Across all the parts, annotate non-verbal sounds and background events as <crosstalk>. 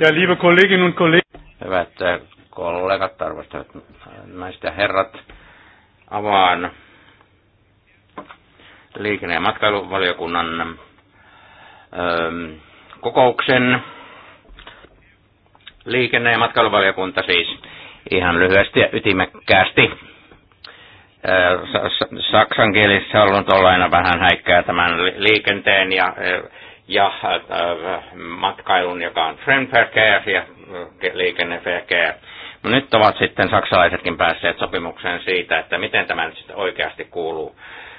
Ja liebe Kolleginnen und Kollegen. Hyvät äh, kollegat, arvostavat naiset ja herrat, avaan liikenne- ja matkailuvaliokunnan ö, ähm, kokouksen. Liikenne- ja matkailuvaliokunta siis ihan lyhyesti ja ytimekkäästi. Äh, Saksankielessä on ollut aina vähän häikkää tämän liikenteen ja äh, ja äh, äh, matkailun, joka on Fremverkehr ja äh, liikenneverkehr. No nyt ovat sitten saksalaisetkin päässeet sopimukseen siitä, että miten tämä nyt sitten oikeasti kuuluu.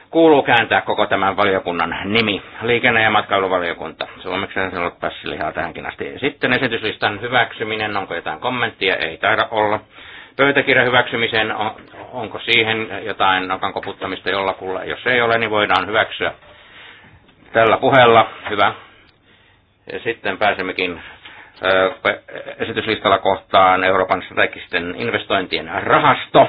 Kuuluu kääntää koko tämän valiokunnan nimi, liikenne- ja matkailuvaliokunta. Suomeksi se on ollut tähänkin asti. Sitten esityslistan hyväksyminen, onko jotain kommenttia? Ei taida olla. Pöytäkirjan hyväksymiseen, on, onko siihen jotain nokan koputtamista jollakulla? Jos ei ole, niin voidaan hyväksyä tällä puheella. Hyvä. Ja sitten pääsemmekin esityslistalla kohtaan Euroopan strategisten investointien rahasto.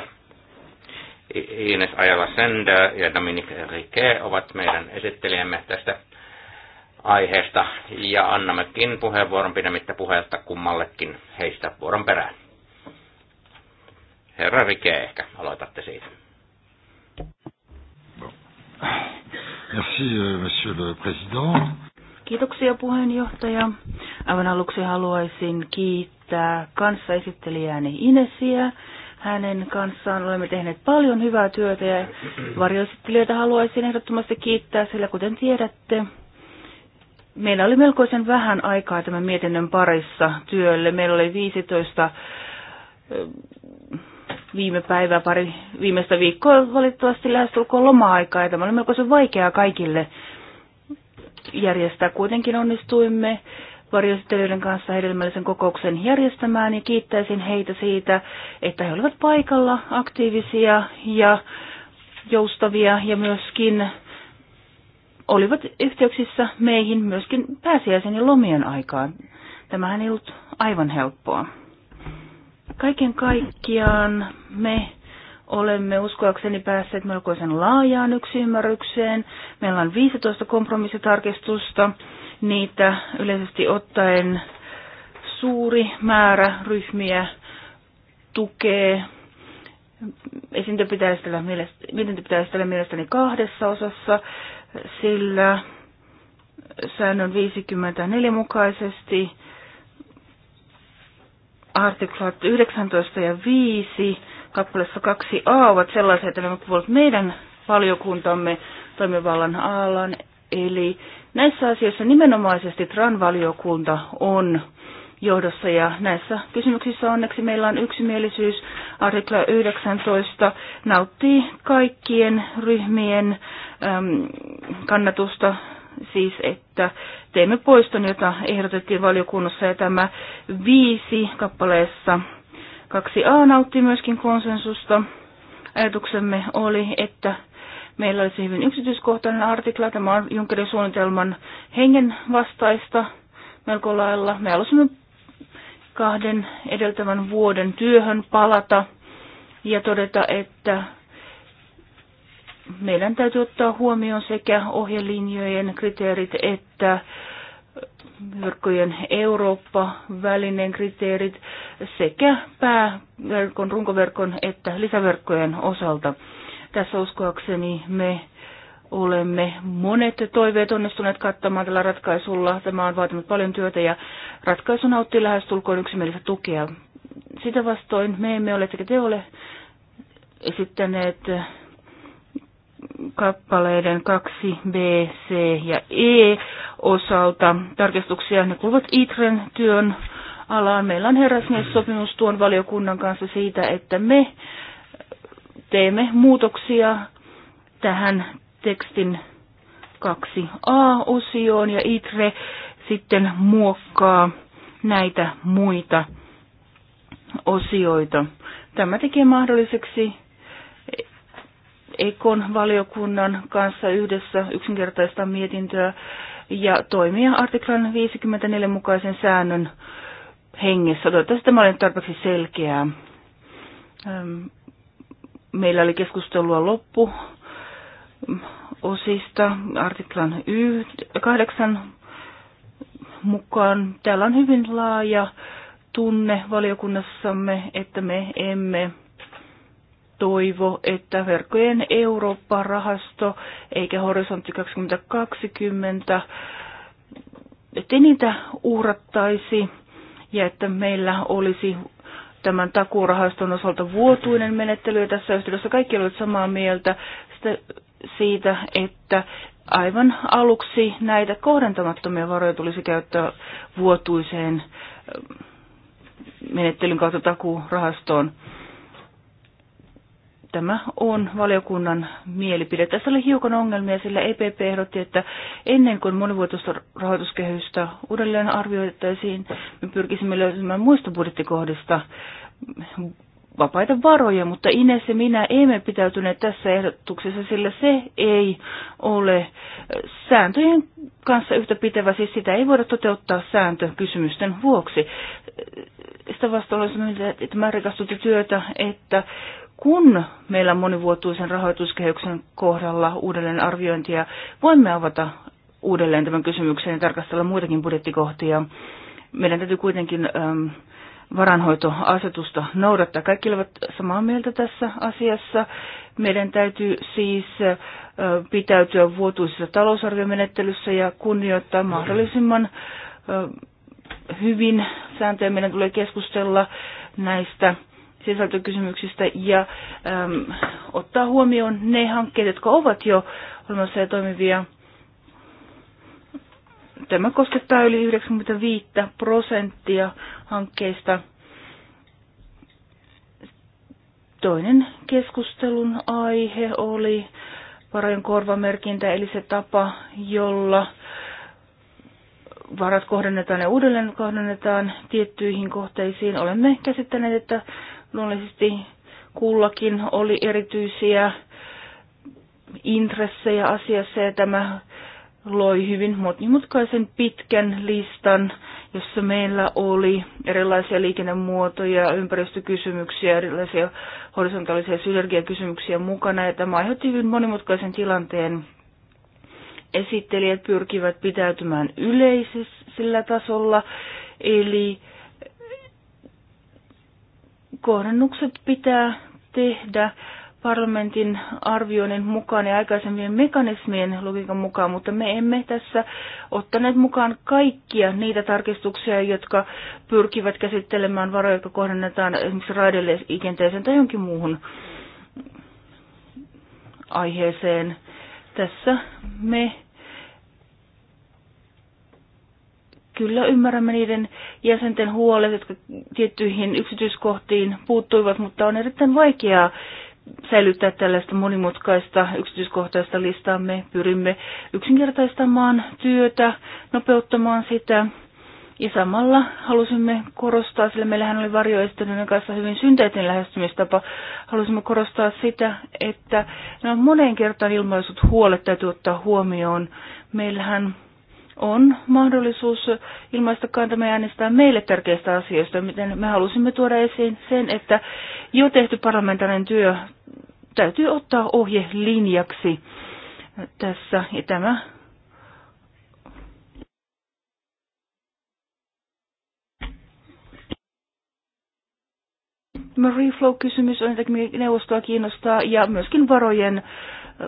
Ines Ajala Sender ja Dominic Rike ovat meidän esittelijämme tästä aiheesta ja annammekin puheenvuoron pidemmittä puheelta kummallekin heistä vuoron perään. Herra Rike, ehkä aloitatte siitä. Merci, euh, monsieur le président. Kiitoksia puheenjohtaja. Aivan aluksi haluaisin kiittää kanssaesittelijääni Inesiä. Hänen kanssaan olemme tehneet paljon hyvää työtä ja varjoesittelijöitä haluaisin ehdottomasti kiittää, sillä kuten tiedätte, meillä oli melkoisen vähän aikaa tämän mietinnön parissa työlle. Meillä oli 15 eh, viime päivää, pari viimeistä viikkoa valitettavasti lähestulkoon loma-aikaa ja tämä oli melkoisen vaikeaa kaikille järjestää. Kuitenkin onnistuimme varjoesittelijöiden kanssa hedelmällisen kokouksen järjestämään ja kiittäisin heitä siitä, että he olivat paikalla aktiivisia ja joustavia ja myöskin olivat yhteyksissä meihin myöskin pääsiäisen ja lomien aikaan. Tämähän ei ollut aivan helppoa. Kaiken kaikkiaan me olemme uskoakseni päässeet melkoisen laajaan yksiymmärrykseen. Meillä on 15 kompromissitarkistusta. Niitä yleisesti ottaen suuri määrä ryhmiä tukee. Esiintä pitäisi mietintö pitäisi tällä mielestäni kahdessa osassa, sillä säännön 54 mukaisesti artiklat 19 ja 5 kappaleessa 2a ovat sellaisia, että nämä kuuluvat meidän valiokuntamme toimivallan alan. Eli näissä asioissa nimenomaisesti TRAN-valiokunta on johdossa ja näissä kysymyksissä onneksi meillä on yksimielisyys. Artikla 19 nauttii kaikkien ryhmien äm, kannatusta siis, että teemme poiston, jota ehdotettiin valiokunnassa ja tämä viisi kappaleessa 2a nautti myöskin konsensusta. Ajatuksemme oli, että meillä olisi hyvin yksityiskohtainen artikla. Tämä on Junckerin suunnitelman hengen vastaista melko lailla. Me halusimme kahden edeltävän vuoden työhön palata ja todeta, että meidän täytyy ottaa huomioon sekä ohjelinjojen kriteerit että verkkojen eurooppa välinen kriteerit sekä pääverkon, runkoverkon että lisäverkkojen osalta. Tässä uskoakseni me olemme monet toiveet onnistuneet kattamaan tällä ratkaisulla. Tämä on vaatinut paljon työtä ja ratkaisu nautti tulkoon yksimielistä tukea. Sitä vastoin me emme ole, eikä te ole esittäneet kappaleiden 2b, c ja e osalta tarkistuksia. Ne kuuluvat ITREn työn alaan. Meillä on herrasmies-sopimus tuon valiokunnan kanssa siitä, että me teemme muutoksia tähän tekstin 2a-osioon ja ITRE sitten muokkaa näitä muita osioita. Tämä tekee mahdolliseksi Ekon valiokunnan kanssa yhdessä yksinkertaista mietintöä ja toimia artiklan 54 mukaisen säännön hengessä. Toivottavasti tämä oli tarpeeksi selkeää. Meillä oli keskustelua loppu osista artiklan 8 mukaan. Täällä on hyvin laaja tunne valiokunnassamme, että me emme toivo, että verkkojen Eurooppa-rahasto eikä Horisontti 2020, että niitä uhrattaisi ja että meillä olisi tämän takuurahaston osalta vuotuinen menettely. Ja tässä yhteydessä kaikki olivat samaa mieltä sitä, siitä, että aivan aluksi näitä kohdentamattomia varoja tulisi käyttää vuotuiseen ähm, menettelyn kautta takuurahastoon. Tämä on valiokunnan mielipide. Tässä oli hiukan ongelmia, sillä EPP ehdotti, että ennen kuin monivuotoista rahoituskehystä uudelleen arvioitaisiin, me pyrkisimme löytämään muista budjettikohdista vapaita varoja, mutta Ines ja minä emme pitäytyneet tässä ehdotuksessa, sillä se ei ole sääntöjen kanssa yhtä pitävä, siis sitä ei voida toteuttaa sääntökysymysten vuoksi. Sitä vasta olisi että mä rikastutti työtä, että kun meillä monivuotuisen rahoituskehyksen kohdalla uudelleen arviointia, voimme avata uudelleen tämän kysymyksen ja tarkastella muitakin budjettikohtia. Meidän täytyy kuitenkin äm, varanhoitoasetusta noudattaa. Kaikki ovat samaa mieltä tässä asiassa. Meidän täytyy siis äh, pitäytyä vuotuisessa talousarviomenettelyssä ja kunnioittaa mahdollisimman äh, hyvin sääntöjä. Meidän tulee keskustella näistä sisältökysymyksistä ja äm, ottaa huomioon ne hankkeet, jotka ovat jo olemassa ja toimivia. Tämä koskettaa yli 95 prosenttia hankkeista. Toinen keskustelun aihe oli varojen korvamerkintä, eli se tapa, jolla varat kohdennetaan ja uudelleen kohdennetaan tiettyihin kohteisiin. Olemme käsittäneet, että Luonnollisesti kullakin oli erityisiä intressejä asiassa ja tämä loi hyvin monimutkaisen pitkän listan, jossa meillä oli erilaisia liikennemuotoja, ympäristökysymyksiä, erilaisia horisontaalisia synergiakysymyksiä mukana ja tämä aiheutti hyvin monimutkaisen tilanteen. Esittelijät pyrkivät pitäytymään yleisellä tasolla, eli kohdennukset pitää tehdä parlamentin arvioinnin mukaan ja aikaisemmien mekanismien logiikan mukaan, mutta me emme tässä ottaneet mukaan kaikkia niitä tarkistuksia, jotka pyrkivät käsittelemään varoja, jotka kohdennetaan esimerkiksi raidelle, ikenteeseen tai jonkin muuhun aiheeseen. Tässä me kyllä ymmärrämme niiden jäsenten huolet, jotka tiettyihin yksityiskohtiin puuttuivat, mutta on erittäin vaikeaa säilyttää tällaista monimutkaista yksityiskohtaista listaa. Me pyrimme yksinkertaistamaan työtä, nopeuttamaan sitä. Ja samalla halusimme korostaa, sillä meillähän oli varjoestelyn kanssa hyvin synteettinen lähestymistapa, halusimme korostaa sitä, että nämä moneen kertaan ilmaisut huolet täytyy ottaa huomioon. Meillähän on mahdollisuus ilmaista kantamme äänestää meille tärkeistä asioista, miten me halusimme tuoda esiin sen, että jo tehty parlamentaarinen työ täytyy ottaa ohje linjaksi tässä. Ja tämä Tämä reflow-kysymys on jotakin neuvostoa kiinnostaa ja myöskin varojen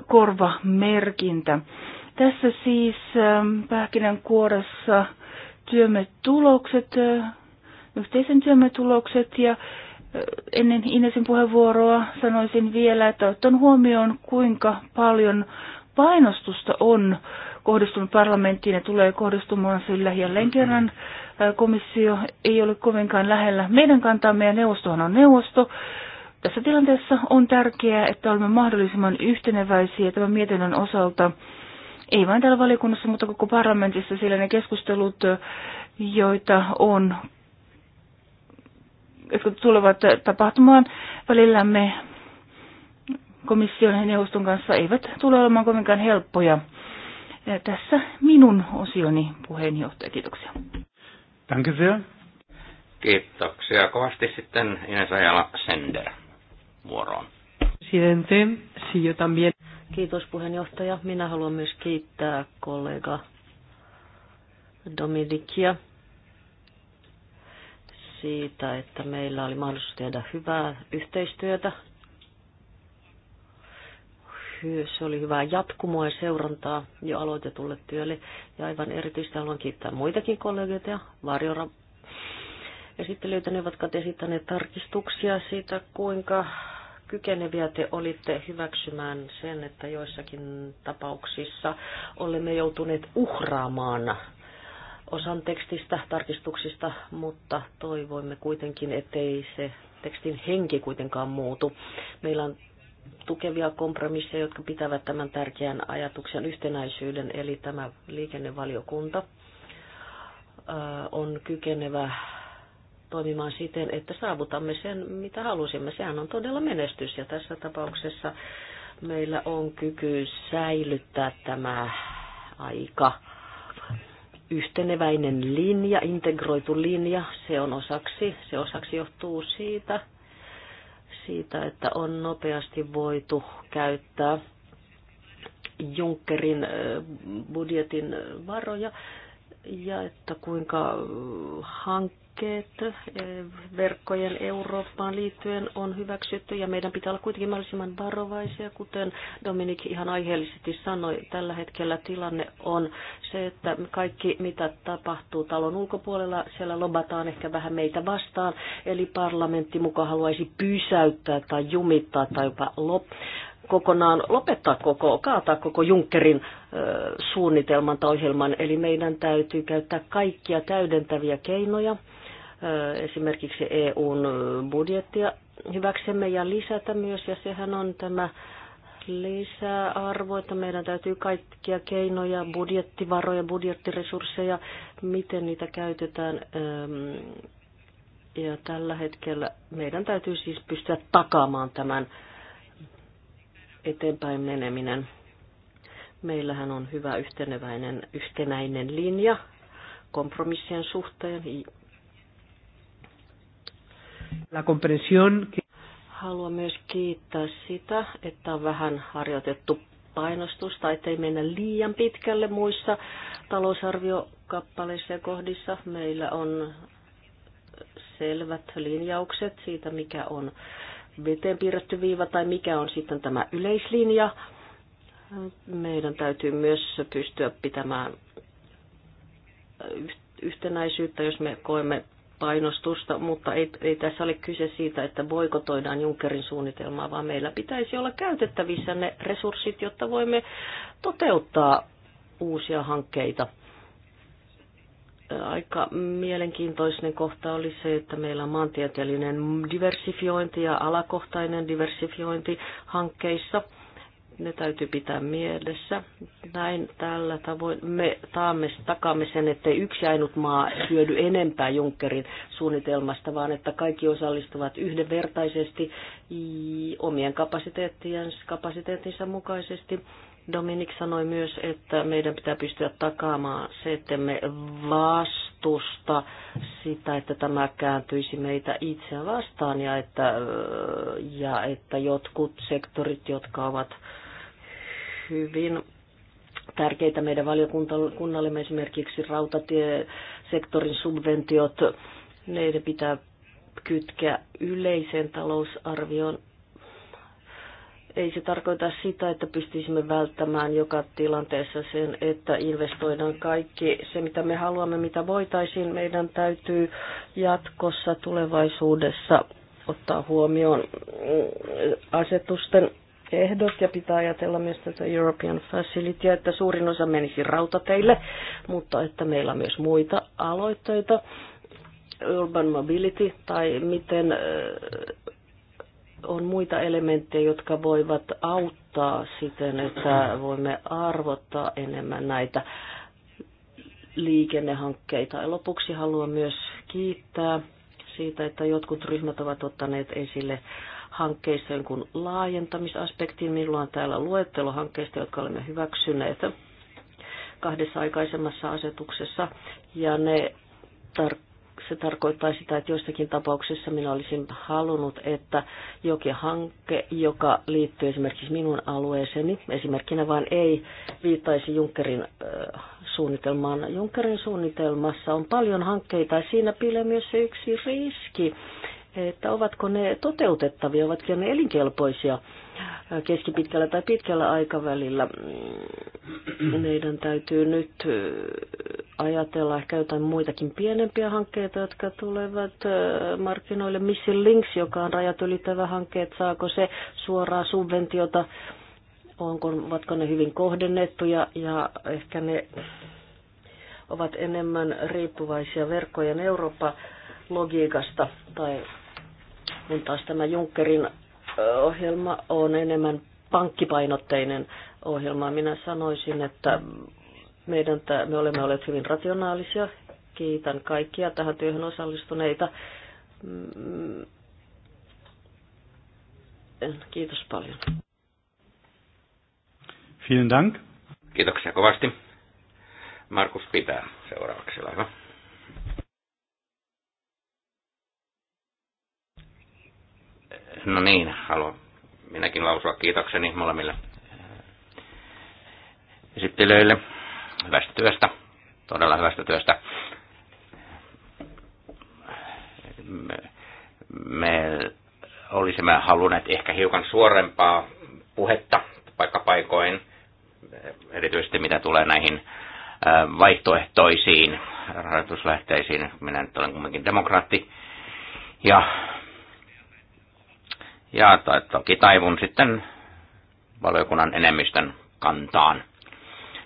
korvamerkintä. Tässä siis ähm, kuorossa työmme tulokset, äh, yhteisen työmme tulokset ja äh, ennen Inesin puheenvuoroa sanoisin vielä, että otan huomioon kuinka paljon painostusta on kohdistunut parlamenttiin ja tulee kohdistumaan sillä jälleen kerran äh, komissio ei ole kovinkaan lähellä meidän kantaa ja neuvostohan on neuvosto. Tässä tilanteessa on tärkeää, että olemme mahdollisimman yhteneväisiä tämän mietinnön osalta ei vain täällä valiokunnassa, mutta koko parlamentissa, sillä ne keskustelut, joita on, jotka tulevat tapahtumaan välillämme komission ja neuvoston kanssa, eivät tule olemaan kovinkaan helppoja. Ja tässä minun osioni puheenjohtaja. Kiitoksia. Danke sehr. Kiitoksia kovasti sitten Ines Ajala Sender vuoroon. Presidente, si yo también. Kiitos puheenjohtaja. Minä haluan myös kiittää kollega Dominikia siitä, että meillä oli mahdollisuus tehdä hyvää yhteistyötä. Se oli hyvää jatkumoa ja seurantaa jo aloitetulle työlle. Ja aivan erityisesti haluan kiittää muitakin kollegoita ja varjora esittelyitä. Ne ovat esittäneet tarkistuksia siitä, kuinka kykeneviä te olitte hyväksymään sen, että joissakin tapauksissa olemme joutuneet uhraamaan osan tekstistä, tarkistuksista, mutta toivoimme kuitenkin, ettei se tekstin henki kuitenkaan muutu. Meillä on tukevia kompromisseja, jotka pitävät tämän tärkeän ajatuksen yhtenäisyyden, eli tämä liikennevaliokunta on kykenevä toimimaan siten, että saavutamme sen, mitä halusimme. Sehän on todella menestys ja tässä tapauksessa meillä on kyky säilyttää tämä aika yhteneväinen linja, integroitu linja. Se on osaksi, se osaksi johtuu siitä, siitä, että on nopeasti voitu käyttää Junckerin budjetin varoja ja että kuinka hank hankkeet eh, verkkojen Eurooppaan liittyen on hyväksytty ja meidän pitää olla kuitenkin mahdollisimman varovaisia, kuten Dominik ihan aiheellisesti sanoi. Tällä hetkellä tilanne on se, että kaikki mitä tapahtuu talon ulkopuolella, siellä lobataan ehkä vähän meitä vastaan, eli parlamentti mukaan haluaisi pysäyttää tai jumittaa tai jopa lop kokonaan lopettaa koko, kaataa koko Junckerin ö, eh, suunnitelman tai ohjelman. Eli meidän täytyy käyttää kaikkia täydentäviä keinoja esimerkiksi EUn budjettia hyväksemme ja lisätä myös, ja sehän on tämä lisäarvo, että meidän täytyy kaikkia keinoja, budjettivaroja, budjettiresursseja, miten niitä käytetään. Ja tällä hetkellä meidän täytyy siis pystyä takaamaan tämän eteenpäin meneminen. Meillähän on hyvä yhteneväinen, yhtenäinen linja kompromissien suhteen, La comprensión que... Haluan myös kiittää sitä, että on vähän harjoitettu painostusta, ettei mennä liian pitkälle muissa talousarviokappaleissa ja kohdissa. Meillä on selvät linjaukset siitä, mikä on veteen piirretty viiva tai mikä on sitten tämä yleislinja. Meidän täytyy myös pystyä pitämään yhtenäisyyttä, jos me koemme painostusta, mutta ei, ei tässä ole kyse siitä, että boikotoidaan Junckerin suunnitelmaa, vaan meillä pitäisi olla käytettävissä ne resurssit, jotta voimme toteuttaa uusia hankkeita. Aika mielenkiintoinen kohta oli se, että meillä on maantieteellinen diversifiointi ja alakohtainen diversifiointi hankkeissa – ne täytyy pitää mielessä. Näin tällä tavoin me taamme, takaamme sen, että yksi ainut maa hyödy enempää Junckerin suunnitelmasta, vaan että kaikki osallistuvat yhdenvertaisesti omien kapasiteettinsa mukaisesti. Dominik sanoi myös, että meidän pitää pystyä takaamaan se, että me vastusta sitä, että tämä kääntyisi meitä itse vastaan ja että, ja että jotkut sektorit, jotka ovat hyvin tärkeitä meidän valiokunnalle, esimerkiksi rautatiesektorin subventiot. ne pitää kytkeä yleiseen talousarvioon. Ei se tarkoita sitä, että pystyisimme välttämään joka tilanteessa sen, että investoidaan kaikki se, mitä me haluamme, mitä voitaisiin. Meidän täytyy jatkossa tulevaisuudessa ottaa huomioon asetusten ehdot ja pitää ajatella myös tätä European Facilitya, että suurin osa menisi rautateille, mutta että meillä on myös muita aloitteita, urban mobility tai miten on muita elementtejä, jotka voivat auttaa siten, että voimme arvottaa enemmän näitä liikennehankkeita. Ja lopuksi haluan myös kiittää siitä, että jotkut ryhmät ovat ottaneet esille hankkeeseen kuin laajentamisaspektiin. Minulla on täällä luettelo hankkeista, jotka olemme hyväksyneet kahdessa aikaisemmassa asetuksessa. Ja ne tar- se tarkoittaa sitä, että joissakin tapauksissa minä olisin halunnut, että jokin hanke, joka liittyy esimerkiksi minun alueeseeni, esimerkkinä vaan ei viittaisi Junckerin äh, suunnitelmaan. Junckerin suunnitelmassa on paljon hankkeita ja siinä piilee myös se yksi riski, että ovatko ne toteutettavia, ovatko ne elinkelpoisia keskipitkällä tai pitkällä aikavälillä. Mm, meidän täytyy nyt ajatella ehkä jotain muitakin pienempiä hankkeita, jotka tulevat markkinoille. missin Links, joka on rajat ylittävä hanke, että saako se suoraa subventiota, onko, ovatko ne hyvin kohdennettuja ja ehkä ne ovat enemmän riippuvaisia verkkojen Eurooppa logiikasta tai kun taas tämä Junckerin ohjelma on enemmän pankkipainotteinen ohjelma. Minä sanoisin, että meidän, me olemme olleet hyvin rationaalisia. Kiitän kaikkia tähän työhön osallistuneita. Mm, kiitos paljon. Vielen Dank. Kiitoksia kovasti. Markus Pitää seuraavaksi, hyvä. No niin, haluan minäkin lausua kiitokseni molemmille äh, esittelyille hyvästä työstä, todella hyvästä työstä. Me, me olisimme halunneet ehkä hiukan suorempaa puhetta paikkapaikoin, erityisesti mitä tulee näihin äh, vaihtoehtoisiin rahoituslähteisiin. Minä nyt olen kuitenkin demokraatti ja ja toki taivun sitten valiokunnan enemmistön kantaan.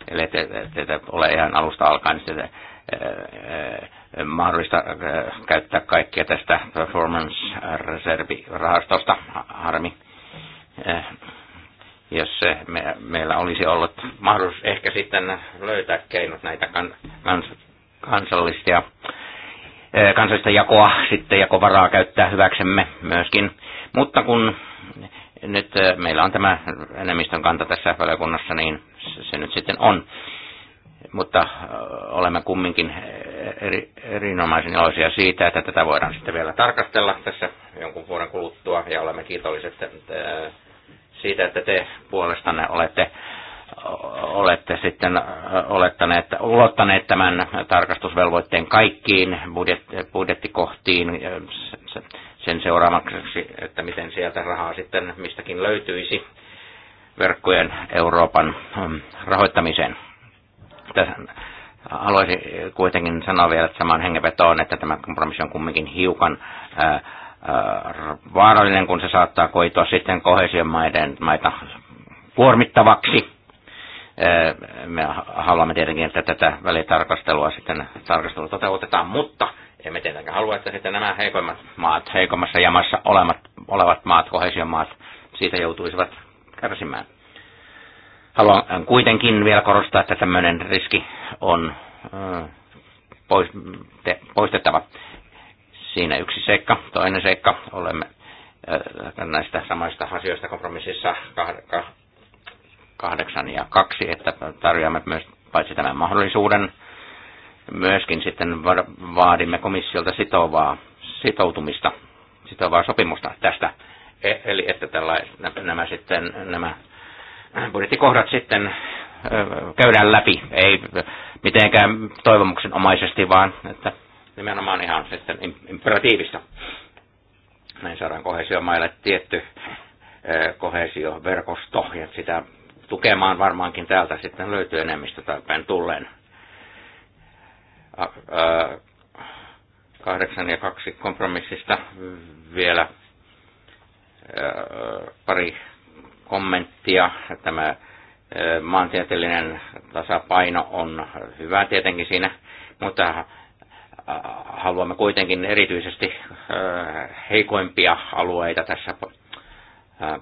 Eli te, te, te ole ihan alusta alkaen niin te, e, eh, eh, mahdollista eh, käyttää kaikkea tästä performance reservirahastosta. Harmi. E, jos me, meillä olisi ollut mahdollisuus ehkä sitten löytää keinot näitä kan, kans, kansallisia kansallista jakoa, sitten jakovaraa käyttää hyväksemme myöskin. Mutta kun nyt meillä on tämä enemmistön kanta tässä valiokunnassa, niin se nyt sitten on. Mutta olemme kumminkin eri, erinomaisen iloisia siitä, että tätä voidaan sitten vielä tarkastella tässä jonkun vuoden kuluttua, ja olemme kiitolliset siitä, että te puolestanne olette olette sitten olettaneet, ulottaneet tämän tarkastusvelvoitteen kaikkiin budjet, budjettikohtiin sen seuraamaksi, että miten sieltä rahaa sitten mistäkin löytyisi verkkojen Euroopan rahoittamiseen. Tässä haluaisin kuitenkin sanoa vielä samaan hengenvetoon, että tämä kompromissi on kumminkin hiukan vaarallinen, kun se saattaa koitua sitten kohesion maiden, maita kuormittavaksi me haluamme tietenkin, että tätä välitarkastelua sitten tarkastelu toteutetaan, mutta emme tietenkään halua, että sitten nämä heikoimmat maat, heikommassa jamassa olemat, olevat maat, kohesion maat, siitä joutuisivat kärsimään. Haluan kuitenkin vielä korostaa, että tämmöinen riski on poistettava. Siinä yksi seikka. Toinen seikka, olemme näistä samoista asioista kompromississa 8 ja 2, että tarjoamme myös paitsi tämän mahdollisuuden, myöskin sitten vaadimme komissiolta sitovaa sitoutumista, sitovaa sopimusta tästä. E- eli että nämä sitten nämä budjettikohdat sitten käydään läpi, ei mitenkään toivomuksenomaisesti, vaan että nimenomaan ihan sitten imperatiivista. Näin saadaan kohesiomaille tietty kohesioverkosto ja sitä tukemaan varmaankin täältä sitten löytyy enemmistö tarpeen tulleen. 8 ja 2 kompromissista vielä pari kommenttia. Tämä maantieteellinen tasapaino on hyvä tietenkin siinä, mutta haluamme kuitenkin erityisesti heikoimpia alueita tässä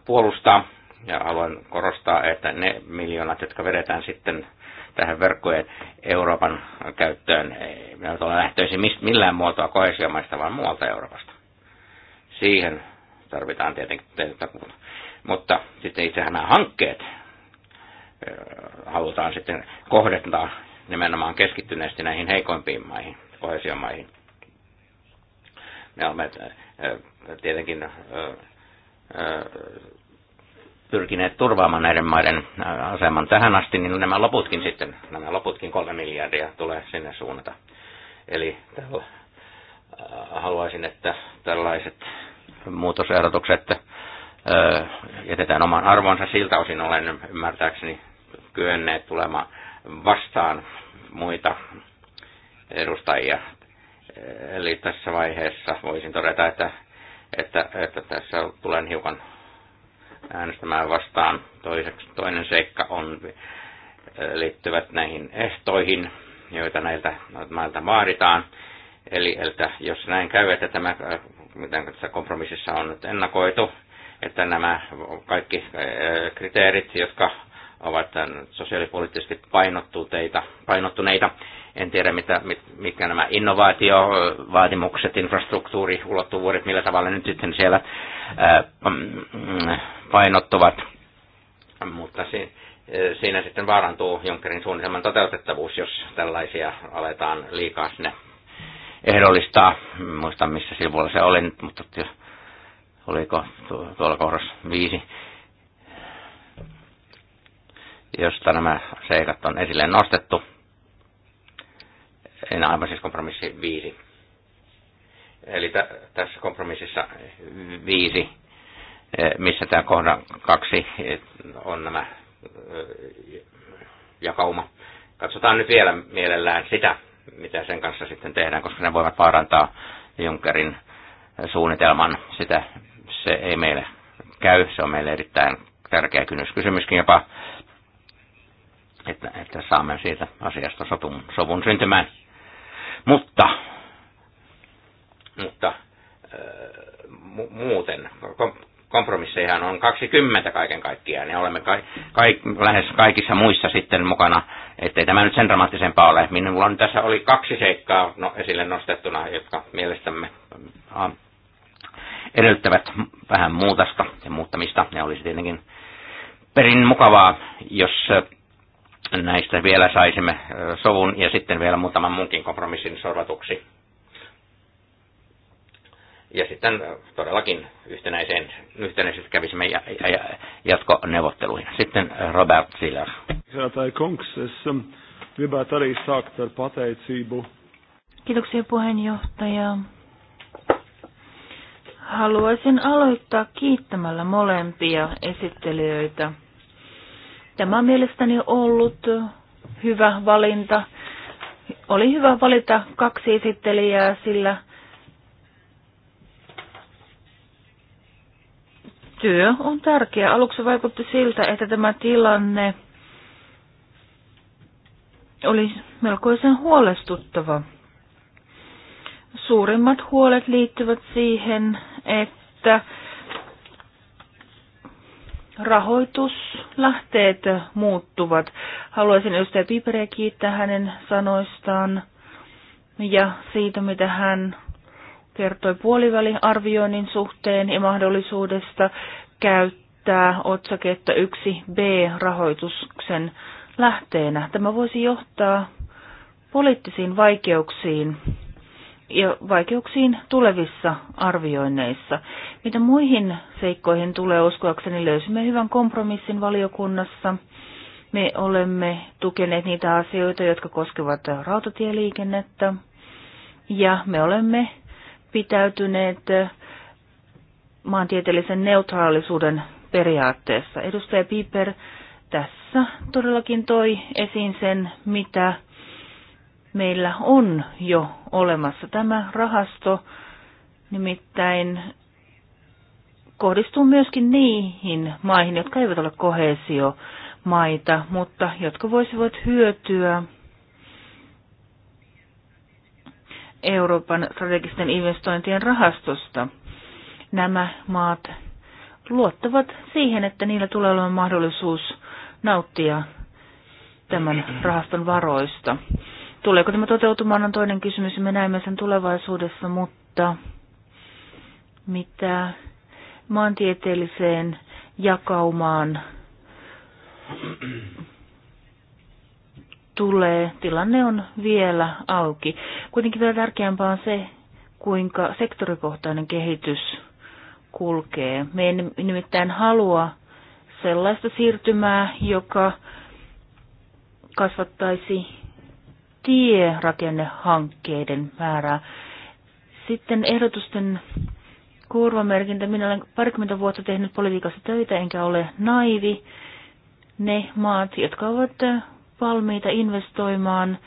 puolustaa ja haluan korostaa, että ne miljoonat, jotka vedetään sitten tähän verkkojen Euroopan käyttöön, ei ole lähtöisin millään muotoa kohesiomaista, vaan muualta Euroopasta. Siihen tarvitaan tietenkin takuuta. Mutta sitten itsehän nämä hankkeet halutaan sitten kohdentaa nimenomaan keskittyneesti näihin heikoimpiin maihin, kohesiomaihin. Me olemme tietenkin pyrkineet turvaamaan näiden maiden äh, aseman tähän asti, niin nämä loputkin sitten, nämä loputkin kolme miljardia tulee sinne suunnata. Eli tällä, äh, haluaisin, että tällaiset muutosehdotukset äh, jätetään oman arvonsa. Siltä osin olen ymmärtääkseni kyenneet tulemaan vastaan muita edustajia. Eli tässä vaiheessa voisin todeta, että, että, että tässä tulen hiukan äänestämään vastaan. Toiseksi, toinen seikka on, liittyvät näihin ehtoihin, joita näiltä mailta vaaditaan. Eli että jos näin käy, että tämä, mitä tässä kompromississa on nyt ennakoitu, että nämä kaikki kriteerit, jotka ovat sosiaalipoliittisesti painottuneita, painottuneita en tiedä, mitä, mit, mitkä nämä innovaatiovaatimukset, infrastruktuuriulottuvuudet, millä tavalla nyt sitten siellä ää, mm, mm, painottuvat. Mutta se, siinä sitten vaarantuu Junckerin suunnitelman toteutettavuus, jos tällaisia aletaan liikaa sinne ehdollistaa. Muistan, missä sivulla se oli, mutta oliko tuolla kohdassa viisi, josta nämä seikat on esille nostettu en aivan siis kompromissi viisi. Eli t- tässä kompromississa viisi, e, missä tämä kohda kaksi on nämä e, jakauma. Katsotaan nyt vielä mielellään sitä, mitä sen kanssa sitten tehdään, koska ne voivat vaarantaa Junckerin suunnitelman. Sitä se ei meille käy, se on meille erittäin tärkeä kynnyskysymyskin jopa, että, että saamme siitä asiasta sopun, sovun syntymään. Mutta, mutta äh, mu- muuten kompromisseihan on 20 kaiken kaikkiaan, ja olemme ka- ka- lähes kaikissa muissa sitten mukana, ettei tämä nyt sen dramaattisempaa ole. Minulla on tässä oli kaksi seikkaa no, esille nostettuna, jotka mielestämme a, ähm, edellyttävät vähän muutasta ja muuttamista, Ne olisi tietenkin perin mukavaa, jos äh, näistä vielä saisimme sovun ja sitten vielä muutaman munkin kompromissin sorvatuksi. Ja sitten todellakin yhtenäiseen, yhtenäisesti kävisimme ja, ja, ja, jatkoneuvotteluihin. Sitten Robert Siller. Um, Kiitoksia puheenjohtaja. Haluaisin aloittaa kiittämällä molempia esittelijöitä – Tämä on mielestäni ollut hyvä valinta. Oli hyvä valita kaksi esittelijää, sillä työ on tärkeä. Aluksi vaikutti siltä, että tämä tilanne oli melkoisen huolestuttava. Suurimmat huolet liittyvät siihen, että rahoituslähteet muuttuvat. Haluaisin ystävä Piperiä kiittää hänen sanoistaan ja siitä, mitä hän kertoi puoliväliarvioinnin suhteen ja mahdollisuudesta käyttää otsaketta 1b rahoituksen lähteenä. Tämä voisi johtaa poliittisiin vaikeuksiin ja vaikeuksiin tulevissa arvioinneissa. Mitä muihin seikkoihin tulee uskoakseni, löysimme hyvän kompromissin valiokunnassa. Me olemme tukeneet niitä asioita, jotka koskevat rautatieliikennettä, ja me olemme pitäytyneet maantieteellisen neutraalisuuden periaatteessa. Edustaja Piper tässä todellakin toi esiin sen, mitä meillä on jo olemassa tämä rahasto, nimittäin kohdistuu myöskin niihin maihin, jotka eivät ole kohesiomaita, mutta jotka voisivat hyötyä Euroopan strategisten investointien rahastosta. Nämä maat luottavat siihen, että niillä tulee olemaan mahdollisuus nauttia tämän rahaston varoista. Tuleeko tämä toteutumaan on toinen kysymys ja me näemme sen tulevaisuudessa, mutta mitä maantieteelliseen jakaumaan tulee, tilanne on vielä auki. Kuitenkin vielä tärkeämpää on se, kuinka sektorikohtainen kehitys kulkee. Me ei nimittäin halua sellaista siirtymää, joka kasvattaisi tierakennehankkeiden määrää. Sitten ehdotusten kurvamerkintä. Minä olen parikymmentä vuotta tehnyt politiikassa töitä, enkä ole naivi. Ne maat, jotka ovat valmiita investoimaan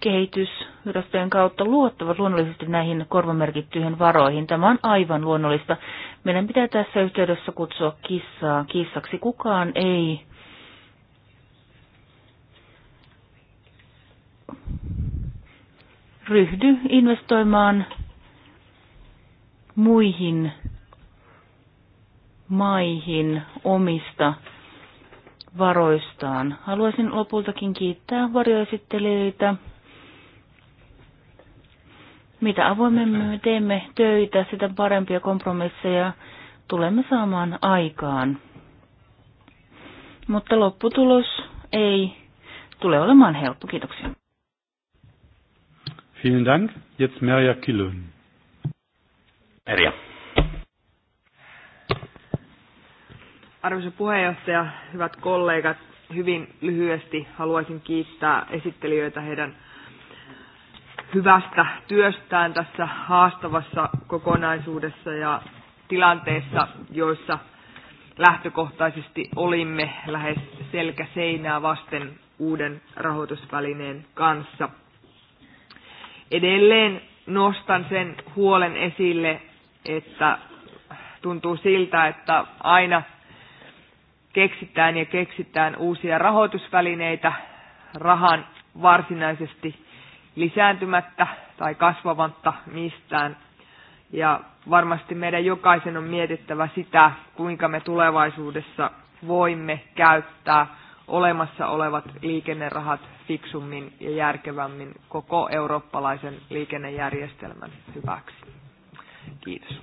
kehitysvirastojen kautta luottavat luonnollisesti näihin korvamerkittyihin varoihin. Tämä on aivan luonnollista. Meidän pitää tässä yhteydessä kutsua kissaa kissaksi. Kukaan ei ryhdy investoimaan muihin maihin omista varoistaan. Haluaisin lopultakin kiittää varjoesittelijöitä. Mitä avoimemmin me teemme töitä, sitä parempia kompromisseja tulemme saamaan aikaan. Mutta lopputulos ei tule olemaan helppo. Kiitoksia. Vielen Dank. Jetzt Merja Kilön. Merja. Arvoisa puheenjohtaja, hyvät kollegat, hyvin lyhyesti haluaisin kiittää esittelijöitä heidän hyvästä työstään tässä haastavassa kokonaisuudessa ja tilanteessa, joissa lähtökohtaisesti olimme lähes selkä seinää vasten uuden rahoitusvälineen kanssa – Edelleen nostan sen huolen esille, että tuntuu siltä, että aina keksitään ja keksitään uusia rahoitusvälineitä rahan varsinaisesti lisääntymättä tai kasvavatta mistään. Ja varmasti meidän jokaisen on mietittävä sitä, kuinka me tulevaisuudessa voimme käyttää olemassa olevat liikennerahat fiksummin ja järkevämmin koko eurooppalaisen liikennejärjestelmän hyväksi. Kiitos.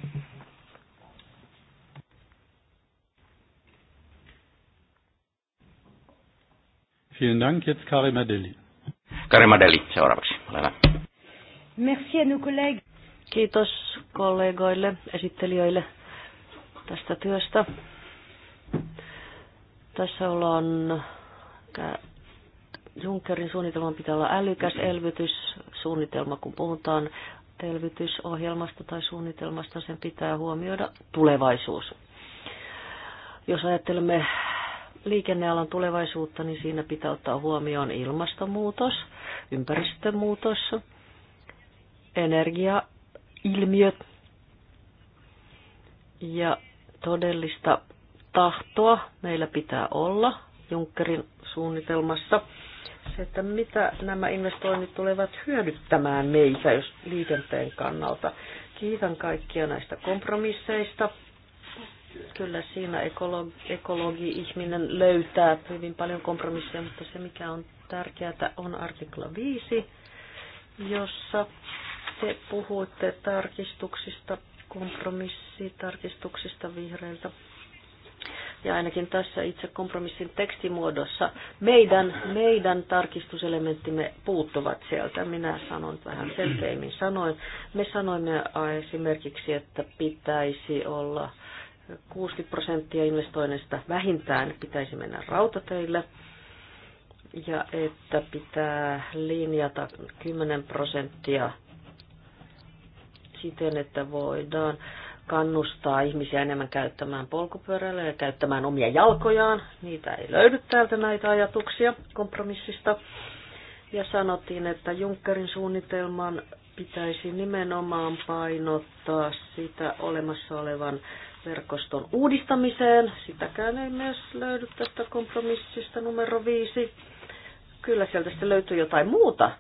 Vielen Dank. Jetzt Karim Adeli. Karim Adeli seuraavaksi. Ole hyvä. Merci à nos Kiitos kollegoille, esittelijöille tästä työstä. Tässä ollaan Junckerin suunnitelman pitää olla älykäs elvytyssuunnitelma, kun puhutaan elvytysohjelmasta tai suunnitelmasta, sen pitää huomioida tulevaisuus. Jos ajattelemme liikennealan tulevaisuutta, niin siinä pitää ottaa huomioon ilmastonmuutos, ympäristömuutos, energiailmiöt ja todellista tahtoa meillä pitää olla Junckerin suunnitelmassa – se, että mitä nämä investoinnit tulevat hyödyttämään meitä jos liikenteen kannalta. Kiitän kaikkia näistä kompromisseista. Kyllä siinä ekologi, ekologi-ihminen löytää hyvin paljon kompromisseja, mutta se mikä on tärkeää on artikla 5, jossa te puhuitte tarkistuksista, kompromissitarkistuksista vihreiltä ja ainakin tässä itse kompromissin tekstimuodossa meidän, meidän tarkistuselementtimme puuttuvat sieltä. Minä sanon vähän selkeimmin sanoin. Me sanoimme esimerkiksi, että pitäisi olla 60 prosenttia investoinneista vähintään pitäisi mennä rautateille ja että pitää linjata 10 prosenttia siten, että voidaan kannustaa ihmisiä enemmän käyttämään polkupyörällä ja käyttämään omia jalkojaan. Niitä ei löydy täältä näitä ajatuksia kompromissista. Ja sanottiin, että Junckerin suunnitelman pitäisi nimenomaan painottaa sitä olemassa olevan verkoston uudistamiseen. Sitäkään ei myös löydy tästä kompromissista numero viisi. Kyllä sieltä sitten löytyy jotain muuta.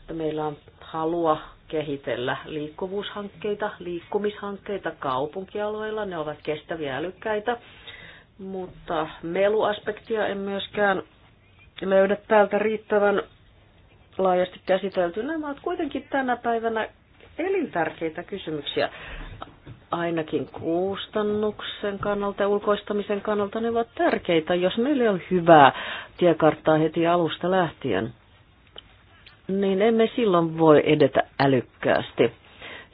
Että meillä on halua kehitellä liikkuvuushankkeita, liikkumishankkeita kaupunkialueilla. Ne ovat kestäviä älykkäitä, mutta meluaspektia en myöskään löydä täältä riittävän laajasti käsitelty. Nämä ovat kuitenkin tänä päivänä elintärkeitä kysymyksiä. Ainakin kustannuksen kannalta ja ulkoistamisen kannalta ne ovat tärkeitä, jos meillä on hyvää tiekarttaa heti alusta lähtien niin emme silloin voi edetä älykkäästi.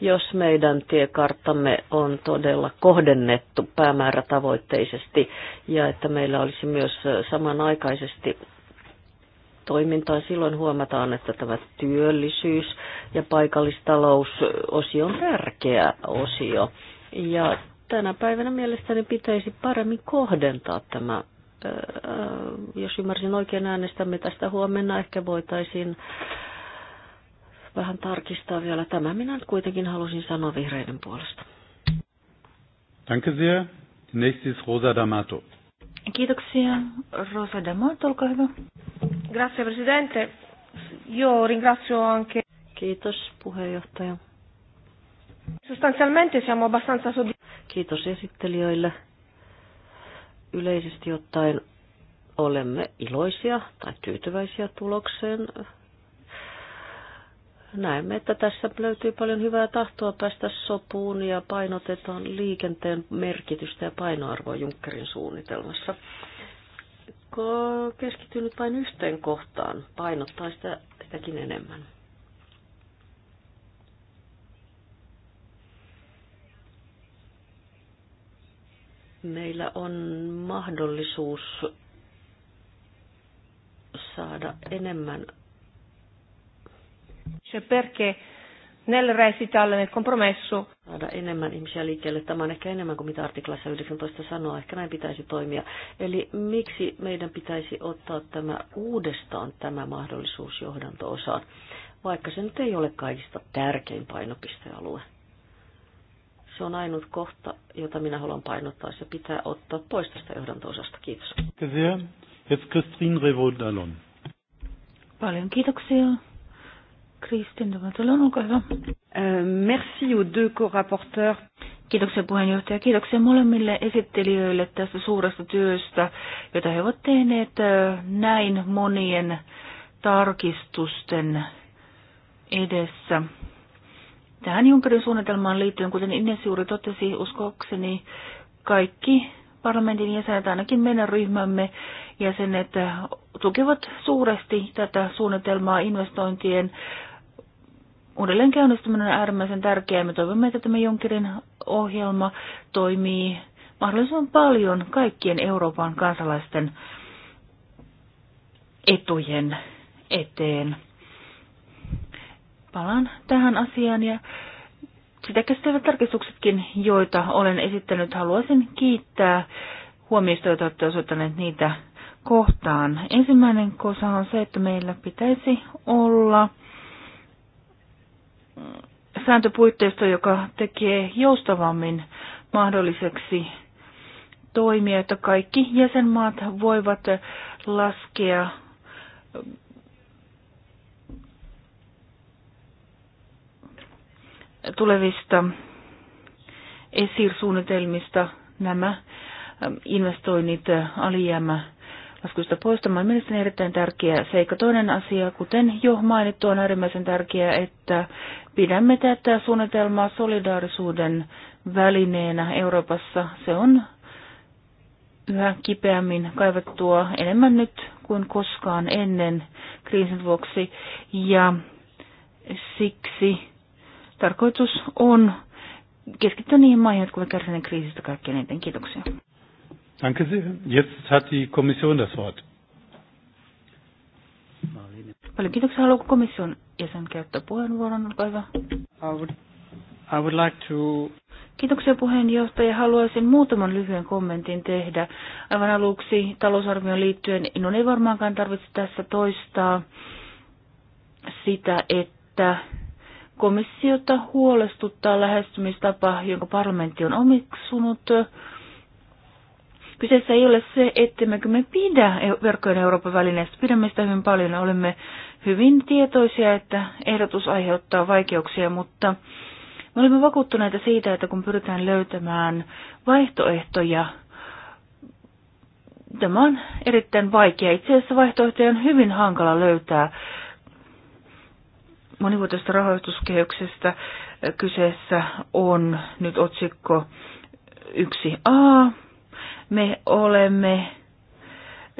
Jos meidän tiekarttamme on todella kohdennettu päämäärätavoitteisesti ja että meillä olisi myös samanaikaisesti toimintaa, silloin huomataan, että tämä työllisyys ja paikallistalousosio on tärkeä osio. Ja tänä päivänä mielestäni pitäisi paremmin kohdentaa tämä jos ymmärsin oikein, äänestämme tästä huomenna. Ehkä voitaisiin vähän tarkistaa vielä. Tämä minä nyt kuitenkin halusin sanoa vihreiden puolesta. Danke sehr. Nächste ist Rosa D'Amato. Kiitoksia. Rosa D'Amato, olkaa hyvä. Grazie, Presidente. Io ringrazio anche... Kiitos, puheenjohtaja. Sostanzialmente siamo abbastanza soddisfatti. Kiitos esittelijöille Yleisesti ottaen olemme iloisia tai tyytyväisiä tulokseen. Näemme, että tässä löytyy paljon hyvää tahtoa päästä sopuun ja painotetaan liikenteen merkitystä ja painoarvoa Junckerin suunnitelmassa. Keskityn nyt vain yhteen kohtaan, painottaa sitä, sitäkin enemmän. meillä on mahdollisuus saada enemmän. Se perché nel recitale, nel compromesso. Saada enemmän ihmisiä liikkeelle. Tämä on ehkä enemmän kuin mitä artiklassa 19 sanoo. Ehkä näin pitäisi toimia. Eli miksi meidän pitäisi ottaa tämä uudestaan tämä mahdollisuus johdanto-osaan, vaikka se nyt ei ole kaikista tärkein painopistealue? Se on ainut kohta, jota minä haluan painottaa. Se pitää ottaa pois tästä johdanto-osasta. Kiitos. Paljon kiitoksia. Kristin Devatelon, olkaa hyvä. Euh, merci aux deux co-rapporteurs. Kiitoksia puheenjohtaja. Kiitoksia molemmille esittelijöille tästä suuresta työstä, jota he ovat tehneet äh, näin monien tarkistusten edessä. Tähän Junckerin suunnitelmaan liittyen, kuten Ines juuri totesi, uskokseni kaikki parlamentin jäsenet, ainakin meidän ryhmämme jäsenet, tukevat suuresti tätä suunnitelmaa investointien uudelleen käynnistyminen on äärimmäisen tärkeää. Me toivomme, että tämä Junckerin ohjelma toimii mahdollisimman paljon kaikkien Euroopan kansalaisten etujen eteen palaan tähän asiaan ja sitä käsittelevät tarkistuksetkin, joita olen esittänyt. Haluaisin kiittää huomioista, joita olette osoittaneet niitä kohtaan. Ensimmäinen kosa on se, että meillä pitäisi olla sääntöpuitteisto, joka tekee joustavammin mahdolliseksi toimia, että kaikki jäsenmaat voivat laskea tulevista esirsuunnitelmista nämä investoinnit alijäämä laskuista poistamaan. Mielestäni erittäin tärkeä seikka. Toinen asia, kuten jo mainittu, on äärimmäisen tärkeää, että pidämme tätä suunnitelmaa solidaarisuuden välineenä Euroopassa. Se on yhä kipeämmin kaivettua enemmän nyt kuin koskaan ennen kriisin vuoksi. Ja siksi tarkoitus on keskittyä niihin maihin, jotka ovat kärsineet kriisistä kaikkein eniten. Kiitoksia. Danke sehr. Jetzt hat die Kommission das Wort. Paljon kiitoksia. Haluatko komission jäsen käyttää puheenvuoron? Olkaa hyvä. I would, I would like to... Kiitoksia puheenjohtaja. Haluaisin muutaman lyhyen kommentin tehdä. Aivan aluksi talousarvioon liittyen, no ei varmaankaan tarvitse tässä toistaa sitä, että Komissiota huolestuttaa lähestymistapa, jonka parlamentti on omiksunut. Kyseessä ei ole se, ettemmekö me pidä verkkojen Euroopan välineestä. Pidämme sitä hyvin paljon. Olemme hyvin tietoisia, että ehdotus aiheuttaa vaikeuksia, mutta me olemme vakuuttuneita siitä, että kun pyritään löytämään vaihtoehtoja, tämä on erittäin vaikea. Itse asiassa vaihtoehtoja on hyvin hankala löytää monivuotisesta rahoituskehyksestä kyseessä on nyt otsikko 1a. Me olemme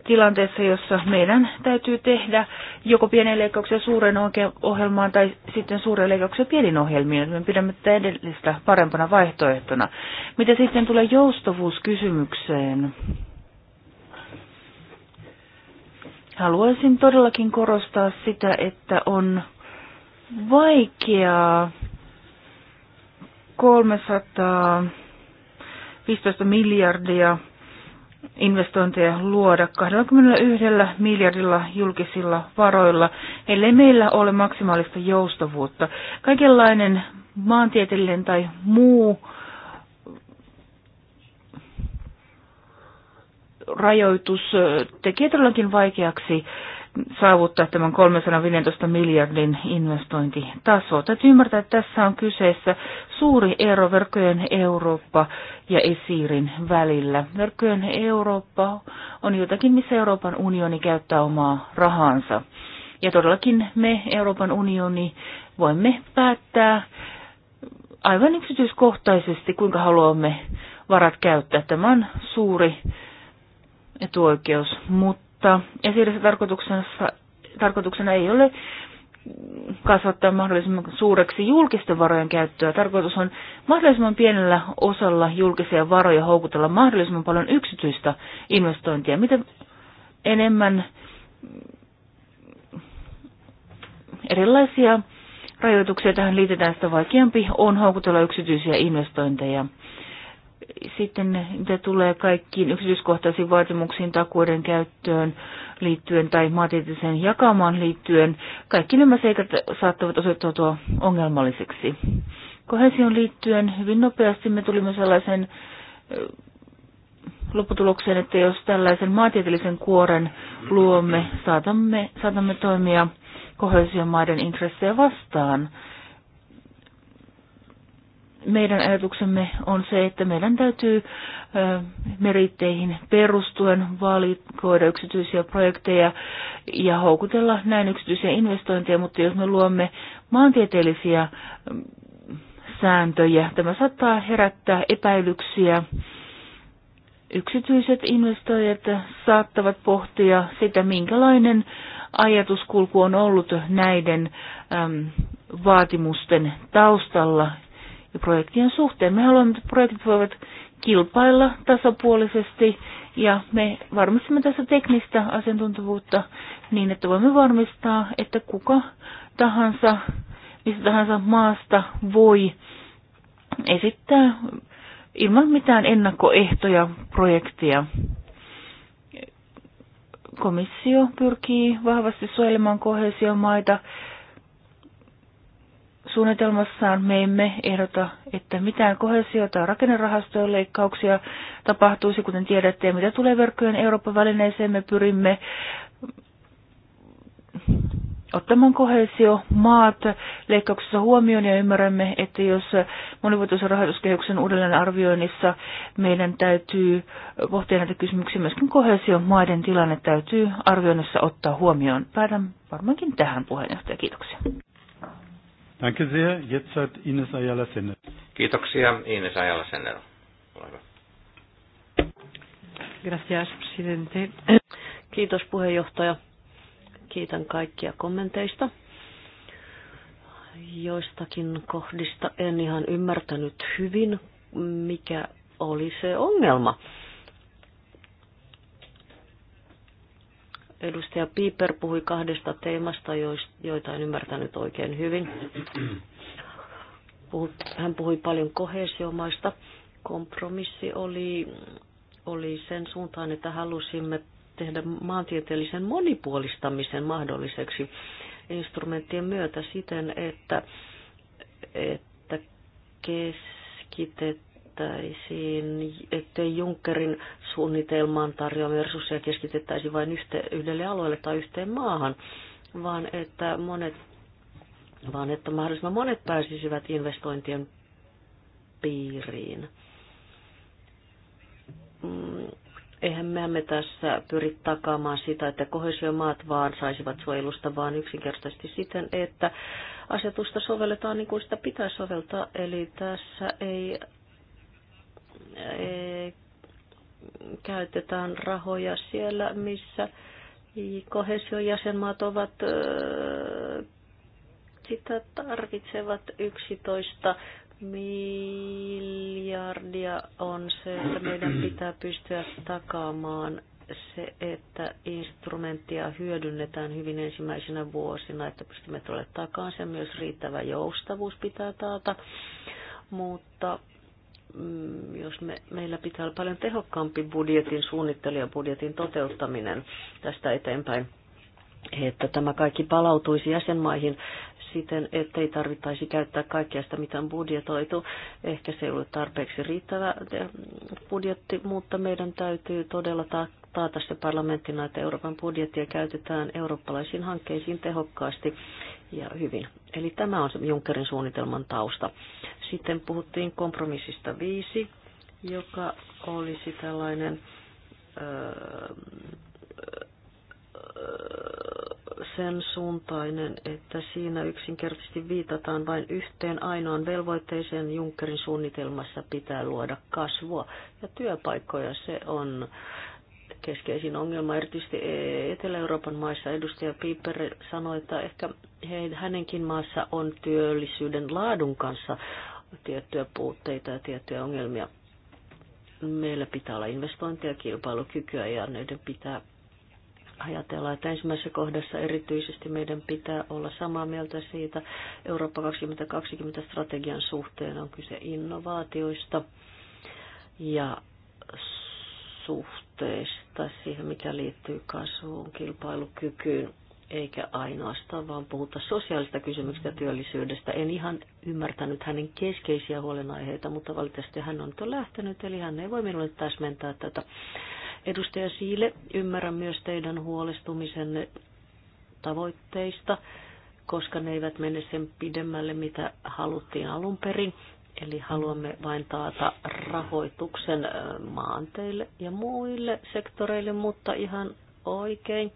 tilanteessa, jossa meidän täytyy tehdä joko pienen leikkauksen suuren ohjelmaan tai sitten suuren leikkauksen pienin ohjelmiin. Me pidämme tätä edellistä parempana vaihtoehtona. Mitä sitten tulee joustavuuskysymykseen? Haluaisin todellakin korostaa sitä, että on vaikeaa 315 miljardia investointeja luoda 21 miljardilla julkisilla varoilla, ellei meillä ole maksimaalista joustavuutta. Kaikenlainen maantieteellinen tai muu rajoitus tekee todellakin vaikeaksi saavuttaa tämän 315 miljardin investointitaso. Täytyy ymmärtää, että tässä on kyseessä suuri ero verkkojen Eurooppa ja esirin välillä. Verkkojen Eurooppa on jotakin, missä Euroopan unioni käyttää omaa rahansa. Ja todellakin me, Euroopan unioni, voimme päättää aivan yksityiskohtaisesti, kuinka haluamme varat käyttää. Tämä on suuri etuoikeus, mutta mutta esirissä tarkoituksena ei ole kasvattaa mahdollisimman suureksi julkisten varojen käyttöä. Tarkoitus on mahdollisimman pienellä osalla julkisia varoja houkutella mahdollisimman paljon yksityistä investointia. Mitä enemmän erilaisia rajoituksia tähän liitetään, sitä vaikeampi on houkutella yksityisiä investointeja. Sitten mitä tulee kaikkiin yksityiskohtaisiin vaatimuksiin takuuden käyttöön liittyen tai maantieteelliseen jakamaan liittyen, kaikki nämä seikat saattavat osoittautua ongelmalliseksi. Kohesioon liittyen hyvin nopeasti me tulimme sellaisen lopputulokseen, että jos tällaisen maantieteellisen kuoren luomme, saatamme, saatamme toimia kohesiomaiden maiden intressejä vastaan – meidän ajatuksemme on se, että meidän täytyy meritteihin perustuen valikoida yksityisiä projekteja ja houkutella näin yksityisiä investointeja, mutta jos me luomme maantieteellisiä sääntöjä, tämä saattaa herättää epäilyksiä. Yksityiset investoijat saattavat pohtia sitä, minkälainen ajatuskulku on ollut näiden vaatimusten taustalla, ja projektien suhteen. Me haluamme, että projektit voivat kilpailla tasapuolisesti ja me varmistamme tässä teknistä asiantuntevuutta niin, että voimme varmistaa, että kuka tahansa, mistä tahansa maasta voi esittää ilman mitään ennakkoehtoja projektia. Komissio pyrkii vahvasti suojelemaan kohesiomaita suunnitelmassaan me emme ehdota, että mitään kohesio- tai rakennerahastojen leikkauksia tapahtuisi, kuten tiedätte, ja mitä tulee verkkojen Euroopan välineeseen, me pyrimme ottamaan kohesio maat leikkauksessa huomioon ja ymmärrämme, että jos monivuotoisen rahoituskehyksen uudelleen arvioinnissa meidän täytyy pohtia näitä kysymyksiä, myöskin kohesio maiden tilanne täytyy arvioinnissa ottaa huomioon. Päätän varmaankin tähän puheenjohtaja. Kiitoksia. Danke sehr. Jetzt hat Ines Ayala Kiitoksia Ines Ayala Sender. Gracias, presidente. Kiitos puheenjohtaja. Kiitän kaikkia kommenteista. Joistakin kohdista en ihan ymmärtänyt hyvin, mikä oli se ongelma Edustaja Piper puhui kahdesta teemasta, joita en ymmärtänyt oikein hyvin. Hän puhui paljon kohesiomaista. Kompromissi oli, oli sen suuntaan, että halusimme tehdä maantieteellisen monipuolistamisen mahdolliseksi instrumenttien myötä siten, että, että keskitetään keskitettäisiin, ettei Junckerin suunnitelmaan tarjoamia resursseja keskitettäisiin vain yhte, yhdelle alueelle tai yhteen maahan, vaan että, monet, vaan että mahdollisimman monet pääsisivät investointien piiriin. Mm, eihän me emme tässä pyri takaamaan sitä, että kohesiomaat vaan saisivat suojelusta, vaan yksinkertaisesti siten, että asetusta sovelletaan niin kuin sitä pitää soveltaa. Eli tässä ei käytetään rahoja siellä, missä kohesion jäsenmaat ovat sitä tarvitsevat 11 miljardia on se, että meidän pitää pystyä takaamaan se, että instrumenttia hyödynnetään hyvin ensimmäisenä vuosina, että pystymme tulemaan takaan sen myös riittävä joustavuus pitää taata, mutta Mm, jos me, meillä pitää olla paljon tehokkaampi budjetin suunnittelu ja budjetin toteuttaminen tästä eteenpäin, että tämä kaikki palautuisi jäsenmaihin siten, ettei tarvittaisi käyttää kaikkea sitä, mitä on budjetoitu. Ehkä se ei ole tarpeeksi riittävä eh, budjetti, mutta meidän täytyy todella taata se parlamenttina, että Euroopan budjettia käytetään eurooppalaisiin hankkeisiin tehokkaasti ja hyvin. Eli tämä on Junckerin suunnitelman tausta. Sitten puhuttiin kompromissista viisi, joka olisi tällainen öö, sen suuntainen, että siinä yksinkertaisesti viitataan vain yhteen ainoan velvoitteeseen. Junckerin suunnitelmassa pitää luoda kasvua ja työpaikkoja. Se on keskeisin ongelma erityisesti Etelä-Euroopan maissa. Edustaja Piper sanoi, että ehkä hänenkin maassa on työllisyyden laadun kanssa tiettyjä puutteita ja tiettyjä ongelmia. Meillä pitää olla investointia, kilpailukykyä ja näiden pitää ajatella, että ensimmäisessä kohdassa erityisesti meidän pitää olla samaa mieltä siitä Eurooppa 2020 strategian suhteen on kyse innovaatioista ja suhteesta siihen, mikä liittyy kasvuun, kilpailukykyyn, eikä ainoastaan, vaan puhuta sosiaalista kysymyksistä ja työllisyydestä. En ihan ymmärtänyt hänen keskeisiä huolenaiheita, mutta valitettavasti hän on nyt lähtenyt, eli hän ei voi minulle täsmentää tätä. Edustaja Siile, ymmärrän myös teidän huolestumisen tavoitteista, koska ne eivät mene sen pidemmälle, mitä haluttiin alun perin. Eli haluamme vain taata rahoituksen maanteille ja muille sektoreille, mutta ihan oikein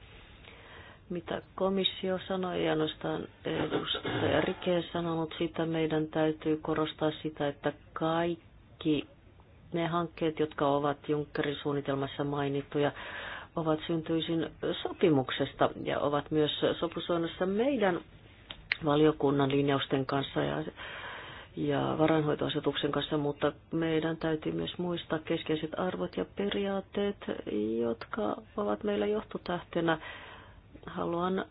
mitä komissio sanoi, ja ainoastaan edustaja Rike sanonut sitä, meidän täytyy korostaa sitä, että kaikki ne hankkeet, jotka ovat Junckerin suunnitelmassa mainittuja, ovat syntyisin sopimuksesta ja ovat myös sopusoinnossa meidän valiokunnan linjausten kanssa ja, ja varainhoitoasetuksen kanssa, mutta meidän täytyy myös muistaa keskeiset arvot ja periaatteet, jotka ovat meillä johtotähtenä Haluan äh,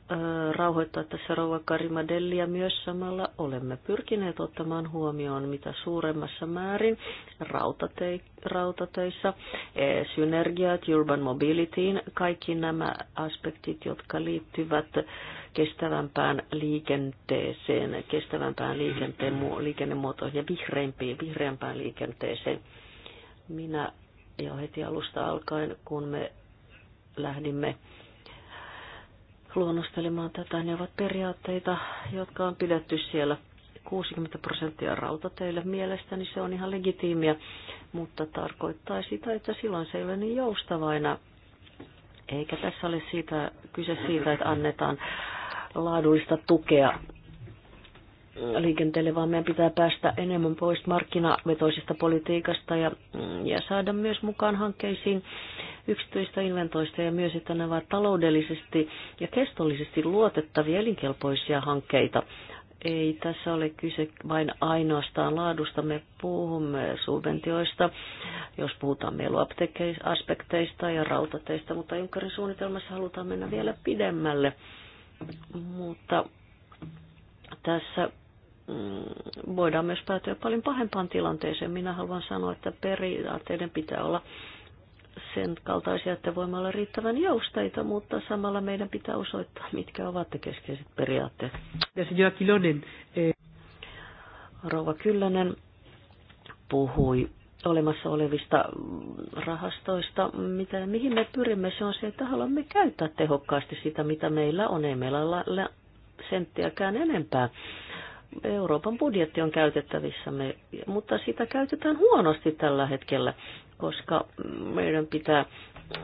rauhoittaa tässä rouva Karimadellia myös samalla. Olemme pyrkineet ottamaan huomioon mitä suuremmassa määrin rautate- rautateissa, e- synergiat, urban mobilityin, kaikki nämä aspektit, jotka liittyvät kestävämpään liikenteeseen, kestävämpään liikenteen liikennemuotoihin ja vihreimpiin, vihreämpään liikenteeseen. Minä jo heti alusta alkaen, kun me lähdimme luonnostelemaan tätä. Ne ovat periaatteita, jotka on pidetty siellä 60 prosenttia rautateille. Mielestäni se on ihan legitiimiä, mutta tarkoittaa sitä, että silloin se ei ole niin joustavaina. Eikä tässä ole siitä, kyse siitä, että annetaan laadullista tukea liikenteelle, vaan meidän pitää päästä enemmän pois markkinavetoisesta politiikasta ja, ja saada myös mukaan hankkeisiin yksityistä inventoista ja myös, että nämä ovat taloudellisesti ja kestollisesti luotettavia elinkelpoisia hankkeita. Ei tässä ole kyse vain ainoastaan laadusta, me puhumme subventioista, jos puhutaan meluapteekkeista ja rautateista, mutta Junkerin suunnitelmassa halutaan mennä vielä pidemmälle. Mutta tässä Mm, voidaan myös päätyä paljon pahempaan tilanteeseen. Minä haluan sanoa, että periaatteiden pitää olla sen kaltaisia, että voimme olla riittävän joustaita, mutta samalla meidän pitää osoittaa, mitkä ovat ne keskeiset periaatteet. Ja se Kilonen, eh, Rouva Kyllönen puhui olemassa olevista rahastoista, mitä, mihin me pyrimme, se on se, että haluamme käyttää tehokkaasti sitä, mitä meillä on. Ei meillä ole senttiäkään enempää Euroopan budjetti on käytettävissämme, mutta sitä käytetään huonosti tällä hetkellä, koska meidän pitää äh,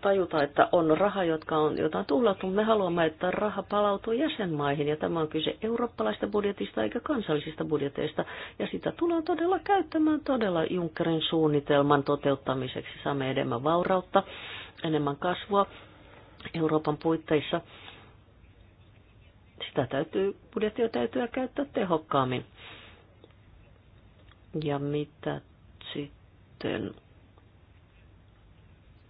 tajuta, että on raha, jotka on, jota on tuhlattu. Me haluamme, että raha palautuu jäsenmaihin ja tämä on kyse eurooppalaista budjetista eikä kansallisista budjeteista. Ja sitä tullaan todella käyttämään todella Junckerin suunnitelman toteuttamiseksi. Saamme enemmän vaurautta, enemmän kasvua Euroopan puitteissa – sitä täytyy, budjettia täytyy käyttää tehokkaammin. Ja mitä sitten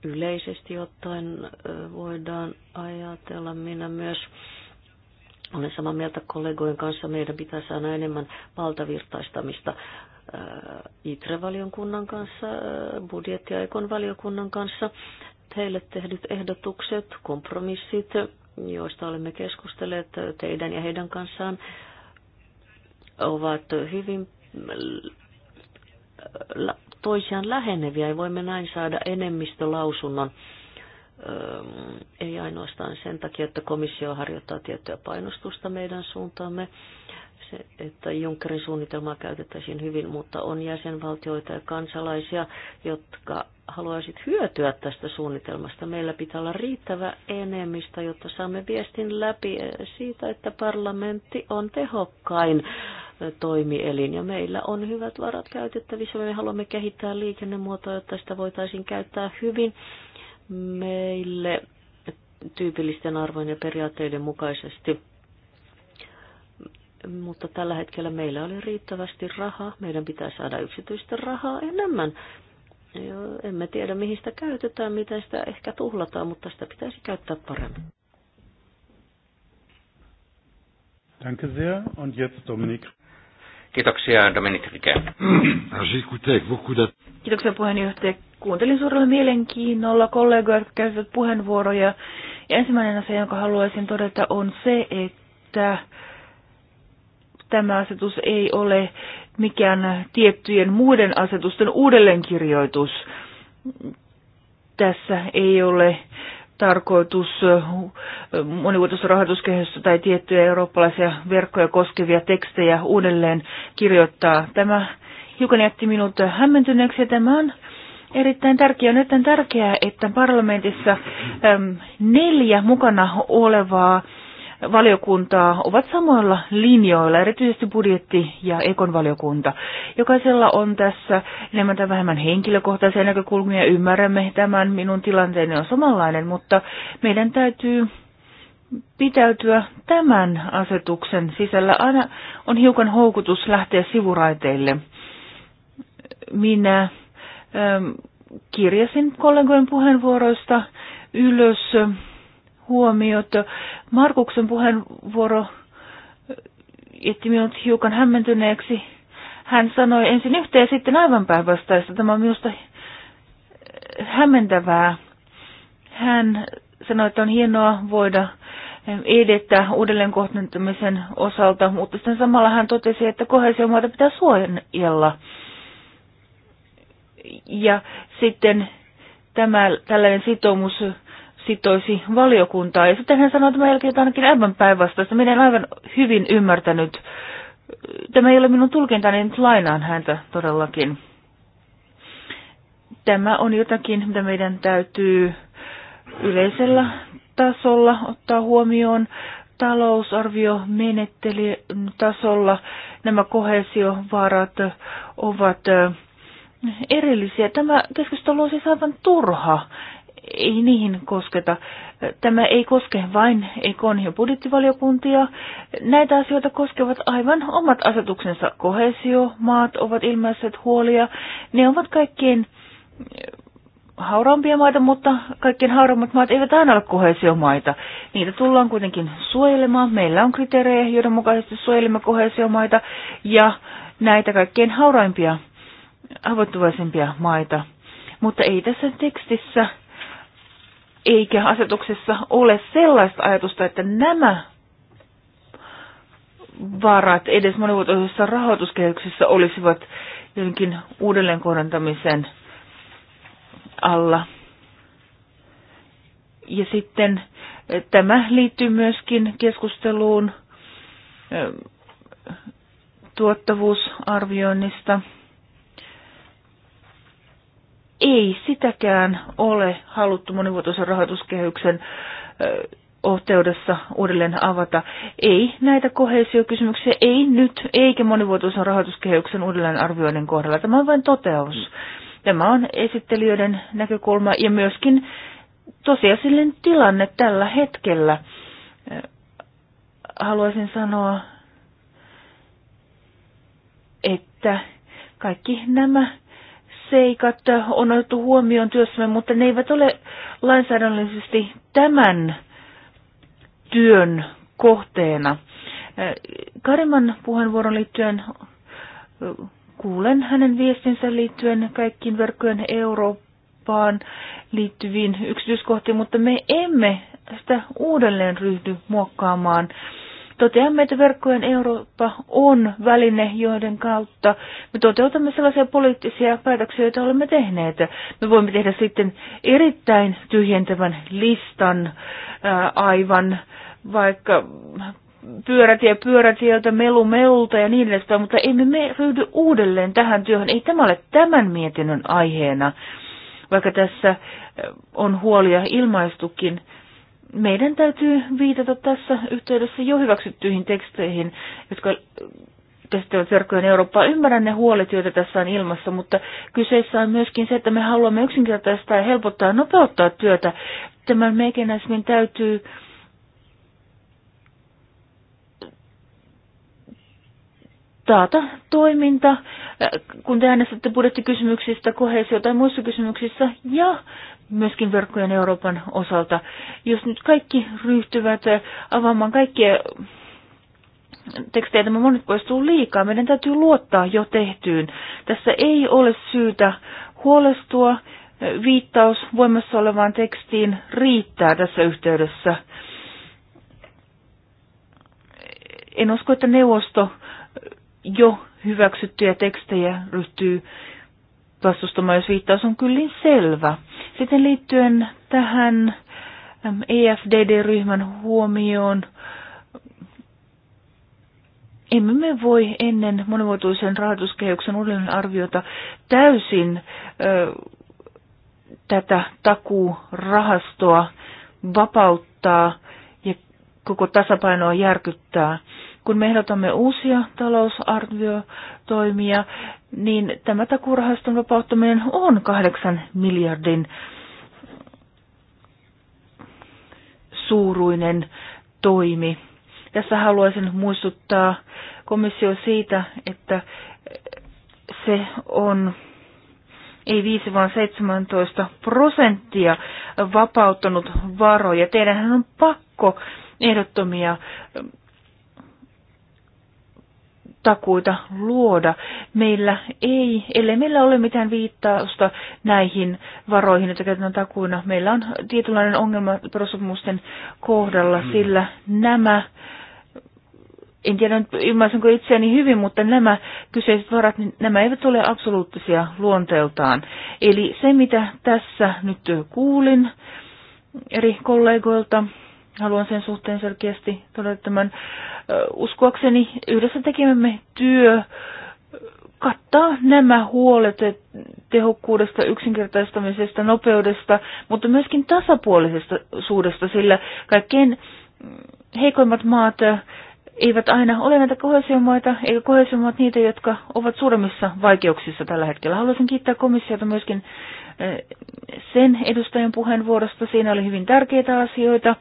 yleisesti ottaen voidaan ajatella, minä myös olen samaa mieltä kollegojen kanssa, meidän pitää saada enemmän valtavirtaistamista ITRE-valiokunnan kanssa, budjetti- ja valiokunnan kanssa. Heille tehdyt ehdotukset, kompromissit, joista olemme keskustelleet teidän ja heidän kanssaan, ovat hyvin äh, toisiaan läheneviä ja voimme näin saada enemmistölausunnon ei ainoastaan sen takia, että komissio harjoittaa tiettyä painostusta meidän suuntaamme, se, että Junckerin suunnitelmaa käytettäisiin hyvin, mutta on jäsenvaltioita ja kansalaisia, jotka haluaisit hyötyä tästä suunnitelmasta. Meillä pitää olla riittävä enemmistö, jotta saamme viestin läpi siitä, että parlamentti on tehokkain toimielin ja meillä on hyvät varat käytettävissä. Me haluamme kehittää liikennemuotoa, jotta sitä voitaisiin käyttää hyvin meille tyypillisten arvojen ja periaatteiden mukaisesti. Mutta tällä hetkellä meillä oli riittävästi rahaa. Meidän pitää saada yksityistä rahaa enemmän. Emme tiedä, mihin sitä käytetään, miten sitä ehkä tuhlataan, mutta sitä pitäisi käyttää paremmin. Danke sehr. Und jetzt Dominik. Kiitoksia Dominik Rike. Kiitoksia puheenjohtaja kuuntelin suurella mielenkiinnolla kollegoja, jotka käyttivät puheenvuoroja. Ja ensimmäinen asia, jonka haluaisin todeta, on se, että tämä asetus ei ole mikään tiettyjen muiden asetusten uudelleenkirjoitus. Tässä ei ole tarkoitus monivuotoista rahoituskehystä tai tiettyjä eurooppalaisia verkkoja koskevia tekstejä uudelleen kirjoittaa. Tämä hiukan jätti minut hämmentyneeksi ja tämä on erittäin tärkeää. Nyt on tärkeää, että parlamentissa neljä mukana olevaa valiokuntaa ovat samoilla linjoilla, erityisesti budjetti- ja ekon valiokunta. Jokaisella on tässä enemmän tai vähemmän henkilökohtaisia näkökulmia, ymmärrämme tämän, minun tilanteeni on samanlainen, mutta meidän täytyy pitäytyä tämän asetuksen sisällä. Aina on hiukan houkutus lähteä sivuraiteille. Minä kirjasin kollegojen puheenvuoroista ylös huomiot. Markuksen puheenvuoro jätti minut hiukan hämmentyneeksi. Hän sanoi ensin yhteen ja sitten aivan päinvastaista. Tämä on minusta hämmentävää. Hän sanoi, että on hienoa voida edetä uudelleenkohdentamisen osalta, mutta sitten samalla hän totesi, että kohesiomaata pitää suojella ja sitten tämä, tällainen sitoumus sitoisi valiokuntaa. Ja sitten hän sanoi tämän jälkeen ainakin aivan päinvastaista. Minä en aivan hyvin ymmärtänyt. Tämä ei ole minun tulkintani, niin nyt lainaan häntä todellakin. Tämä on jotakin, mitä meidän täytyy yleisellä tasolla ottaa huomioon Talousarvio tasolla. Nämä kohesiovaarat ovat erillisiä. Tämä keskustelu on siis aivan turha. Ei niihin kosketa. Tämä ei koske vain ekon ja budjettivaliokuntia. Näitä asioita koskevat aivan omat asetuksensa. Kohesio, maat ovat ilmaisseet huolia. Ne ovat kaikkein eh, hauraampia maita, mutta kaikkien hauraammat maat eivät aina ole kohesiomaita. Niitä tullaan kuitenkin suojelemaan. Meillä on kriteerejä, joiden mukaisesti suojelemme kohesiomaita ja näitä kaikkein hauraimpia haavoittuvaisempia maita. Mutta ei tässä tekstissä eikä asetuksessa ole sellaista ajatusta, että nämä varat edes monivuotoisessa rahoituskehyksissä olisivat jonkin uudelleenkohdentamisen alla. Ja sitten eh, tämä liittyy myöskin keskusteluun eh, tuottavuusarvioinnista – ei sitäkään ole haluttu monivuotoisen rahoituskehyksen ohteudessa uudelleen avata. Ei näitä kohesiokysymyksiä, ei nyt, eikä monivuotoisen rahoituskehyksen uudelleen arvioinnin kohdalla. Tämä on vain toteus. Tämä on esittelijöiden näkökulma ja myöskin tosiasiallinen tilanne tällä hetkellä. Haluaisin sanoa, että kaikki nämä seikat on otettu huomioon työssämme, mutta ne eivät ole lainsäädännöllisesti tämän työn kohteena. Kariman puheenvuoron liittyen kuulen hänen viestinsä liittyen kaikkiin verkkojen Eurooppaan liittyviin yksityiskohtiin, mutta me emme sitä uudelleen ryhdy muokkaamaan Toteamme, että verkkojen Eurooppa on väline, joiden kautta me toteutamme sellaisia poliittisia päätöksiä, joita olemme tehneet. Me voimme tehdä sitten erittäin tyhjentävän listan ää, aivan vaikka pyörätie pyörätieltä, melu melulta ja niin edespäin, mutta emme me ryhdy uudelleen tähän työhön. Ei tämä ole tämän mietinnön aiheena, vaikka tässä on huolia ilmaistukin meidän täytyy viitata tässä yhteydessä jo hyväksyttyihin teksteihin, jotka käsittelevät verkkojen Eurooppaa. Ymmärrän ne huolet, joita tässä on ilmassa, mutta kyseessä on myöskin se, että me haluamme yksinkertaistaa ja helpottaa ja nopeuttaa työtä. Tämän mekanismin täytyy taata toiminta, kun te äänestätte budjettikysymyksistä, kohesio tai muissa kysymyksissä, ja myöskin verkkojen Euroopan osalta. Jos nyt kaikki ryhtyvät eh, avaamaan kaikkia tekstejä, tämä monipuolistuu liikaa. Meidän täytyy luottaa jo tehtyyn. Tässä ei ole syytä huolestua. Viittaus voimassa olevaan tekstiin riittää tässä yhteydessä. En usko, että neuvosto jo hyväksyttyjä tekstejä ryhtyy vastustamaan, jos viittaus on kyllin selvä. Sitten liittyen tähän EFDD-ryhmän huomioon, emme me voi ennen monivuotuisen rahoituskehyksen arviota täysin ö, tätä takuurahastoa vapauttaa ja koko tasapainoa järkyttää kun me ehdotamme uusia talousarviotoimia, niin tämä takurahaston vapauttaminen on kahdeksan miljardin suuruinen toimi. Tässä haluaisin muistuttaa komissio siitä, että se on ei 5 vaan 17 prosenttia vapauttanut varoja. Teidänhän on pakko ehdottomia takuita luoda. Meillä ei, ellei meillä ole mitään viittausta näihin varoihin, joita käytetään takuina, meillä on tietynlainen ongelma perussopimusten kohdalla, hmm. sillä nämä en tiedä ymmärsinkö itseäni hyvin, mutta nämä kyseiset varat, niin nämä eivät ole absoluuttisia luonteeltaan. Eli se, mitä tässä nyt kuulin eri kollegoilta, haluan sen suhteen selkeästi todeta tämän. Uskoakseni yhdessä tekemämme työ kattaa nämä huolet tehokkuudesta, yksinkertaistamisesta, nopeudesta, mutta myöskin tasapuolisesta suudesta, sillä kaikkein heikoimmat maat eivät aina ole näitä kohesiomaita, eikä kohesiomaat niitä, jotka ovat suuremmissa vaikeuksissa tällä hetkellä. Haluaisin kiittää komissiota myöskin sen edustajan puheenvuorosta. Siinä oli hyvin tärkeitä asioita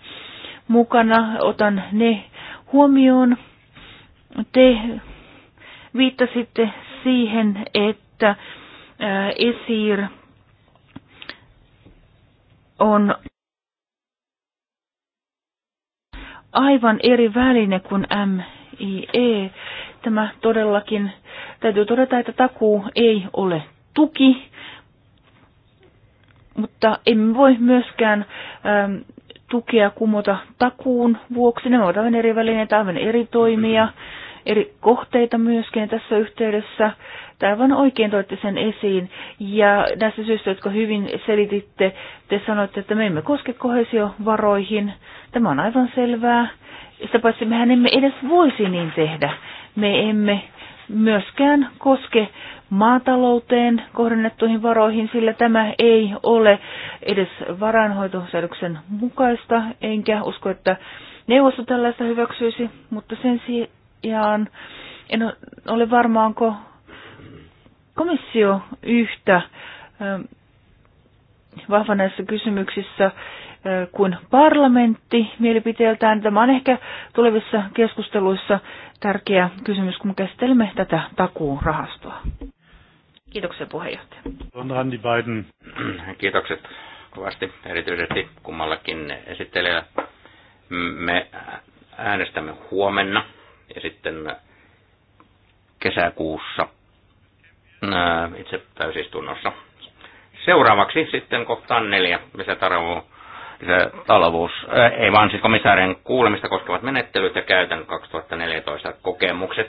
mukana. Otan ne huomioon. Te viittasitte siihen, että Esir on aivan eri väline kuin MIE. Tämä todellakin, täytyy todeta, että takuu ei ole tuki, mutta emme voi myöskään ähm, tukea kumota takuun vuoksi. ne ovat aivan eri välineitä, aivan eri toimia, eri kohteita myöskin tässä yhteydessä. Tämä aivan oikein toitte sen esiin. Ja näistä syystä jotka hyvin selititte, te sanoitte, että me emme koske kohesiovaroihin. Tämä on aivan selvää. Sitä paitsi mehän emme edes voisi niin tehdä. Me emme myöskään koske maatalouteen kohdennettuihin varoihin, sillä tämä ei ole edes varainhoitosäädöksen mukaista, enkä usko, että neuvosto tällaista hyväksyisi, mutta sen sijaan en ole varma, onko komissio yhtä ähm, vahva näissä kysymyksissä äh, kuin parlamentti mielipiteeltään. Tämä on ehkä tulevissa keskusteluissa tärkeä kysymys, kun käsittelemme tätä takuurahastoa. Kiitoksia puheenjohtaja. Onhan niin Biden. Kiitokset kovasti erityisesti kummallakin esittelijä. Me äänestämme huomenna ja sitten kesäkuussa äh, itse täysistunnossa. Seuraavaksi sitten kohtaan neljä, missä tarvuu talous, äh, ei vaan siis komissaarien kuulemista koskevat menettelyt ja käytän 2014 kokemukset.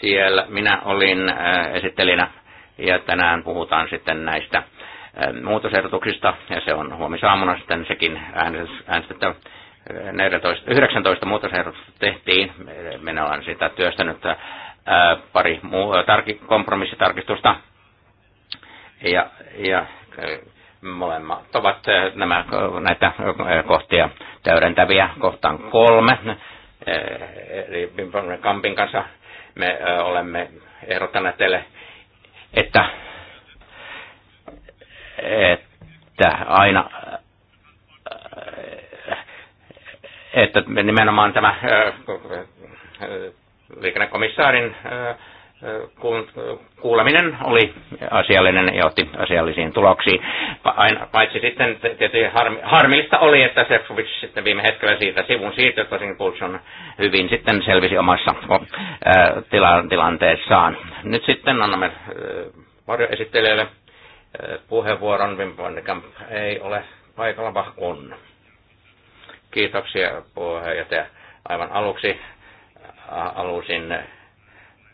Siellä minä olin äh, esittelijänä ja tänään puhutaan sitten näistä muutosehdotuksista, ja se on huomisaamuna sitten sekin äänestettävä. 14, 19 muutosehdotusta tehtiin. Minä olen sitä työstänyt pari muu, tarki, kompromissitarkistusta. Ja, ja molemmat ovat nämä, näitä kohtia täydentäviä kohtaan kolme. Eli Kampin kanssa me olemme ehdottaneet teille että, että aina että nimenomaan tämä liikennekomissaarin kuuleminen oli asiallinen ja otti asiallisiin tuloksiin. Paitsi sitten tietysti harmillista oli, että Sefcovic sitten viime hetkellä siitä sivun siirtyi, tosin Pulson hyvin sitten selvisi omassa tilanteessaan. Nyt sitten annamme varjoesittelijälle puheenvuoron. Wim ei ole paikalla, vaan on. Kiitoksia puheenjohtaja. Aivan aluksi alusin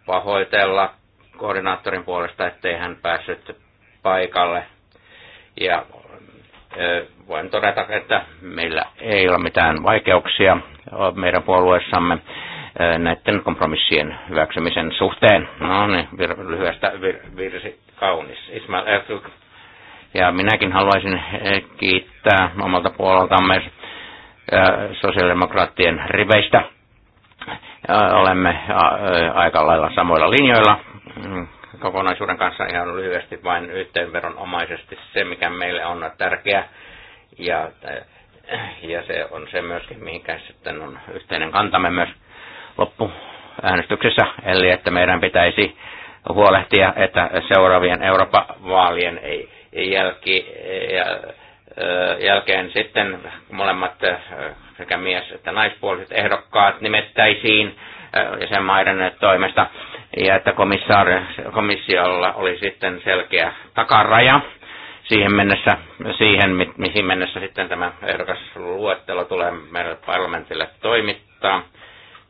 pahoitella koordinaattorin puolesta, ettei hän päässyt paikalle. Ja voin todeta, että meillä ei ole mitään vaikeuksia meidän puolueessamme näiden kompromissien hyväksymisen suhteen. No niin, vir- lyhyestä vir- virsi kaunis. Ismail Ertug. Ja minäkin haluaisin kiittää omalta puoleltamme sosiaalidemokraattien riveistä olemme aika lailla samoilla linjoilla mm, kokonaisuuden kanssa ihan lyhyesti vain yhteenveronomaisesti se, mikä meille on tärkeä ja, äh, ja se on se myöskin, mihinkä sitten on yhteinen kantamme myös loppuäänestyksessä, eli että meidän pitäisi huolehtia, että seuraavien Euroopan vaalien ei jälki, jälkeen sitten molemmat sekä mies- että naispuoliset ehdokkaat nimettäisiin jäsenmaiden toimesta, ja että komissiolla oli sitten selkeä takaraja siihen mennessä, siihen, mihin mennessä sitten tämä ehdokasluettelo tulee meidän parlamentille toimittaa.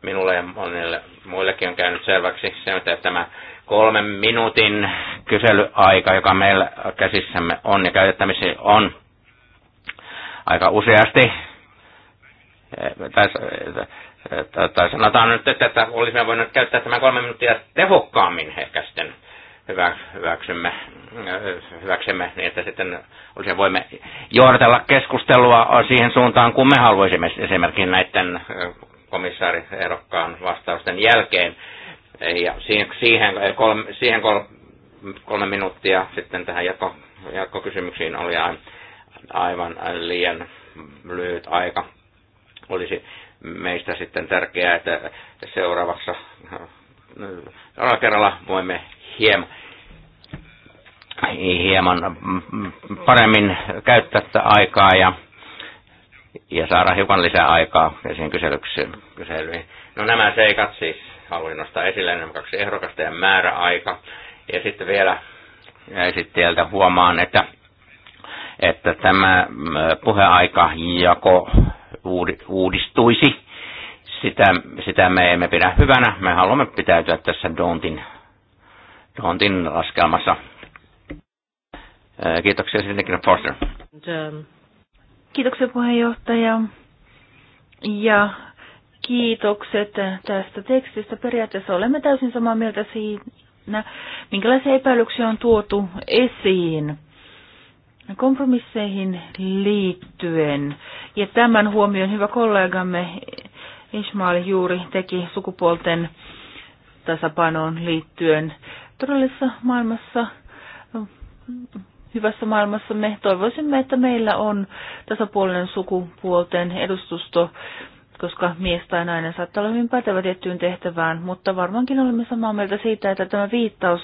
Minulle ja monille muillekin on käynyt selväksi se, että tämä kolmen minuutin kyselyaika, joka meillä käsissämme on ja käytettävissä on, aika useasti. Tai, sanotaan nyt, että olisimme voineet käyttää tämän kolme minuuttia tehokkaammin ehkä sitten hyväksymme, hyväksymme niin että sitten olisimme voimme johdatella keskustelua siihen suuntaan, kun me haluaisimme esimerkiksi näiden komissaariehdokkaan vastausten jälkeen. Ja siihen, siihen, kolme, siihen kolme, kolme minuuttia sitten tähän jatko, jatkokysymyksiin oli aivan liian lyhyt aika. Olisi meistä sitten tärkeää, että seuraavassa kerralla voimme hieman, hieman paremmin käyttää sitä aikaa ja, ja saada hiukan lisää aikaa esiin kyselyihin. No nämä seikat siis haluin nostaa esille, nämä kaksi ehdokasta ja määräaika. Ja sitten vielä esittäjältä huomaan, että että tämä mm, jako uudistuisi. Sitä, sitä me emme pidä hyvänä. Me haluamme pitäytyä tässä Dontin, Dontin laskelmassa. Äh, kiitoksia sinnekin, Foster. Ähm, kiitoksia puheenjohtaja. Ja kiitokset tästä tekstistä. Periaatteessa olemme täysin samaa mieltä siinä, minkälaisia epäilyksiä on tuotu esiin kompromisseihin liittyen. Ja tämän huomion hyvä kollegamme Ismail juuri teki sukupuolten tasapainoon liittyen todellisessa maailmassa, hyvässä maailmassa me toivoisimme, että meillä on tasapuolinen sukupuolten edustusto koska mies tai nainen saattaa olla hyvin pätevä tiettyyn tehtävään, mutta varmaankin olemme samaa mieltä siitä, että tämä viittaus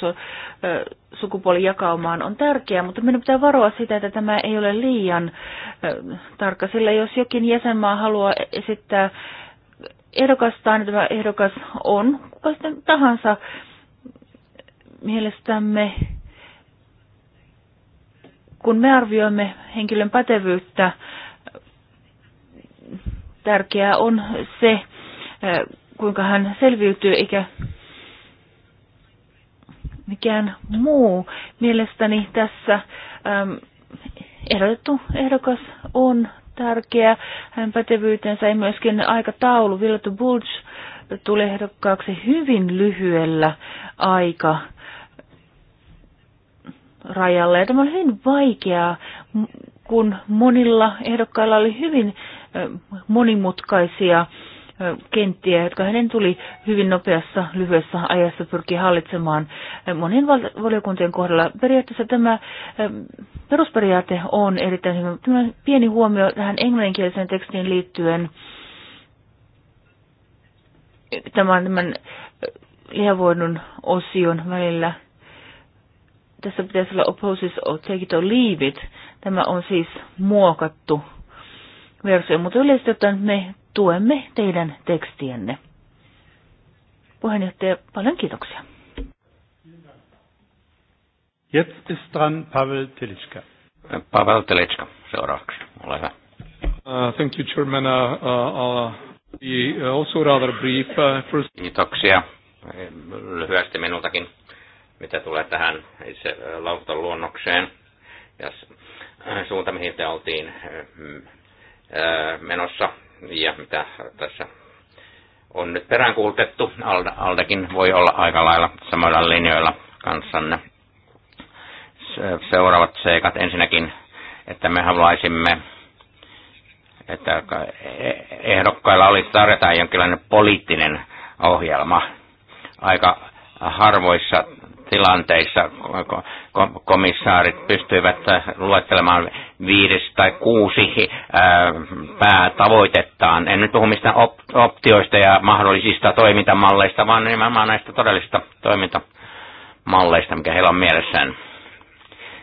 sukupuolijakaumaan on tärkeä, mutta meidän pitää varoa sitä, että tämä ei ole liian tarkka, sillä jos jokin jäsenmaa haluaa esittää ehdokastaan, niin tämä ehdokas on kuka sitten tahansa mielestämme, kun me arvioimme henkilön pätevyyttä, tärkeää on se, kuinka hän selviytyy, eikä mikään muu. Mielestäni tässä äm, ehdotettu ehdokas on tärkeä. Hänen pätevyytensä ei myöskin aikataulu. Viltu Bulge tuli ehdokkaaksi hyvin lyhyellä aika rajalla. Ja tämä oli hyvin vaikeaa, kun monilla ehdokkailla oli hyvin monimutkaisia kenttiä, jotka hänen tuli hyvin nopeassa, lyhyessä ajassa pyrkiä hallitsemaan monien valiokuntien kohdalla. Periaatteessa tämä perusperiaate on erittäin hyvä. Tämä pieni huomio tähän englanninkieliseen tekstiin liittyen. Tämän, tämän lihavoidun osion välillä. Tässä pitäisi olla opposes or take it or leave it. Tämä on siis muokattu versio, mutta yleisesti ottaen me tuemme teidän tekstienne. Puheenjohtaja, paljon kiitoksia. Jetzt ist dran Pavel Telitschka. Pavel Telitschka seuraavaksi. Ole hyvä. Uh, thank you, Chairman. Uh, uh, uh be uh, also rather brief. Uh, first... Kiitoksia. Lyhyesti minultakin, mitä tulee tähän itse lausunnon luonnokseen ja suunta, mihin te oltiin menossa ja mitä tässä on nyt peräänkuultettu. Alda, Aldakin voi olla aika lailla samoilla linjoilla kanssanne. Seuraavat seikat ensinnäkin, että me haluaisimme, että e- ehdokkailla olisi tarjota jonkinlainen poliittinen ohjelma. Aika harvoissa tilanteissa komissaarit pystyivät äh, luettelemaan viides tai kuusi äh, päätavoitettaan. En nyt puhu mistään optioista ja mahdollisista toimintamalleista, vaan nimenomaan näistä todellisista toimintamalleista, mikä heillä on mielessään.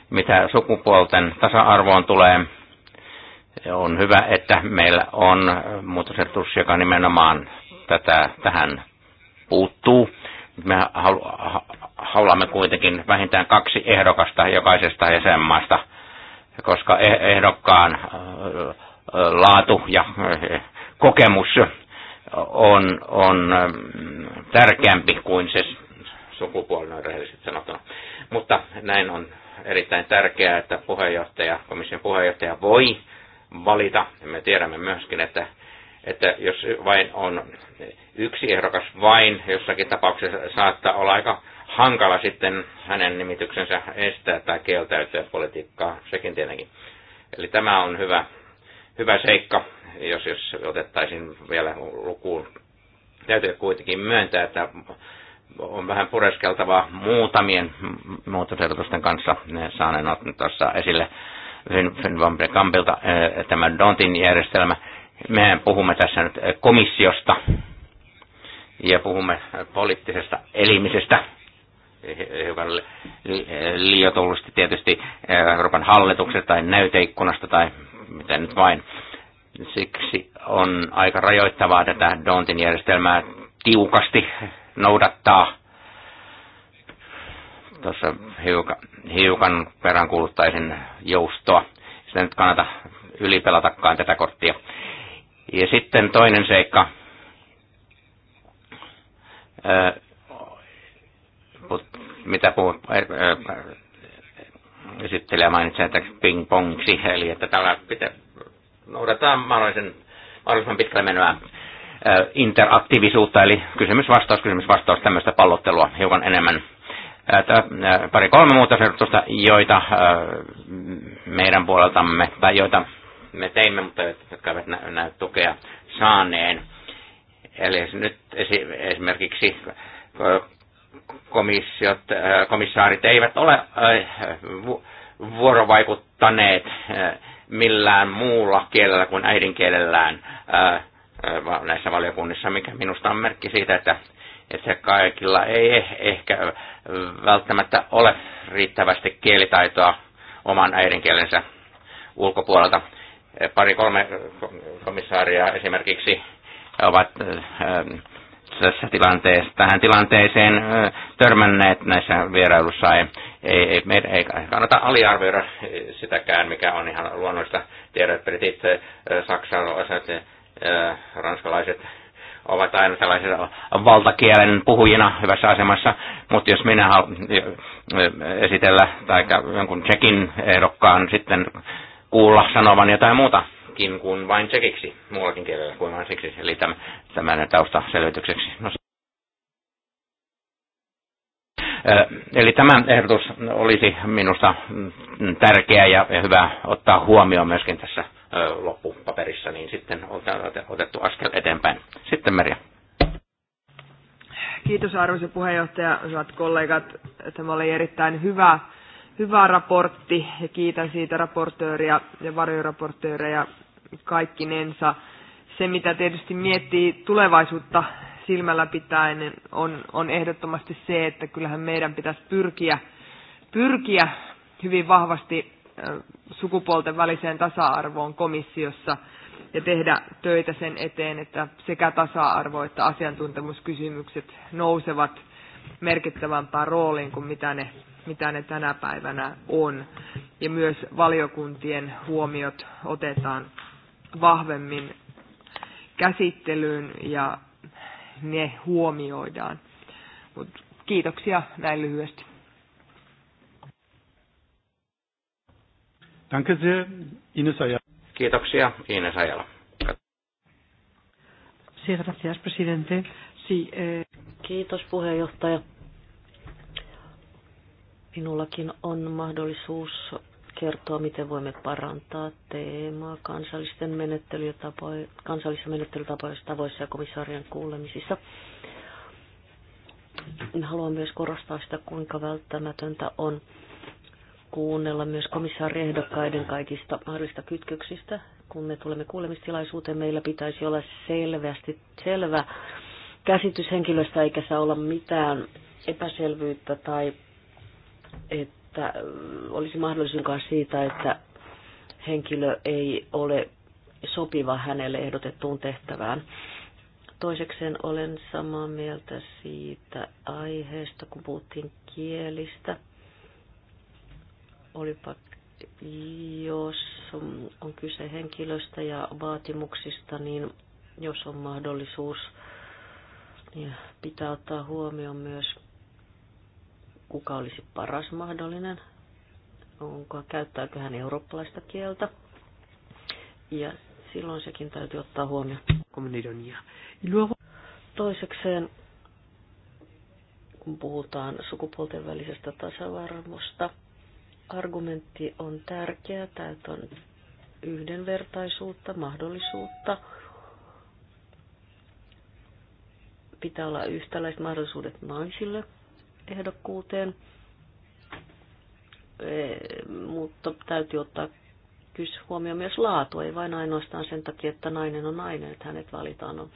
Mitä sukupuolten tasa-arvoon tulee, on hyvä, että meillä on muutosehdotus, joka nimenomaan tätä, tähän puuttuu me haluamme kuitenkin vähintään kaksi ehdokasta jokaisesta jäsenmaasta, koska eh-, ehdokkaan äh, laatu ja äh, kokemus on, on äh, tärkeämpi kuin se sukupuolinen rehellisesti sanottuna. Mutta näin on erittäin tärkeää, että puheenjohtaja, komission puheenjohtaja voi valita. Me tiedämme myöskin, että, että jos vain on yksi ehdokas vain jossakin tapauksessa saattaa olla aika hankala sitten hänen nimityksensä estää tai kieltäytyä politiikkaa, sekin tietenkin. Eli tämä on hyvä, hyvä seikka, jos, jos otettaisiin vielä lukuun. Täytyy kuitenkin myöntää, että on vähän pureskeltavaa muutamien muutosehdotusten kanssa saaneen ottaa tuossa esille Finn Van Kampilta eh, tämä Dontin järjestelmä – mehän puhumme tässä nyt komissiosta ja puhumme poliittisesta elimisestä, hiukan liiotullisesti tietysti eh, Euroopan hallituksesta tai näyteikkunasta tai miten nyt vain. Siksi on aika rajoittavaa tätä Dontin järjestelmää tiukasti noudattaa. Tuossa hiukan, hiukan peräänkuuluttaisin joustoa. Sitä nyt kannata ylipelatakaan tätä korttia ja sitten toinen seikka. Mitä puhut, esittelijä mainitsi, että ping-pongsi, eli että tällä pitää noudataan mahdollisen, mahdollisimman pitkälle menevää interaktiivisuutta, eli kysymys-vastaus, kysymys-vastaus, tämmöistä pallottelua hiukan enemmän. Pari-kolme muuta sertusta, joita meidän puoleltamme, tai joita me teimme, mutta jotka eivät näy, tukea saaneen. Eli nyt esimerkiksi komissiot, komissaarit eivät ole vuorovaikuttaneet millään muulla kielellä kuin äidinkielellään näissä valiokunnissa, mikä minusta on merkki siitä, että, että kaikilla ei eh-, ehkä välttämättä ole riittävästi kielitaitoa oman äidinkielensä ulkopuolelta. Pari-kolme komissaaria esimerkiksi ovat äh, äh, tässä tilanteessa, tähän tilanteeseen äh, törmänneet näissä vierailussa. Ei, ei, ei, ei kannata aliarvioida sitäkään, mikä on ihan luonnollista. että britit, saksalaiset, ranskalaiset ovat aina tällaisena valtakielen puhujina hyvässä asemassa, mutta jos minä haluan esitellä tai jonkun tsekin ehdokkaan sitten kuulla sanovan jotain muutakin kuin vain tsekiksi, muullakin kielellä kuin vain siksi, eli tämän, tämän taustaselvitykseksi. No, Eli tämä ehdotus olisi minusta tärkeä ja hyvä ottaa huomioon myöskin tässä loppupaperissa, niin sitten on otettu askel eteenpäin. Sitten Merja. Kiitos arvoisa puheenjohtaja, hyvät kollegat. Tämä oli erittäin hyvä hyvä raportti ja kiitän siitä raportööriä ja varjoraportööreja kaikkinensa. Se, mitä tietysti miettii tulevaisuutta silmällä pitäen, on, on ehdottomasti se, että kyllähän meidän pitäisi pyrkiä, pyrkiä hyvin vahvasti sukupuolten väliseen tasa-arvoon komissiossa ja tehdä töitä sen eteen, että sekä tasa-arvo että asiantuntemuskysymykset nousevat merkittävämpään rooliin kuin mitä ne mitä ne tänä päivänä on. Ja myös valiokuntien huomiot otetaan vahvemmin käsittelyyn ja ne huomioidaan. Mut kiitoksia näin lyhyesti. Ines Kiitoksia, Ines Ajala. Sí, gracias, presidente. Sí, eh... Kiitos puheenjohtaja Minullakin on mahdollisuus kertoa, miten voimme parantaa teemaa kansallisten menettelytapoja, kansallisissa tavoissa ja komissaarien kuulemisissa. Haluan myös korostaa sitä, kuinka välttämätöntä on kuunnella myös komissaariehdokkaiden kaikista mahdollisista kytköksistä. Kun me tulemme kuulemistilaisuuteen, meillä pitäisi olla selvästi selvä käsitys henkilöstä, eikä saa olla mitään epäselvyyttä tai että olisi mahdollisimman siitä, että henkilö ei ole sopiva hänelle ehdotettuun tehtävään. Toisekseen olen samaa mieltä siitä aiheesta, kun puhuttiin kielistä. Olipa, jos on kyse henkilöstä ja vaatimuksista, niin jos on mahdollisuus, niin pitää ottaa huomioon myös kuka olisi paras mahdollinen, onko, käyttääkö hän eurooppalaista kieltä. Ja silloin sekin täytyy ottaa huomioon. Toisekseen, kun puhutaan sukupuolten välisestä tasavarmosta, argumentti on tärkeä, että on yhdenvertaisuutta, mahdollisuutta, pitää olla yhtäläiset mahdollisuudet naisille ehdokkuuteen, mutta täytyy ottaa kyse huomioon myös laatu, ei vain ainoastaan sen takia, että nainen on nainen, että hänet valitaan. No,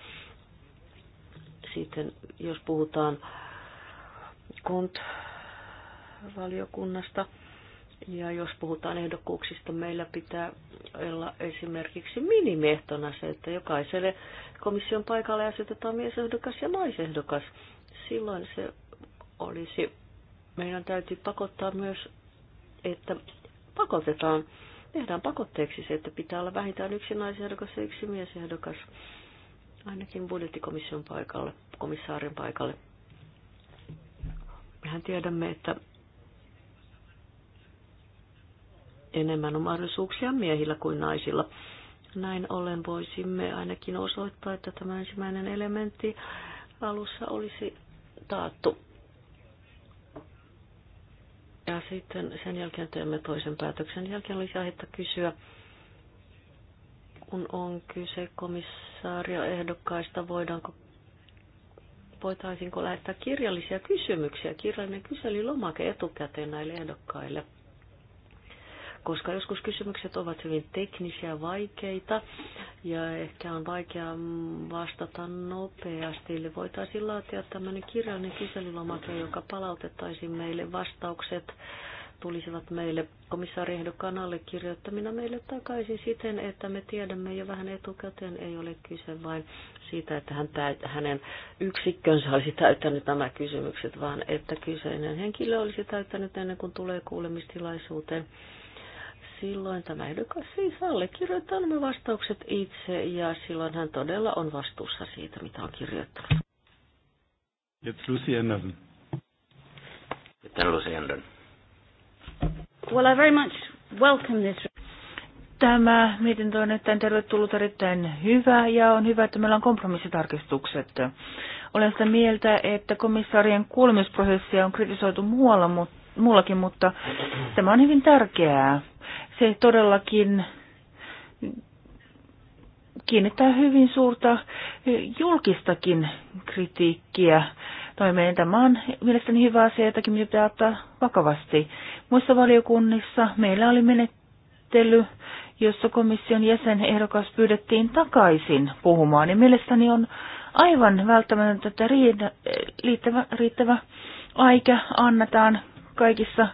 sitten jos puhutaan KONT-valiokunnasta, ja jos puhutaan ehdokkuuksista, meillä pitää olla esimerkiksi minimehtona se, että jokaiselle komission paikalle asetetaan miesehdokas ja naisehdokas. Silloin se olisi, meidän täytyy pakottaa myös, että pakotetaan, tehdään pakotteeksi se, että pitää olla vähintään yksi naisehdokas ja yksi miesehdokas, ainakin budjettikomission paikalle, komissaarin paikalle. Mehän tiedämme, että enemmän on mahdollisuuksia miehillä kuin naisilla. Näin ollen voisimme ainakin osoittaa, että tämä ensimmäinen elementti alussa olisi taattu. Ja sitten sen jälkeen teemme toisen päätöksen. Jälkeen olisi aihetta kysyä, kun on kyse komissaarioehdokkaista, voidaanko voitaisiinko lähettää kirjallisia kysymyksiä, kirjallinen kyselylomake etukäteen näille ehdokkaille – koska joskus kysymykset ovat hyvin teknisiä, vaikeita ja ehkä on vaikea vastata nopeasti. Eli voitaisiin laatia tämmöinen kirjallinen kyselylomake, joka palautettaisiin meille vastaukset tulisivat meille komissaariehdokkaan allekirjoittamina meille takaisin siten, että me tiedämme jo vähän etukäteen, ei ole kyse vain siitä, että hän täyt, hänen yksikkönsä olisi täyttänyt nämä kysymykset, vaan että kyseinen henkilö olisi täyttänyt ennen kuin tulee kuulemistilaisuuteen silloin tämä ehdokas siis allekirjoittaa nämä vastaukset itse ja silloin hän todella on vastuussa siitä, mitä on kirjoittanut. Jetzt Lucy Anderson. Sitten Lucy Anderson. Well, I very much welcome this. Tämä mietintö on erittäin tervetullut, erittäin hyvä ja on hyvä, että meillä on kompromissitarkistukset. Olen sitä mieltä, että komissaarien kuulemisprosessia on kritisoitu muualla, mutta muullakin, mutta tämä on hyvin tärkeää se todellakin kiinnittää hyvin suurta julkistakin kritiikkiä toimeen. Tämä on mielestäni hyvä asia, jotakin pitää ottaa vakavasti. Muissa valiokunnissa meillä oli menettely, jossa komission jäsenehdokas pyydettiin takaisin puhumaan, niin mielestäni on aivan välttämätöntä, että riittävä, riittävä aika annetaan kaikissa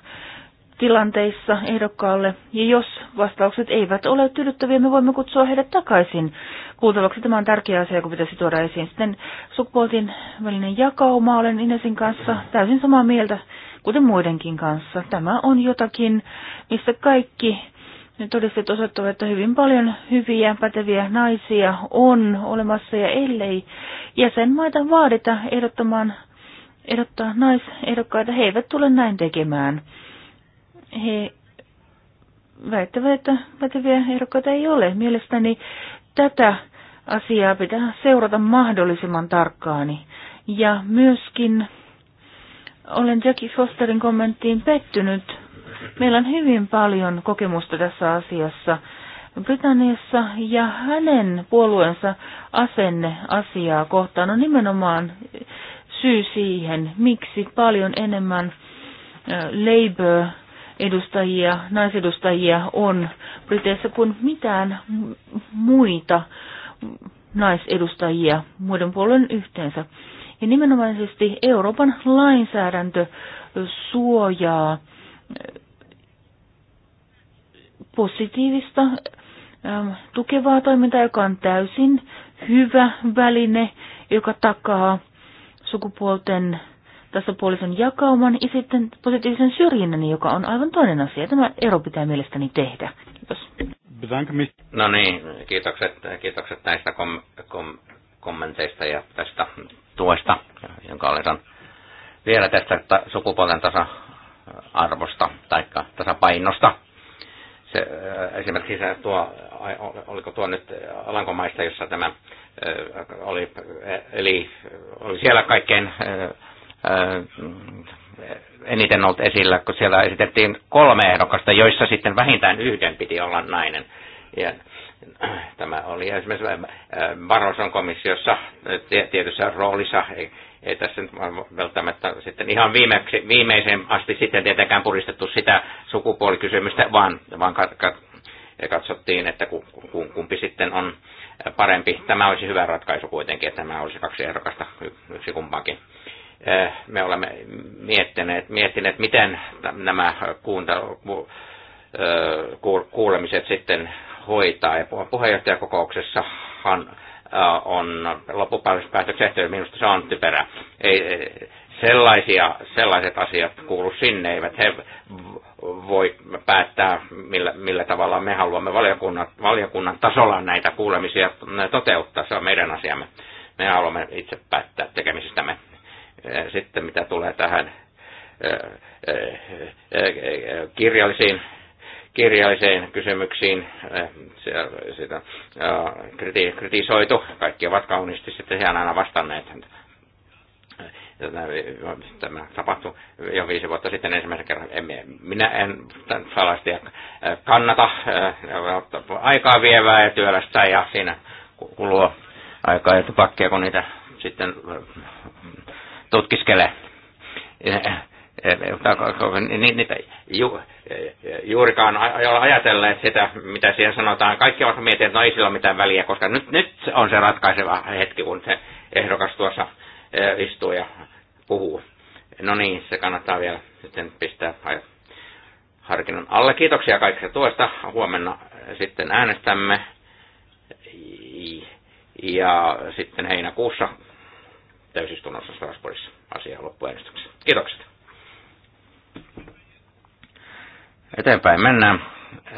tilanteissa ehdokkaalle, ja jos vastaukset eivät ole tyydyttäviä, me voimme kutsua heidät takaisin kuultavaksi. Tämä on tärkeä asia, kun pitäisi tuoda esiin. Sitten sukupuolten välinen jakauma olen Inesin kanssa täysin samaa mieltä, kuten muidenkin kanssa. Tämä on jotakin, missä kaikki ne todistet osoittavat, että hyvin paljon hyviä, päteviä naisia on olemassa, ja ellei jäsenmaita vaadita ehdottamaan ehdottaa naisehdokkaita, he eivät tule näin tekemään he väittävät, että päteviä ehdokkaita ei ole. Mielestäni tätä asiaa pitää seurata mahdollisimman tarkkaani. Ja myöskin olen Jackie Fosterin kommenttiin pettynyt. Meillä on hyvin paljon kokemusta tässä asiassa. Britanniassa ja hänen puolueensa asenne asiaa kohtaan on nimenomaan syy siihen, miksi paljon enemmän Labour edustajia, naisedustajia on Briteissä kuin mitään muita naisedustajia muiden puolen yhteensä. Ja nimenomaisesti Euroopan lainsäädäntö suojaa eh, positiivista eh, tukevaa toimintaa, joka on täysin hyvä väline, joka takaa sukupuolten tasapuolisen jakauman ja sitten positiivisen syrjinnän, joka on aivan toinen asia. Tämä ero pitää mielestäni tehdä. Kiitos. No niin, kiitokset, kiitokset näistä kom, kom, kommenteista ja tästä tuesta, jonka olen saanut vielä tästä sukupuolten tasa-arvosta tai tasapainosta. Se, äh, esimerkiksi se tuo, oliko tuo nyt Alankomaista, jossa tämä äh, oli, eli oli siellä kaikkein äh, eniten ollut esillä, kun siellä esitettiin kolme ehdokasta, joissa sitten vähintään yhden piti olla nainen. Ja äh, tämä oli esimerkiksi äh, Barroson komissiossa äh, tietyssä roolissa, ei, ei tässä nyt välttämättä sitten ihan viimeksi, viimeiseen asti sitten tietenkään puristettu sitä sukupuolikysymystä, vaan, vaan katsottiin, että kumpi sitten on parempi. Tämä olisi hyvä ratkaisu kuitenkin, että tämä olisi kaksi ehdokasta, yksi kumpaankin Eh, me olemme miettineet, miettineet miten nämä eh, kuulemiset sitten hoitaa. Ja puheenjohtajakokouksessahan eh, on loppupäätökset, minusta se on typerä. Ei, sellaisia, sellaiset asiat kuulu sinne, eivät he voi päättää, millä, millä tavalla me haluamme valiokunnan, valiokunnan tasolla näitä kuulemisia toteuttaa. Se on meidän asiamme. Me haluamme itse päättää tekemisistämme. Sitten mitä tulee tähän kirjallisiin kirjalliseen kysymyksiin sitä kritisoitu. Kaikki ovat kauniisti sitten ihan aina vastanneet. Tämä tapahtui jo viisi vuotta sitten ensimmäisen kerran. Minä en salaistia kannata aikaa vievää ja työlästä ja siinä kuluu aikaa ja tupakkia, kun niitä sitten tutkiskele eh, eh, eh, niitä ju, juurikaan ajatelleet sitä, mitä siihen sanotaan. Kaikki ovat miettineet, että no ei sillä ole mitään väliä, koska nyt, nyt on se ratkaiseva hetki, kun se ehdokas tuossa istuu ja puhuu. No niin, se kannattaa vielä sitten pistää harkinnan alle. Kiitoksia kaikista tuosta. Huomenna sitten äänestämme ja sitten heinäkuussa täysistunnossa Strasbourgissa asiaa loppuäänestyksessä. Kiitokset. Eteenpäin mennään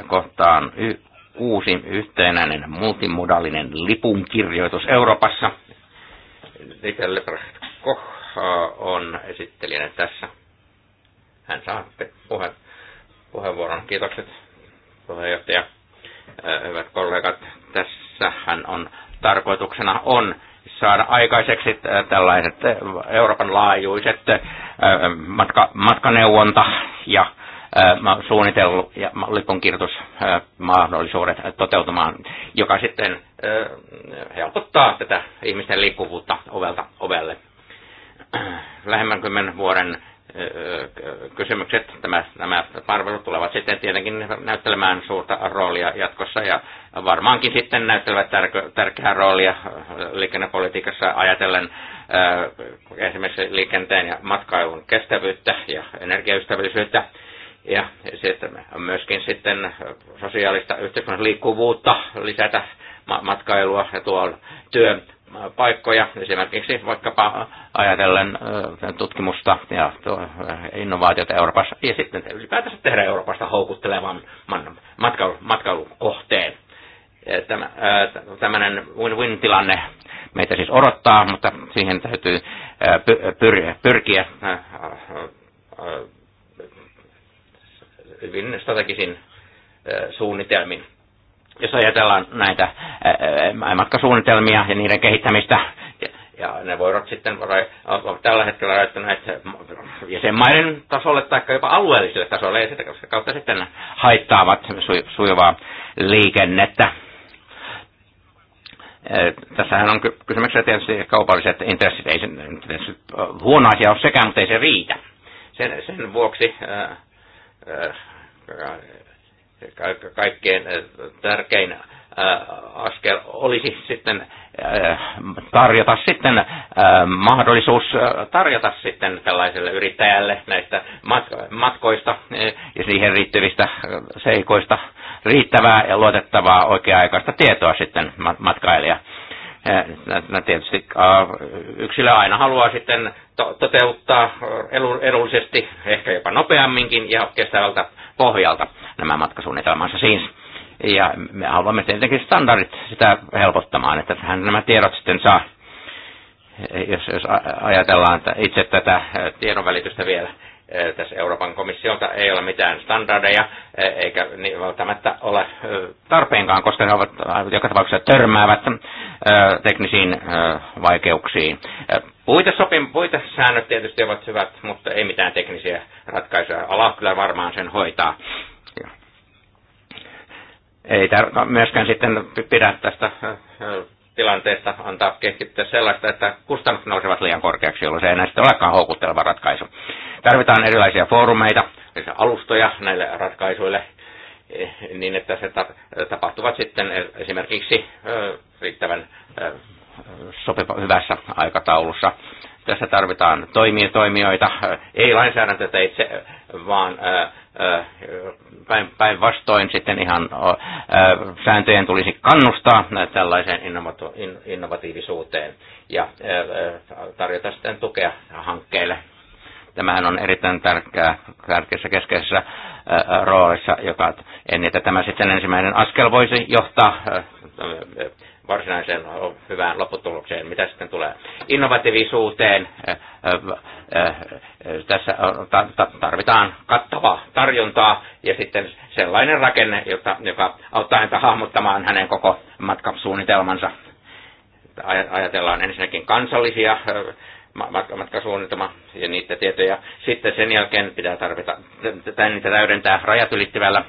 kohtaan y- uusi yhtenäinen multimodaalinen lipunkirjoitus Euroopassa. Dieter Koch äh, on esittelijänä tässä. Hän saa puhe, puheenvuoron. Kiitokset puheenjohtaja. Äh, hyvät kollegat, tässä hän on tarkoituksena on saada aikaiseksi tällaiset äh, Euroopan laajuiset äh, matka, matkaneuvonta ja äh, suunnitellut ja lipunkirjoitusmahdollisuudet toteutumaan, joka sitten helpottaa tätä ihmisten liikkuvuutta ovelta ovelle. Lähemmän kymmenen vuoden kysymykset, tämä, nämä palvelut tulevat sitten tietenkin näyttelemään suurta roolia jatkossa ja varmaankin sitten näyttelevät tärkeää roolia liikennepolitiikassa ajatellen esimerkiksi liikenteen ja matkailun kestävyyttä ja energiaystävällisyyttä ja sitten myöskin sitten sosiaalista yhteiskunnallista liikkuvuutta lisätä matkailua ja tuolla työn paikkoja, esimerkiksi vaikkapa ajatellen tutkimusta ja innovaatiota Euroopassa, ja sitten ylipäätänsä tehdä Euroopasta houkuttelevan matkailu, matkailukohteen. Tällainen win-win-tilanne meitä siis odottaa, mutta siihen täytyy pyrkiä hyvin strategisin suunnitelmin jos ajatellaan näitä matkasuunnitelmia ja niiden kehittämistä, ja ne voivat sitten tällä hetkellä näitä jäsenmaiden tasolle tai jopa alueelliselle tasolle, ja sitä kautta sitten haittaavat sujuvaa liikennettä. Tässähän on kysymyksessä tietysti kaupalliset intressit, ei se tietysti huono asia ole sekään, mutta ei se riitä. Sen, sen vuoksi kaikkein äh, tärkein äh, askel olisi sitten äh, tarjota sitten mahdollisuus tarjota sitten tällaiselle yrittäjälle näistä matkoista ja siihen riittyvistä seikoista riittävää ja luotettavaa oikea-aikaista tietoa sitten matkailija tietysti yksilö aina haluaa sitten toteuttaa edullisesti, ehkä jopa nopeamminkin ja kestävältä pohjalta nämä matkasuunnitelmansa siis. Ja me haluamme tietenkin standardit sitä helpottamaan, että hän nämä tiedot sitten saa. Jos, jos ajatellaan että itse tätä tiedonvälitystä vielä, Eh, tässä Euroopan komissiolta ei ole mitään standardeja, eh, eikä niin välttämättä ole eh, tarpeenkaan, koska ne ovat joka tapauksessa törmäävät teknisiin vaikeuksiin. puitesäännöt tietysti ovat hyvät, mutta ei mitään teknisiä ratkaisuja. Ala kyllä varmaan sen hoitaa. Ei myöskään sitten pidä tästä tilanteesta antaa keskittyä sellaista, että kustannukset nousevat liian korkeaksi, jolloin se ei näistä olekaan houkutteleva ratkaisu. Tarvitaan erilaisia foorumeita, alustoja näille ratkaisuille, eh, niin että se tapahtuvat sitten esimerkiksi riittävän sopiva, hyvässä aikataulussa. Tässä tarvitaan toimia, toimijoita, ei lainsäädäntöteitse, vaan Päinvastoin sitten ihan sääntöjen tulisi kannustaa tällaiseen innovatiivisuuteen ja tarjota sitten tukea hankkeille tämähän on erittäin tärkeä, tärkeässä keskeisessä roolissa, joka, että tämä sitten ensimmäinen askel voisi johtaa varsinaiseen hyvään lopputulokseen, mitä sitten tulee innovatiivisuuteen, tässä tarvitaan kattavaa tarjontaa ja sitten sellainen rakenne, jota, joka auttaa häntä hahmottamaan hänen koko matkasuunnitelmansa. Ajatellaan ensinnäkin kansallisia matkasuunnitelma ja niitä tietoja. Sitten sen jälkeen pitää tarvita, niitä täydentää rajat ylittävällä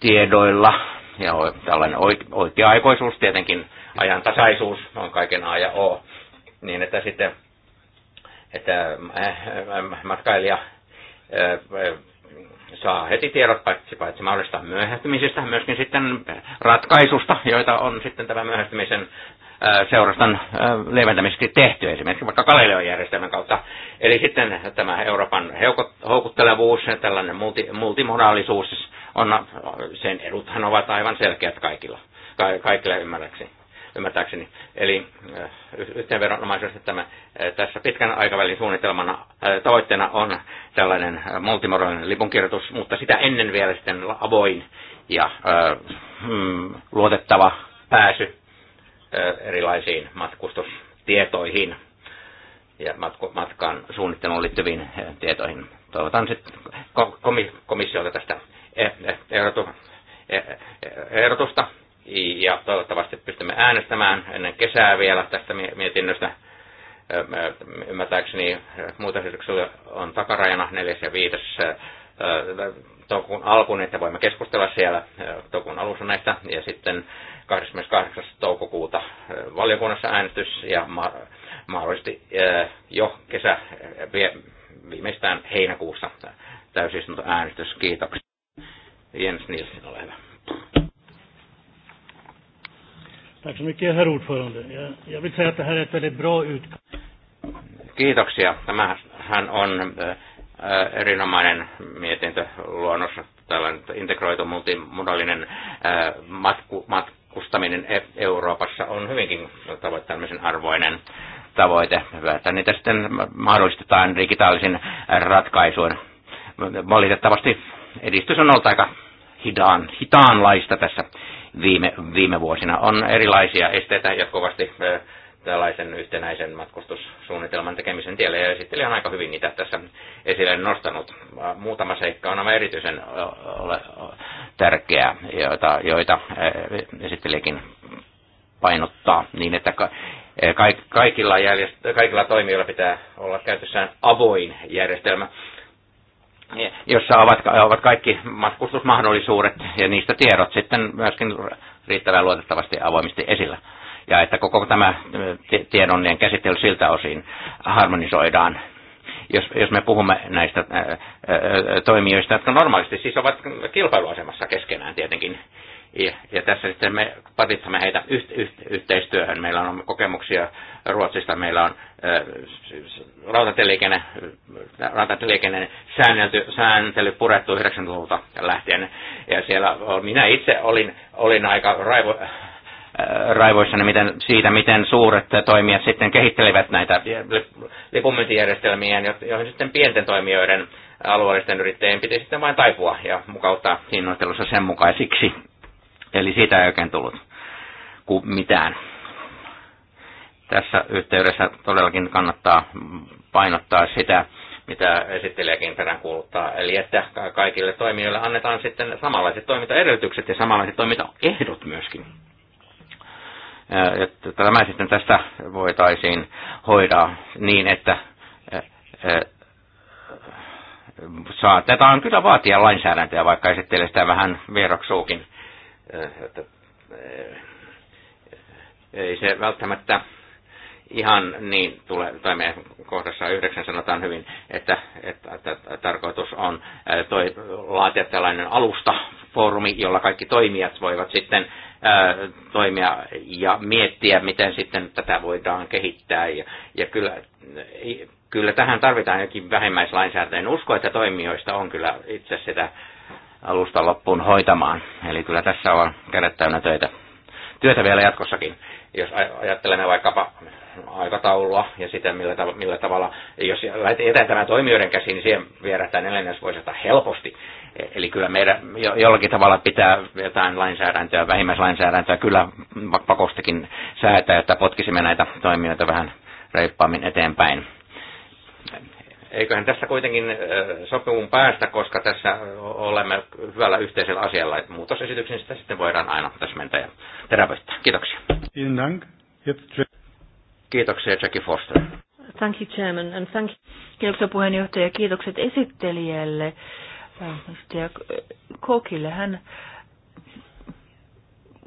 tiedoilla. Ja tällainen oikea-aikoisuus tietenkin, ajantasaisuus on kaiken A ja O. Niin, että sitten että äh, äh, matkailija äh, saa heti tiedot paitsi, paitsi mahdollista myöhästymisestä, myöskin sitten ratkaisusta, joita on sitten tämän myöhästymisen seurastan leventämiseksi tehty, esimerkiksi vaikka Galileo-järjestelmän kautta. Eli sitten tämä Euroopan houkuttelevuus ja tällainen multi, multimodaalisuus, siis on, sen eduthan ovat aivan selkeät kaikilla, ka, kaikille ymmärräksi, ymmärtääkseni. Eli eh, yhteenvedonomaisesti tämä, eh, tässä pitkän aikavälin suunnitelmana eh, tavoitteena on tällainen multimoroinen lipunkirjoitus, mutta sitä ennen vielä sitten avoin ja mm, luotettava pääsy erilaisiin matkustustietoihin ja matkaan suunnitteluun liittyviin tietoihin. Toivotan sitten komissiolta tästä ehdotusta ja toivottavasti pystymme äänestämään ennen kesää vielä tästä mietinnöstä. Ymmärtääkseni muutosesityksellä on takarajana 4. ja 5. toukokuun alkuun, että voimme keskustella siellä toukokuun alussa näistä, ja sitten 28. toukokuuta valiokunnassa äänestys, ja mahdollisesti jo kesä viimeistään heinäkuussa äänestys. Kiitoksia. Jens Nilsson, ole hyvä. Tack så mycket, herr ordförande. Jag vill säga att det här är ett väldigt bra utkast. Kiitoksia. hän on äh, erinomainen luonnos, tällainen integroitu äh, matku, matkustaminen e- Euroopassa on hyvinkin tavoittamisen arvoinen tavoite. Hyvä, että niitä sitten mahdollistetaan digitaalisin ratkaisuin. Valitettavasti edistys on ollut aika hitaan, hitaanlaista tässä viime, viime vuosina. On erilaisia esteitä jatkuvasti tällaisen yhtenäisen matkustussuunnitelman tekemisen tielle, ja esittelijä on aika hyvin niitä tässä esille nostanut. Muutama seikka on aivan erityisen tärkeää, joita, joita esittelijäkin painottaa, niin että kaikilla, järjest- kaikilla toimijoilla pitää olla käytössään avoin järjestelmä jossa ovat, ovat kaikki matkustusmahdollisuudet ja niistä tiedot sitten myöskin riittävän luotettavasti avoimesti esillä. Ja että koko tämä eh, tiedonnien käsittely siltä osin harmonisoidaan jos, jos me puhumme näistä ää, eh, ää, eh, toimijoista, jotka normaalisti siis ovat kilpailuasemassa keskenään tietenkin, ja, ja tässä sitten me patitsemme heitä yht, yht, yhteistyöhön. Meillä on kokemuksia Ruotsista, meillä on rautatieliikenne, rautatieliikenne säännelty, sääntely purettu 90-luvulta lähtien. Ja siellä minä itse olin, olin aika raivo, raivoissani miten, siitä, miten suuret toimijat sitten kehittelivät näitä lipunmyyntijärjestelmiä, joihin sitten pienten toimijoiden alueellisten yrittäjien piti sitten vain taipua ja mukauttaa hinnoittelussa sen mukaisiksi. Eli siitä ei oikein tullut mitään. Tässä yhteydessä todellakin kannattaa painottaa sitä, mitä esittelijäkin kuuluttaa. Eli että kaikille toimijoille annetaan sitten samanlaiset toimintaedellytykset ja samanlaiset toimintaehdot myöskin. Että tämä sitten tästä voitaisiin hoidaa niin, että e, e, saatetaan kyllä vaatia lainsäädäntöä, vaikka esittelee sitä vähän vieroksuukin. Äh, että äh, ei se välttämättä ihan niin tule, tai me kohdassa yhdeksän sanotaan hyvin, että, että, että, että tarkoitus on äh, toi, laatia tällainen alusta, foorumi, jolla kaikki toimijat voivat sitten ää, toimia ja miettiä, miten sitten tätä voidaan kehittää. Ja, ja kyllä, kyllä tähän tarvitaan jokin vähimmäislainsäädäntö. En usko, että toimijoista on kyllä itse sitä alusta loppuun hoitamaan. Eli kyllä tässä on kädet täynnä töitä. Työtä vielä jatkossakin. Jos ajattelemme vaikkapa aikataulua ja sitä, millä, tav- millä tavalla, jos jätetään tämä toimijoiden käsiin, niin siihen vierähtää ottaa helposti. E- eli kyllä meidän jo- jollakin tavalla pitää jotain lainsäädäntöä, vähimmäislainsäädäntöä kyllä pakostakin säätää, että potkisimme näitä toimijoita vähän reippaammin eteenpäin eiköhän tässä kuitenkin äh, sopimun päästä, koska tässä olemme hyvällä yhteisellä asialla, että muutosesityksen sitä sitten voidaan aina täsmentää ja terävöittää. Kiitoksia. Kiitoksia Jackie Foster. Thank you Chairman and thank you. Kiitoksia puheenjohtaja kiitokset esittelijälle. Äh, Kokille hän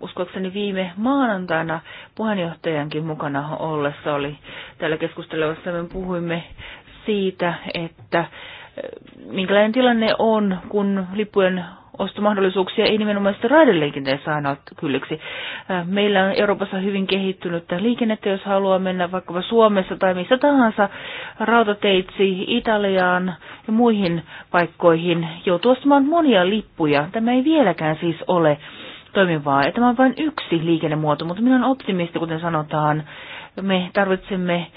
uskoakseni viime maanantaina puheenjohtajankin mukana ollessa oli täällä keskustelussa. Me puhuimme siitä, että äh, minkälainen tilanne on, kun lippujen ostomahdollisuuksia ei nimenomaan sitä raideliikenteen saada kylliksi. Äh, meillä on Euroopassa hyvin kehittynyt liikennettä, jos haluaa mennä vaikkapa Suomessa tai missä tahansa rautateitsi Italiaan ja muihin paikkoihin, joutuu ostamaan monia lippuja. Tämä ei vieläkään siis ole toimivaa. Ja tämä on vain yksi liikennemuoto, mutta minä olen optimisti, kuten sanotaan. Me tarvitsemme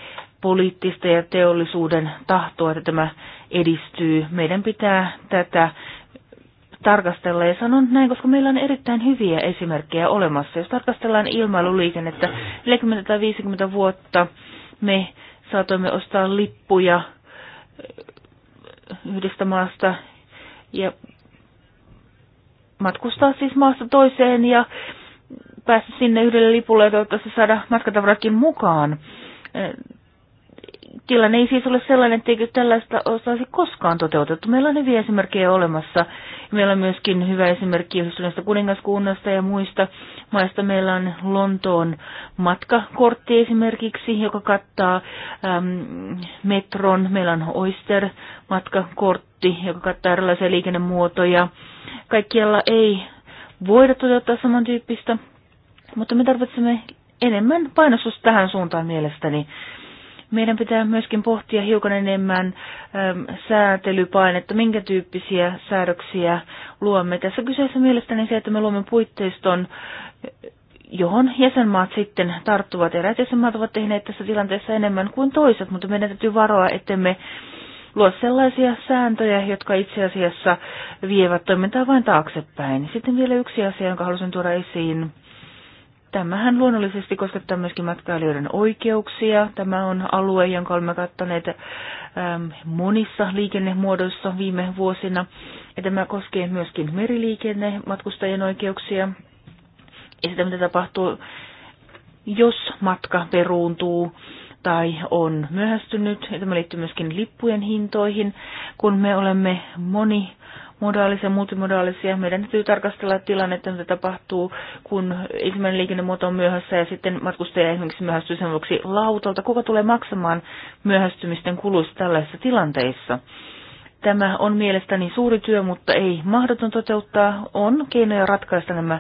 poliittista ja teollisuuden tahtoa, että tämä edistyy. Meidän pitää tätä tarkastella ja sanon näin, koska meillä on erittäin hyviä esimerkkejä olemassa. Jos tarkastellaan ilmailuliikennettä, 40 tai 50 vuotta me saatoimme ostaa lippuja eh, yhdestä maasta ja matkustaa siis maasta toiseen ja päästä sinne yhdelle lipulle ja toivottavasti saada matkatavaratkin mukaan. Eh, tilanne ei siis ole sellainen, etteikö tällaista olisi koskaan toteutettu. Meillä on hyviä esimerkkejä olemassa. Meillä on myöskin hyvä esimerkki yhdistyneestä kuningaskunnasta ja muista maista. Meillä on Lontoon matkakortti esimerkiksi, joka kattaa äm, metron. Meillä on Oyster-matkakortti, joka kattaa erilaisia liikennemuotoja. Kaikkialla ei voida toteuttaa samantyyppistä, mutta me tarvitsemme enemmän painostusta tähän suuntaan mielestäni. Niin meidän pitää myöskin pohtia hiukan enemmän äm, säätelypainetta, minkä tyyppisiä säädöksiä luomme. Tässä kyseessä mielestäni se, että me luomme puitteiston, johon jäsenmaat sitten tarttuvat. Eräät jäsenmaat ovat tehneet tässä tilanteessa enemmän kuin toiset, mutta meidän täytyy varoa, ettemme luo sellaisia sääntöjä, jotka itse asiassa vievät toimintaa vain taaksepäin. Sitten vielä yksi asia, jonka halusin tuoda esiin Tämähän luonnollisesti koskettaa myöskin matkailijoiden oikeuksia. Tämä on alue, jonka olemme kattaneet ähm, monissa liikennemuodoissa viime vuosina. Ja tämä koskee myöskin meriliikenne, matkustajien oikeuksia ja sitä, mitä tapahtuu, jos matka peruuntuu tai on myöhästynyt. Ja tämä liittyy myöskin lippujen hintoihin. Kun me olemme moni modaalisia, multimodaalisia. Meidän täytyy tarkastella tilannetta, mitä tapahtuu, kun ensimmäinen liikennemuoto on myöhässä ja sitten matkustaja esimerkiksi myöhästyy sen vuoksi lautalta. Kuka tulee maksamaan myöhästymisten kuluissa tällaisissa tilanteissa? Tämä on mielestäni suuri työ, mutta ei mahdoton toteuttaa. On keinoja ratkaista nämä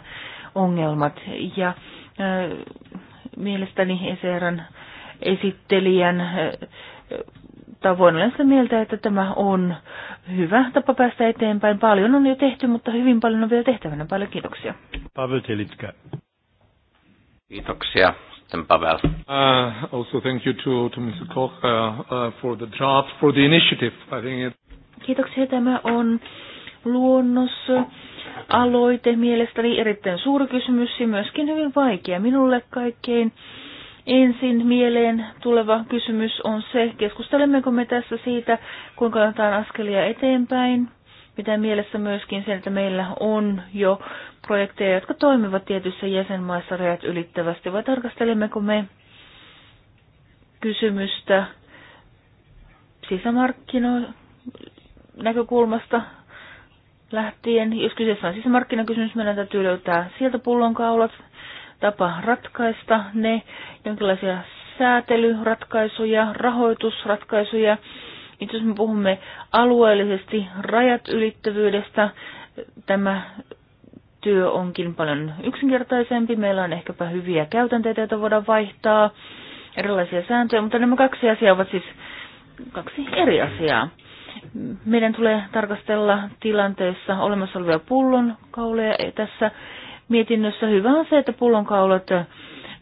ongelmat. Ja äh, mielestäni ECRn esittelijän äh, mutta voin olla sitä mieltä, että tämä on hyvä tapa päästä eteenpäin. Paljon on jo tehty, mutta hyvin paljon on vielä tehtävänä. Paljon kiitoksia. Pavel Telitska. Kiitoksia. Sitten Pavel. Uh, also thank you to, to Mr. Koch uh, uh, for the job, for the initiative. I think it... Kiitoksia. Tämä on luonnos aloite mielestäni erittäin suuri kysymys ja myöskin hyvin vaikea. Minulle kaikkein Ensin mieleen tuleva kysymys on se, keskustelemmeko me tässä siitä, kuinka otetaan askelia eteenpäin. Mitä mielessä myöskin se, että meillä on jo projekteja, jotka toimivat tietyissä jäsenmaissa rajat ylittävästi, vai tarkastelemmeko me kysymystä sisämarkkinoin näkökulmasta lähtien. Jos kyseessä on sisämarkkinakysymys, meidän täytyy löytää sieltä pullonkaulat, tapa ratkaista ne, jonkinlaisia säätelyratkaisuja, rahoitusratkaisuja. Itse jos me puhumme alueellisesti rajat ylittävyydestä, tämä työ onkin paljon yksinkertaisempi. Meillä on ehkäpä hyviä käytänteitä, joita voidaan vaihtaa, erilaisia sääntöjä, mutta nämä kaksi asiaa ovat siis kaksi eri asiaa. Meidän tulee tarkastella tilanteessa olemassa olevia pullonkauleja. Tässä mietinnössä. Hyvä on se, että pullonkaulat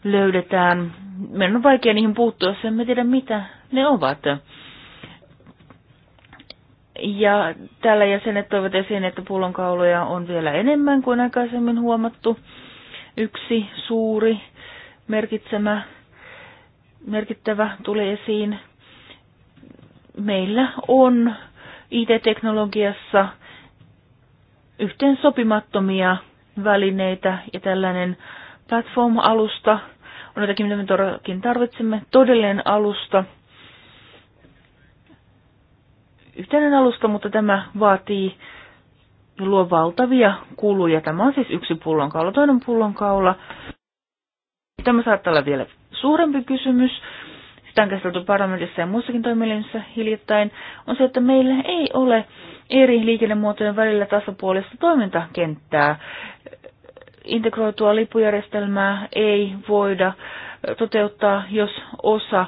löydetään. Meidän on vaikea niihin puuttua, jos emme tiedä mitä ne ovat. Ja tällä jäsenet toivat esiin, että pullonkauloja on vielä enemmän kuin aikaisemmin huomattu. Yksi suuri merkitsemä, merkittävä tuli esiin. Meillä on IT-teknologiassa yhteensopimattomia sopimattomia välineitä ja tällainen platform-alusta on jotakin, mitä me todellakin tarvitsemme. Todellinen alusta, yhteinen alusta, mutta tämä vaatii ja luo valtavia kuluja. Tämä on siis yksi pullonkaula, toinen pullonkaula. Tämä saattaa olla vielä suurempi kysymys. Sitä on käsitelty parlamentissa ja muissakin toimielimissä hiljattain. On se, että meillä ei ole eri liikennemuotojen välillä tasapuolista toimintakenttää. Integroitua lippujärjestelmää ei voida toteuttaa, jos osa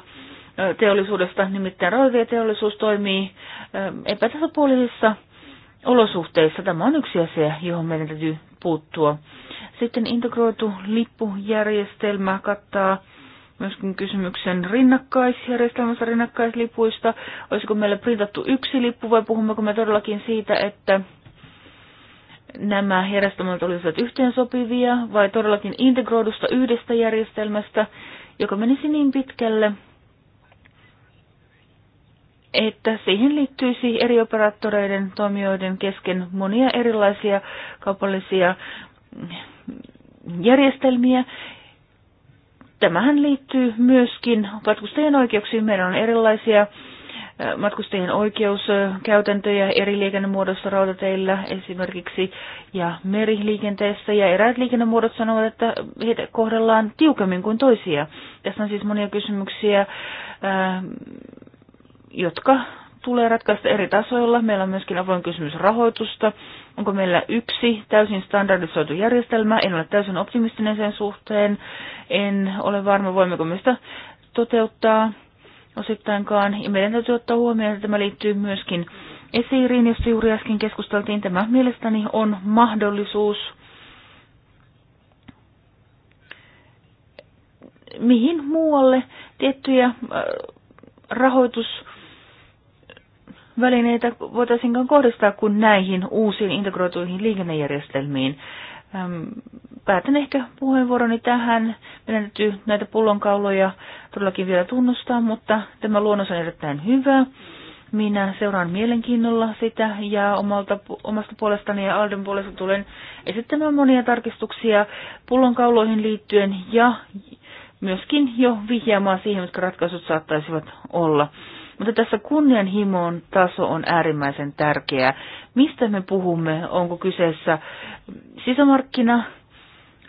teollisuudesta, nimittäin teollisuus toimii epätasapuolisissa olosuhteissa. Tämä on yksi asia, johon meidän täytyy puuttua. Sitten integroitu lippujärjestelmä kattaa myöskin kysymyksen rinnakkaisjärjestelmästä, rinnakkaislipuista. Olisiko meillä printattu yksi lippu vai puhummeko me todellakin siitä, että nämä järjestelmät olisivat yhteensopivia vai todellakin integroidusta yhdestä järjestelmästä, joka menisi niin pitkälle, että siihen liittyisi eri operaattoreiden toimijoiden kesken monia erilaisia kaupallisia järjestelmiä tämähän liittyy myöskin matkustajien oikeuksiin. Meillä on erilaisia äh, matkustajien oikeuskäytäntöjä eri liikennemuodossa rautateillä esimerkiksi ja meriliikenteessä. Ja eräät liikennemuodot sanovat, että heitä kohdellaan tiukemmin kuin toisia. Tässä on siis monia kysymyksiä, äh, jotka tulee ratkaista eri tasoilla. Meillä on myöskin avoin kysymys rahoitusta onko meillä yksi täysin standardisoitu järjestelmä. En ole täysin optimistinen sen suhteen. En ole varma, voimmeko me sitä toteuttaa osittainkaan. Ja meidän täytyy ottaa huomioon, että tämä liittyy myöskin esiiriin, josta juuri äsken keskusteltiin. Tämä mielestäni on mahdollisuus, mihin muualle tiettyjä äh, rahoitus- välineitä voitaisiinkaan kohdistaa kuin näihin uusiin integroituihin liikennejärjestelmiin. Päätän ehkä puheenvuoroni tähän. Meidän täytyy näitä pullonkauloja todellakin vielä tunnustaa, mutta tämä luonnos on erittäin hyvä. Minä seuraan mielenkiinnolla sitä ja omalta, omasta puolestani ja Alden puolesta tulen esittämään monia tarkistuksia pullonkauloihin liittyen ja myöskin jo vihjaamaan siihen, mitkä ratkaisut saattaisivat olla. Mutta tässä kunnianhimon taso on äärimmäisen tärkeä. Mistä me puhumme? Onko kyseessä sisämarkkina,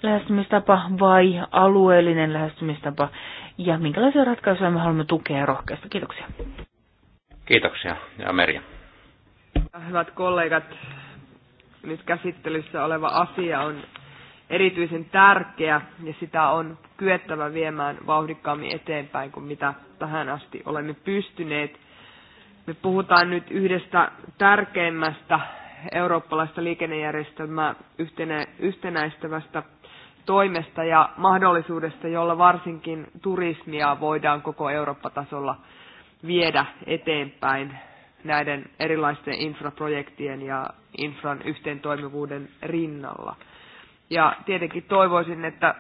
lähestymistapa vai alueellinen lähestymistapa? Ja minkälaisia ratkaisuja me haluamme tukea rohkeasti? Kiitoksia. Kiitoksia. Ja Merja. Hyvät kollegat, nyt käsittelyssä oleva asia on erityisen tärkeä ja sitä on kyettävä viemään vauhdikkaammin eteenpäin kuin mitä tähän asti olemme pystyneet. Me puhutaan nyt yhdestä tärkeimmästä eurooppalaista liikennejärjestelmää yhtenä, yhtenäistävästä toimesta ja mahdollisuudesta, jolla varsinkin turismia voidaan koko Eurooppa-tasolla viedä eteenpäin näiden erilaisten infraprojektien ja infran yhteentoimivuuden rinnalla. Ja tietenkin toivoisin, että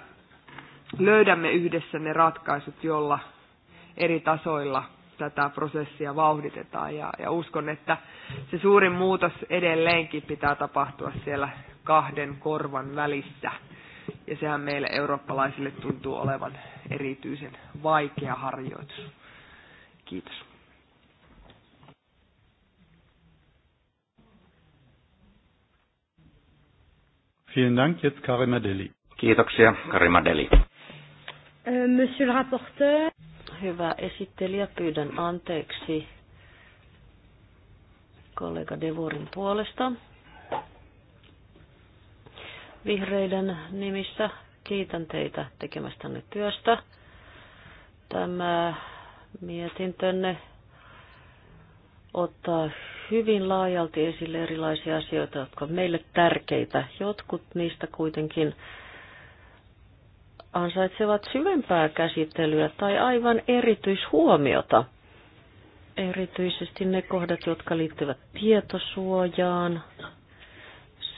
löydämme yhdessä ne ratkaisut, jolla eri tasoilla tätä prosessia vauhditetaan ja, ja uskon, että se suurin muutos edelleenkin pitää tapahtua siellä kahden korvan välissä. Ja sehän meille eurooppalaisille tuntuu olevan erityisen vaikea harjoitus. Kiitos. Vielen Dank, jetzt Karima Deli. Kiitoksia, Karima Deli. Euh, monsieur le rapporteur. Hyvä esittelijä, pyydän anteeksi kollega Devorin puolesta. Vihreiden nimissä kiitän teitä tekemästänne työstä. Tämä mietintönne ottaa hyvin laajalti esille erilaisia asioita, jotka ovat meille tärkeitä. Jotkut niistä kuitenkin ansaitsevat syvempää käsittelyä tai aivan erityishuomiota. Erityisesti ne kohdat, jotka liittyvät tietosuojaan.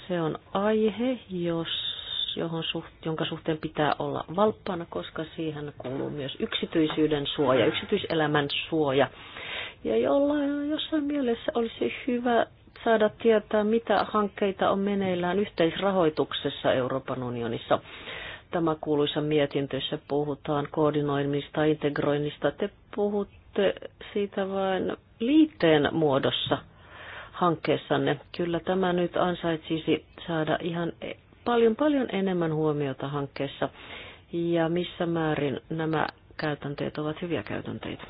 Se on aihe, jos, johon suht, jonka suhteen pitää olla valppana, koska siihen kuuluu myös yksityisyyden suoja, yksityiselämän suoja. Ja jollain, jossain mielessä olisi hyvä saada tietää, mitä hankkeita on meneillään yhteisrahoituksessa Euroopan unionissa tämä kuuluisa mietintö, jossa puhutaan koordinoinnista, integroinnista. Te puhutte siitä vain liitteen muodossa hankkeessanne. Kyllä tämä nyt ansaitsisi saada ihan paljon, paljon enemmän huomiota hankkeessa. Ja missä määrin nämä käytänteet ovat hyviä käytänteitä?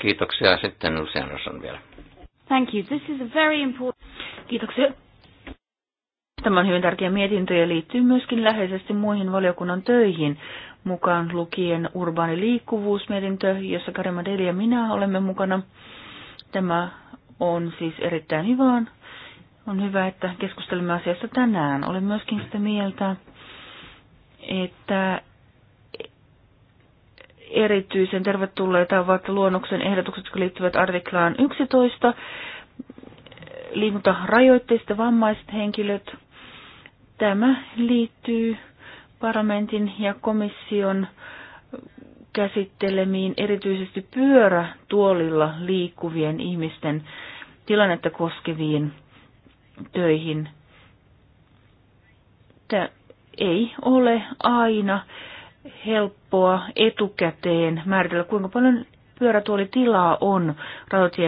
Kiitoksia. Sitten Lucian Rosson vielä. Thank you. This is a very important... Kiitoksia. Tämä on hyvin tärkeä mietintö ja liittyy myöskin läheisesti muihin valiokunnan töihin, mukaan lukien urbaani liikkuvuusmietintö, jossa Karima Deli ja minä olemme mukana. Tämä on siis erittäin hyvä. On hyvä, että keskustelemme asiasta tänään. Olen myöskin sitä mieltä, että erityisen tervetulleita ovat luonnoksen ehdotukset, jotka liittyvät artiklaan 11 liikuntarajoitteista vammaiset henkilöt. Tämä liittyy parlamentin ja komission käsittelemiin erityisesti pyörätuolilla liikkuvien ihmisten tilannetta koskeviin töihin. Tämä ei ole aina helppoa etukäteen määritellä, kuinka paljon pyörätuolitilaa on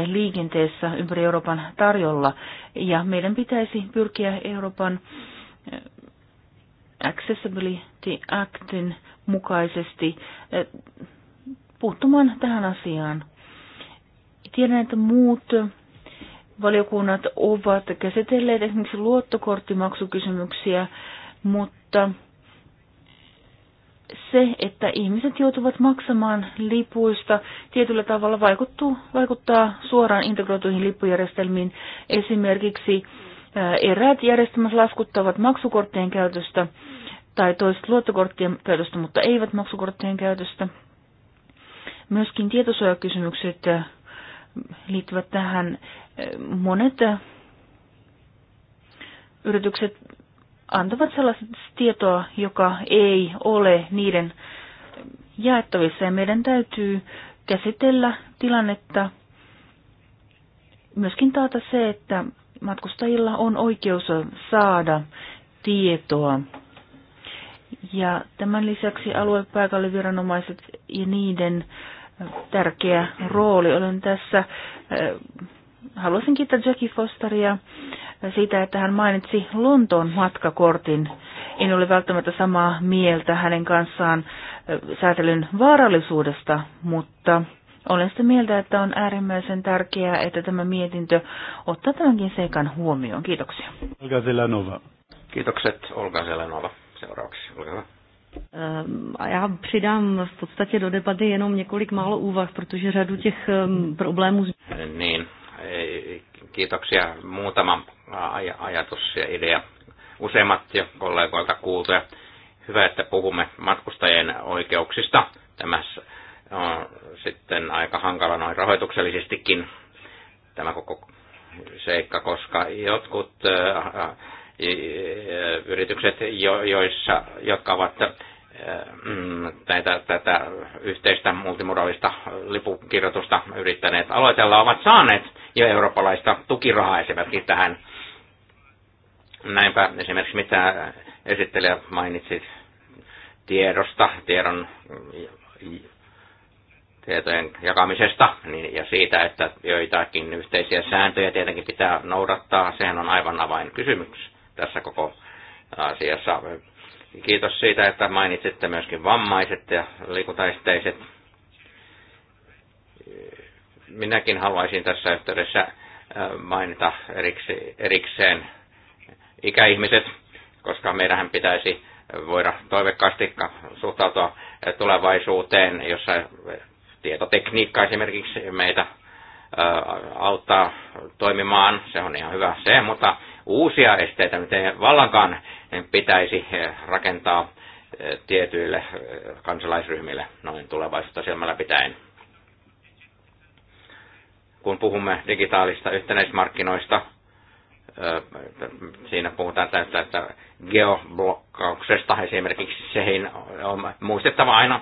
liikenteessä ympäri Euroopan tarjolla, ja meidän pitäisi pyrkiä Euroopan eh, Accessibility Actin mukaisesti eh, puuttumaan tähän asiaan. Tiedän, että muut valiokunnat ovat käsitelleet esimerkiksi luottokorttimaksukysymyksiä, mutta se, että ihmiset joutuvat maksamaan lipuista tietyllä tavalla vaikuttuu, vaikuttaa suoraan integroituihin lippujärjestelmiin. Esimerkiksi eräät järjestelmät laskuttavat maksukorttien käytöstä tai toiset luottokorttien käytöstä, mutta eivät maksukorttien käytöstä. Myöskin tietosuojakysymykset liittyvät tähän. Monet yritykset antavat sellaista tietoa, joka ei ole niiden jaettavissa. Ja meidän täytyy käsitellä tilannetta myöskin taata se, että matkustajilla on oikeus saada tietoa. Ja tämän lisäksi aluepaikalliviranomaiset ja niiden tärkeä rooli. Olen tässä äh, haluaisin kiittää Jackie Fosteria siitä, että hän mainitsi Lontoon matkakortin. En ole välttämättä samaa mieltä hänen kanssaan säätelyn vaarallisuudesta, mutta olen sitä mieltä, että on äärimmäisen tärkeää, että tämä mietintö ottaa tämänkin seikan huomioon. Kiitoksia. Olga Zelenova. Kiitokset Olga Zelanova. Seuraavaksi, olkaa hyvä. Ehm, a já přidám v podstatě do debaty jenom několik málo úvah, protože řadu těch ehm, problémů... Niin, Kiitoksia. Muutama ajatus ja idea. Useimmat jo kollegoilta Ja Hyvä, että puhumme matkustajien oikeuksista. Tämä on sitten aika hankala noin rahoituksellisestikin tämä koko seikka, koska jotkut yritykset, joissa, jotka ovat mm, näitä, tätä yhteistä multimodaalista lipukirjoitusta yrittäneet aloitella, ovat saaneet ja eurooppalaista tukirahaa esimerkiksi tähän. Näinpä esimerkiksi mitä esittelijä mainitsit tiedosta, tiedon tietojen jakamisesta niin, ja siitä, että joitakin yhteisiä sääntöjä tietenkin pitää noudattaa. Sehän on aivan avainkysymys tässä koko asiassa. Kiitos siitä, että mainitsitte myöskin vammaiset ja liikuntaisteiset. Minäkin haluaisin tässä yhteydessä äh, mainita erikseen ikäihmiset, koska meidän pitäisi voida toivekkaasti suhtautua äh, tulevaisuuteen, jossa äh, tietotekniikka esimerkiksi meitä auttaa toimimaan, se on ihan hyvä se, mutta uusia esteitä nyt ei vallankaan pitäisi rakentaa tietyille kansalaisryhmille noin tulevaisuutta silmällä pitäen kun puhumme digitaalista yhtenäismarkkinoista, siinä puhutaan tästä, että geoblokkauksesta esimerkiksi sehin on muistettava aina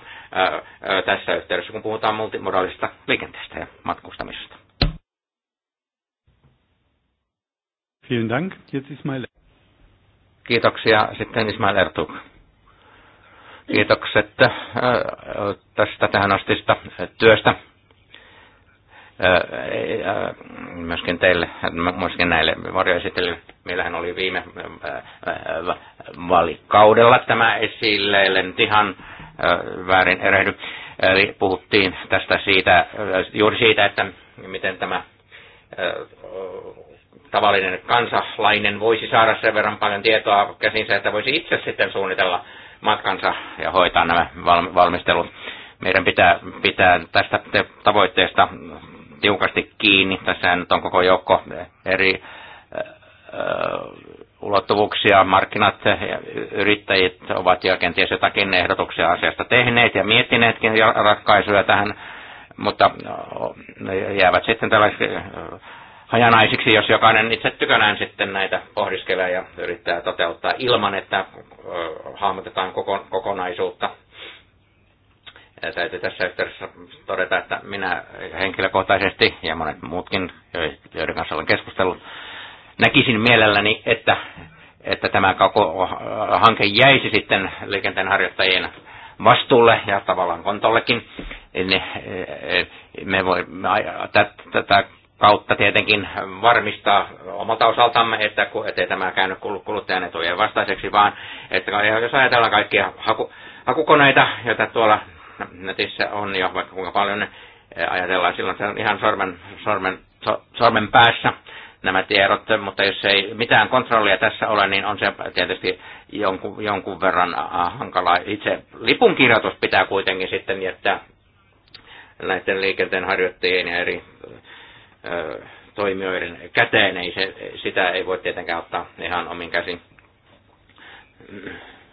tässä yhteydessä, kun puhutaan multimodaalista liikenteestä ja matkustamisesta. Vielen Dank. Jetzt Ismail. Kiitoksia. Sitten Ismail Ertug. Kiitokset tästä tähän astista työstä myöskin teille, myöskin näille varjoesittelyille. Meillähän oli viime valikaudella tämä esille, ellei nyt ihan väärin erehdy. Eli puhuttiin tästä siitä, juuri siitä, että miten tämä tavallinen kansalainen voisi saada sen verran paljon tietoa käsinsä, että voisi itse sitten suunnitella matkansa ja hoitaa nämä valmistelut meidän pitää, pitää tästä tavoitteesta tiukasti kiinni. Tässä nyt on koko joukko eri äh, äh, ulottuvuuksia. Markkinat ja yrittäjät ovat jo kenties jotakin ehdotuksia asiasta tehneet ja miettineetkin ratkaisuja tähän, mutta ne äh, jäävät sitten tällaisiksi hajanaisiksi, jos jokainen itse tykönään sitten näitä pohdiskelee ja yrittää toteuttaa ilman, että hahmotetaan kokonaisuutta täytyy tässä yhteydessä todeta, että minä henkilökohtaisesti ja monet muutkin, joiden kanssa olen keskustellut, näkisin mielelläni, että, että tämä koko hanke jäisi sitten liikenteen harjoittajien vastuulle ja tavallaan kontollekin. Eli me voimme tätä kautta tietenkin varmistaa omalta osaltamme, että ei tämä käynyt kuluttajan etujen vastaiseksi, vaan että jos ajatellaan kaikkia haku, hakukoneita, joita tuolla netissä on jo vaikka kuinka paljon, niin, eh, ajatellaan silloin se on ihan sormen, sormen, so, sormen päässä nämä tiedot, mutta jos ei mitään kontrollia tässä ole, niin on se tietysti jonkun, jonkun verran ah, ah, hankalaa. Itse kirjoitus pitää kuitenkin sitten jättää näiden liikenteen harjoittajien ja eri ö, eh, toimijoiden käteen. Ei se, sitä ei voi tietenkään ottaa ihan omin käsin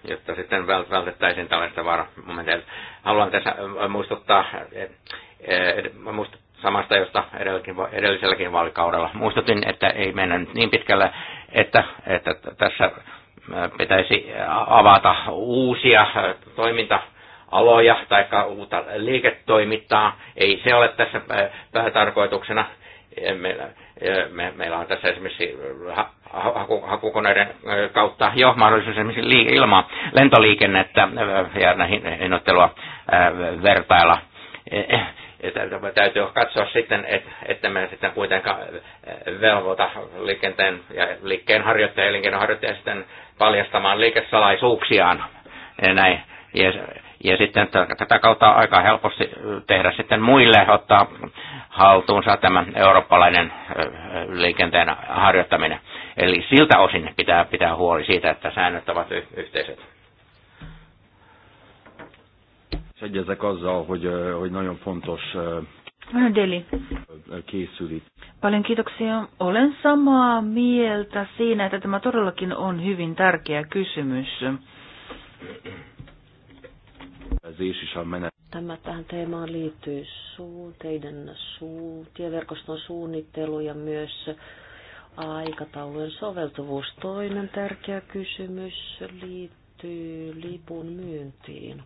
jotta sitten vältettäisiin tällaista vaaramomenteilta. Haluan tässä äh, muistuttaa, äh, äh, muistuttaa samasta, josta edelliselläkin vaalikaudella muistutin, että ei mennä nyt niin pitkälle, että, että tässä pitäisi avata uusia toiminta-aloja tai uutta liiketoimintaa. Ei se ole tässä päätarkoituksena meillä, me, meillä on tässä esimerkiksi haku, hakukoneiden kautta jo mahdollisuus esimerkiksi ilmaa ilman lentoliikennettä ja näihin hinnoittelua vertailla. Eh, eh, täytyy katsoa sitten, että, että me sitten kuitenkaan velvoita liikenteen ja liikkeen harjoittajia ja elinkeinoharjoittajia sitten paljastamaan liikesalaisuuksiaan. Ja näin. Ja ja sitten tätä kautta aika helposti tehdä sitten muille ottaa haltuunsa tämä eurooppalainen liikenteen harjoittaminen. Eli siltä osin pitää pitää huoli siitä, että säännöt ovat y- yhteiset. Deli. Paljon kiitoksia. Olen samaa mieltä siinä, että tämä todellakin on hyvin tärkeä kysymys. Tämä tähän teemaan liittyy suu, teidän suu, tieverkoston suunnittelu ja myös aikataulujen soveltuvuus. Toinen tärkeä kysymys liittyy lipun myyntiin.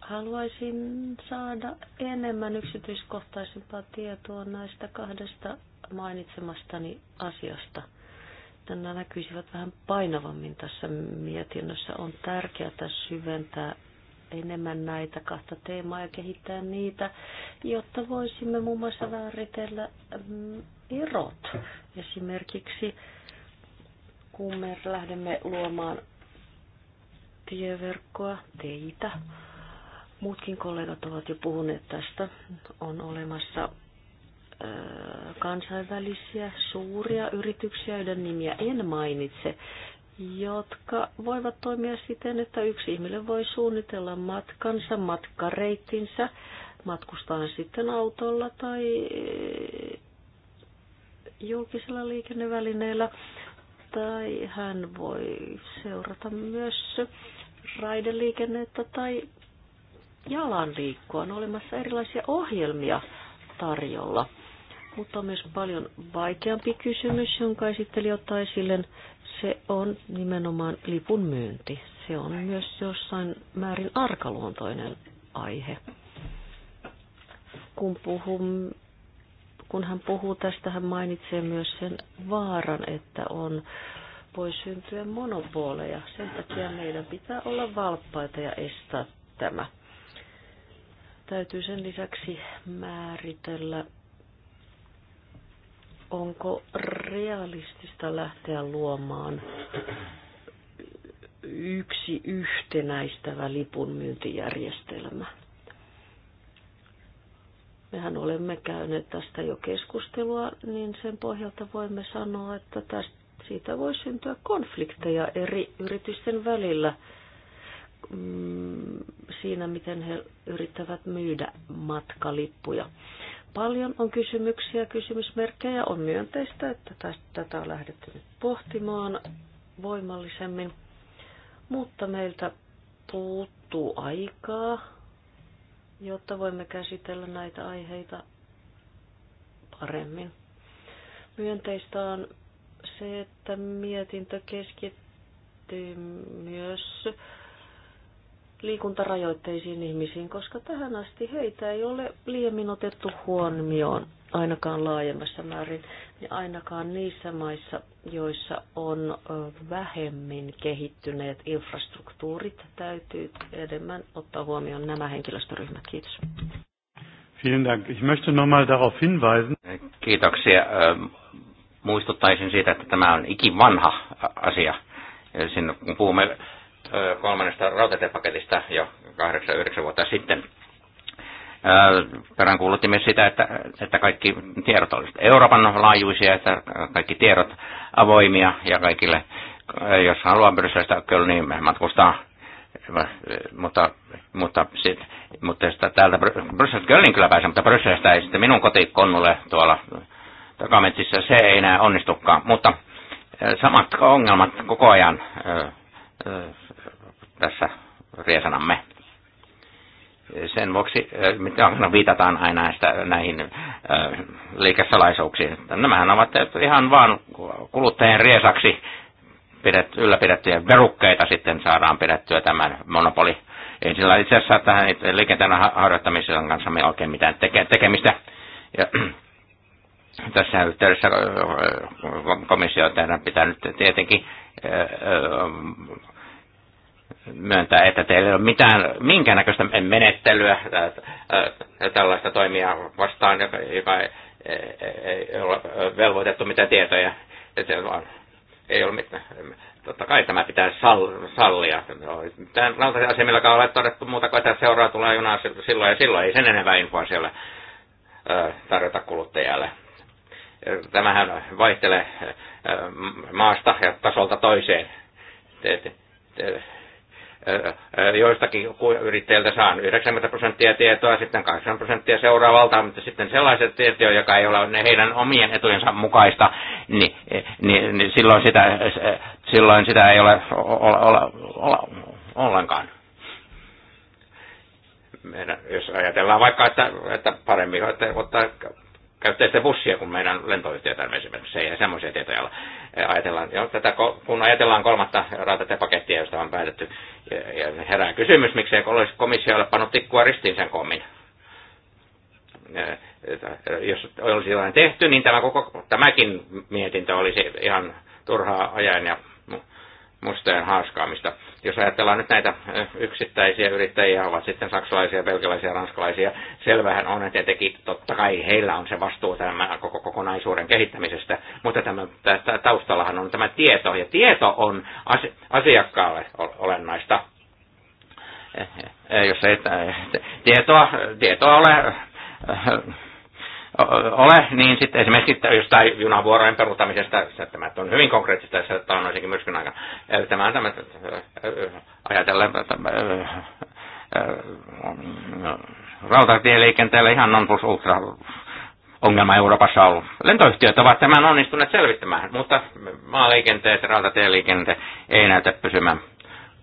Haluaisin saada enemmän yksityiskohtaisempaa tietoa näistä kahdesta mainitsemastani asiasta – sitten nämä näkyisivät vähän painavammin tässä mietinnössä. On tärkeää syventää enemmän näitä kahta teemaa ja kehittää niitä, jotta voisimme muun muassa määritellä mm, erot. Esimerkiksi kun me lähdemme luomaan tieverkkoa, teitä, muutkin kollegat ovat jo puhuneet tästä, on olemassa kansainvälisiä suuria yrityksiä, joiden nimiä en mainitse, jotka voivat toimia siten, että yksi ihminen voi suunnitella matkansa, matkareittinsä, matkustaa sitten autolla tai julkisella liikennevälineellä, tai hän voi seurata myös raideliikennettä tai jalan liikkua. On olemassa erilaisia ohjelmia tarjolla mutta on myös paljon vaikeampi kysymys, jonka esitteli ottaa esille. Se on nimenomaan lipun myynti. Se on myös jossain määrin arkaluontoinen aihe. Kun, puhun, kun hän puhuu tästä, hän mainitsee myös sen vaaran, että on voi syntyä monopoleja. Sen takia meidän pitää olla valppaita ja estää tämä. Täytyy sen lisäksi määritellä onko realistista lähteä luomaan yksi yhtenäistävä lipunmyyntijärjestelmä? mehän olemme käyneet tästä jo keskustelua, niin sen pohjalta voimme sanoa, että tästä, siitä voi syntyä konflikteja eri yritysten välillä mm, siinä, miten he yrittävät myydä matkalippuja. Paljon on kysymyksiä, kysymysmerkkejä. On myönteistä, että tätä on lähdetty nyt pohtimaan voimallisemmin, mutta meiltä puuttuu aikaa, jotta voimme käsitellä näitä aiheita paremmin. Myönteistä on se, että mietintö keskittyy myös liikuntarajoitteisiin ihmisiin, koska tähän asti heitä ei ole liiemmin otettu huomioon, ainakaan laajemmassa määrin, niin ainakaan niissä maissa, joissa on vähemmin kehittyneet infrastruktuurit, täytyy enemmän ottaa huomioon nämä henkilöstöryhmät. Kiitos. Vielen Dank. Ich möchte nochmal darauf hinweisen. Kiitoksia. Muistuttaisin siitä, että tämä on ikivanha asia. Sinne, kun puhumme kolmannesta rautatiepaketista jo 8-9 vuotta sitten. myös sitä, että, että kaikki tiedot olisivat Euroopan laajuisia, että kaikki tiedot avoimia ja kaikille, jos haluaa Brysselistä kyllä niin matkustaa mutta, mutta, sit, mutta sitä täältä Brysselistä Kölnin kyllä pääsee, mutta Brysselistä ei sitten minun kotikonnulle tuolla takametsissä, se ei enää onnistukaan. Mutta samat ongelmat koko ajan tässä riesanamme. Sen vuoksi äh, mitä viitataan aina näistä, näihin äh, liikesalaisuuksiin. Nämähän ovat äh, ihan vaan kuluttajien riesaksi pidet, ylläpidettyjä verukkeita sitten saadaan pidettyä tämän monopoli. Ei sillä itse asiassa tähän liikenteen harjoittamisen kanssa me oikein mitään teke, tekemistä. Ja, <clears throat> tässä yhteydessä komissio tehdään pitää nyt tietenkin myöntää, että teillä ei ole mitään, minkäännäköistä menettelyä äh, äh, tällaista toimia vastaan, joka, joka ei, ei, ei ole äh, velvoitettu mitään tietoja. Se vaan, ei ole mitään. Totta kai tämä pitää sal- sallia. No, Tämän rautatieasemillakaan ole todettu muuta kuin, että seuraa tulee junaa silloin ja silloin. Ei sen enempää infoa siellä tarjota kuluttajalle tämähän vaihtelee maasta ja tasolta toiseen joistakin yrittäjiltä saan 90 prosenttia tietoa, sitten 8 prosenttia seuraavalta, mutta sitten sellaiset tietoja, joka ei ole ne heidän omien etujensa mukaista, niin, niin, niin silloin, sitä, silloin sitä ei ole olla, olla, olla, ollenkaan. Meidän, jos ajatellaan vaikka, että, että paremmin että ottaa käyttäisitte bussia, kun meidän lentoyhtiötä esimerkiksi ei semmoisia tietoja ole. Ajatellaan, jo, tätä, kun ajatellaan kolmatta rautatiepakettia, josta on päätetty, ja, ja niin herää kysymys, miksei olisi komissio ole pannut tikkua ristiin sen kommin. Jos olisi jotain tehty, niin tämä koko, tämäkin mietintö olisi ihan turhaa ajan ja mustojen haaskaamista. Jos ajatellaan nyt näitä yksittäisiä yrittäjiä, ovat sitten saksalaisia, belgialaisia, ranskalaisia, selvähän on, että tietenkin totta kai heillä on se vastuu tämän koko kokonaisuuden kehittämisestä, mutta tämän, tästä taustallahan on tämä tieto, ja tieto on asiakkaalle olennaista. Eh, eh, eh, jos ei tietoa, tietoa ole ole, niin sitten esimerkiksi jostain junavuorojen peruuttamisesta, tämä on hyvin konkreettista että on noisinkin myrskyn aikana. Tämä on tämä, ajatellen rautatieliikenteellä ihan non plus ultra ongelma Euroopassa ollut. Lentoyhtiöt ovat tämän onnistuneet selvittämään, mutta maaliikenteet ja rautatieliikente ei näytä pysymään,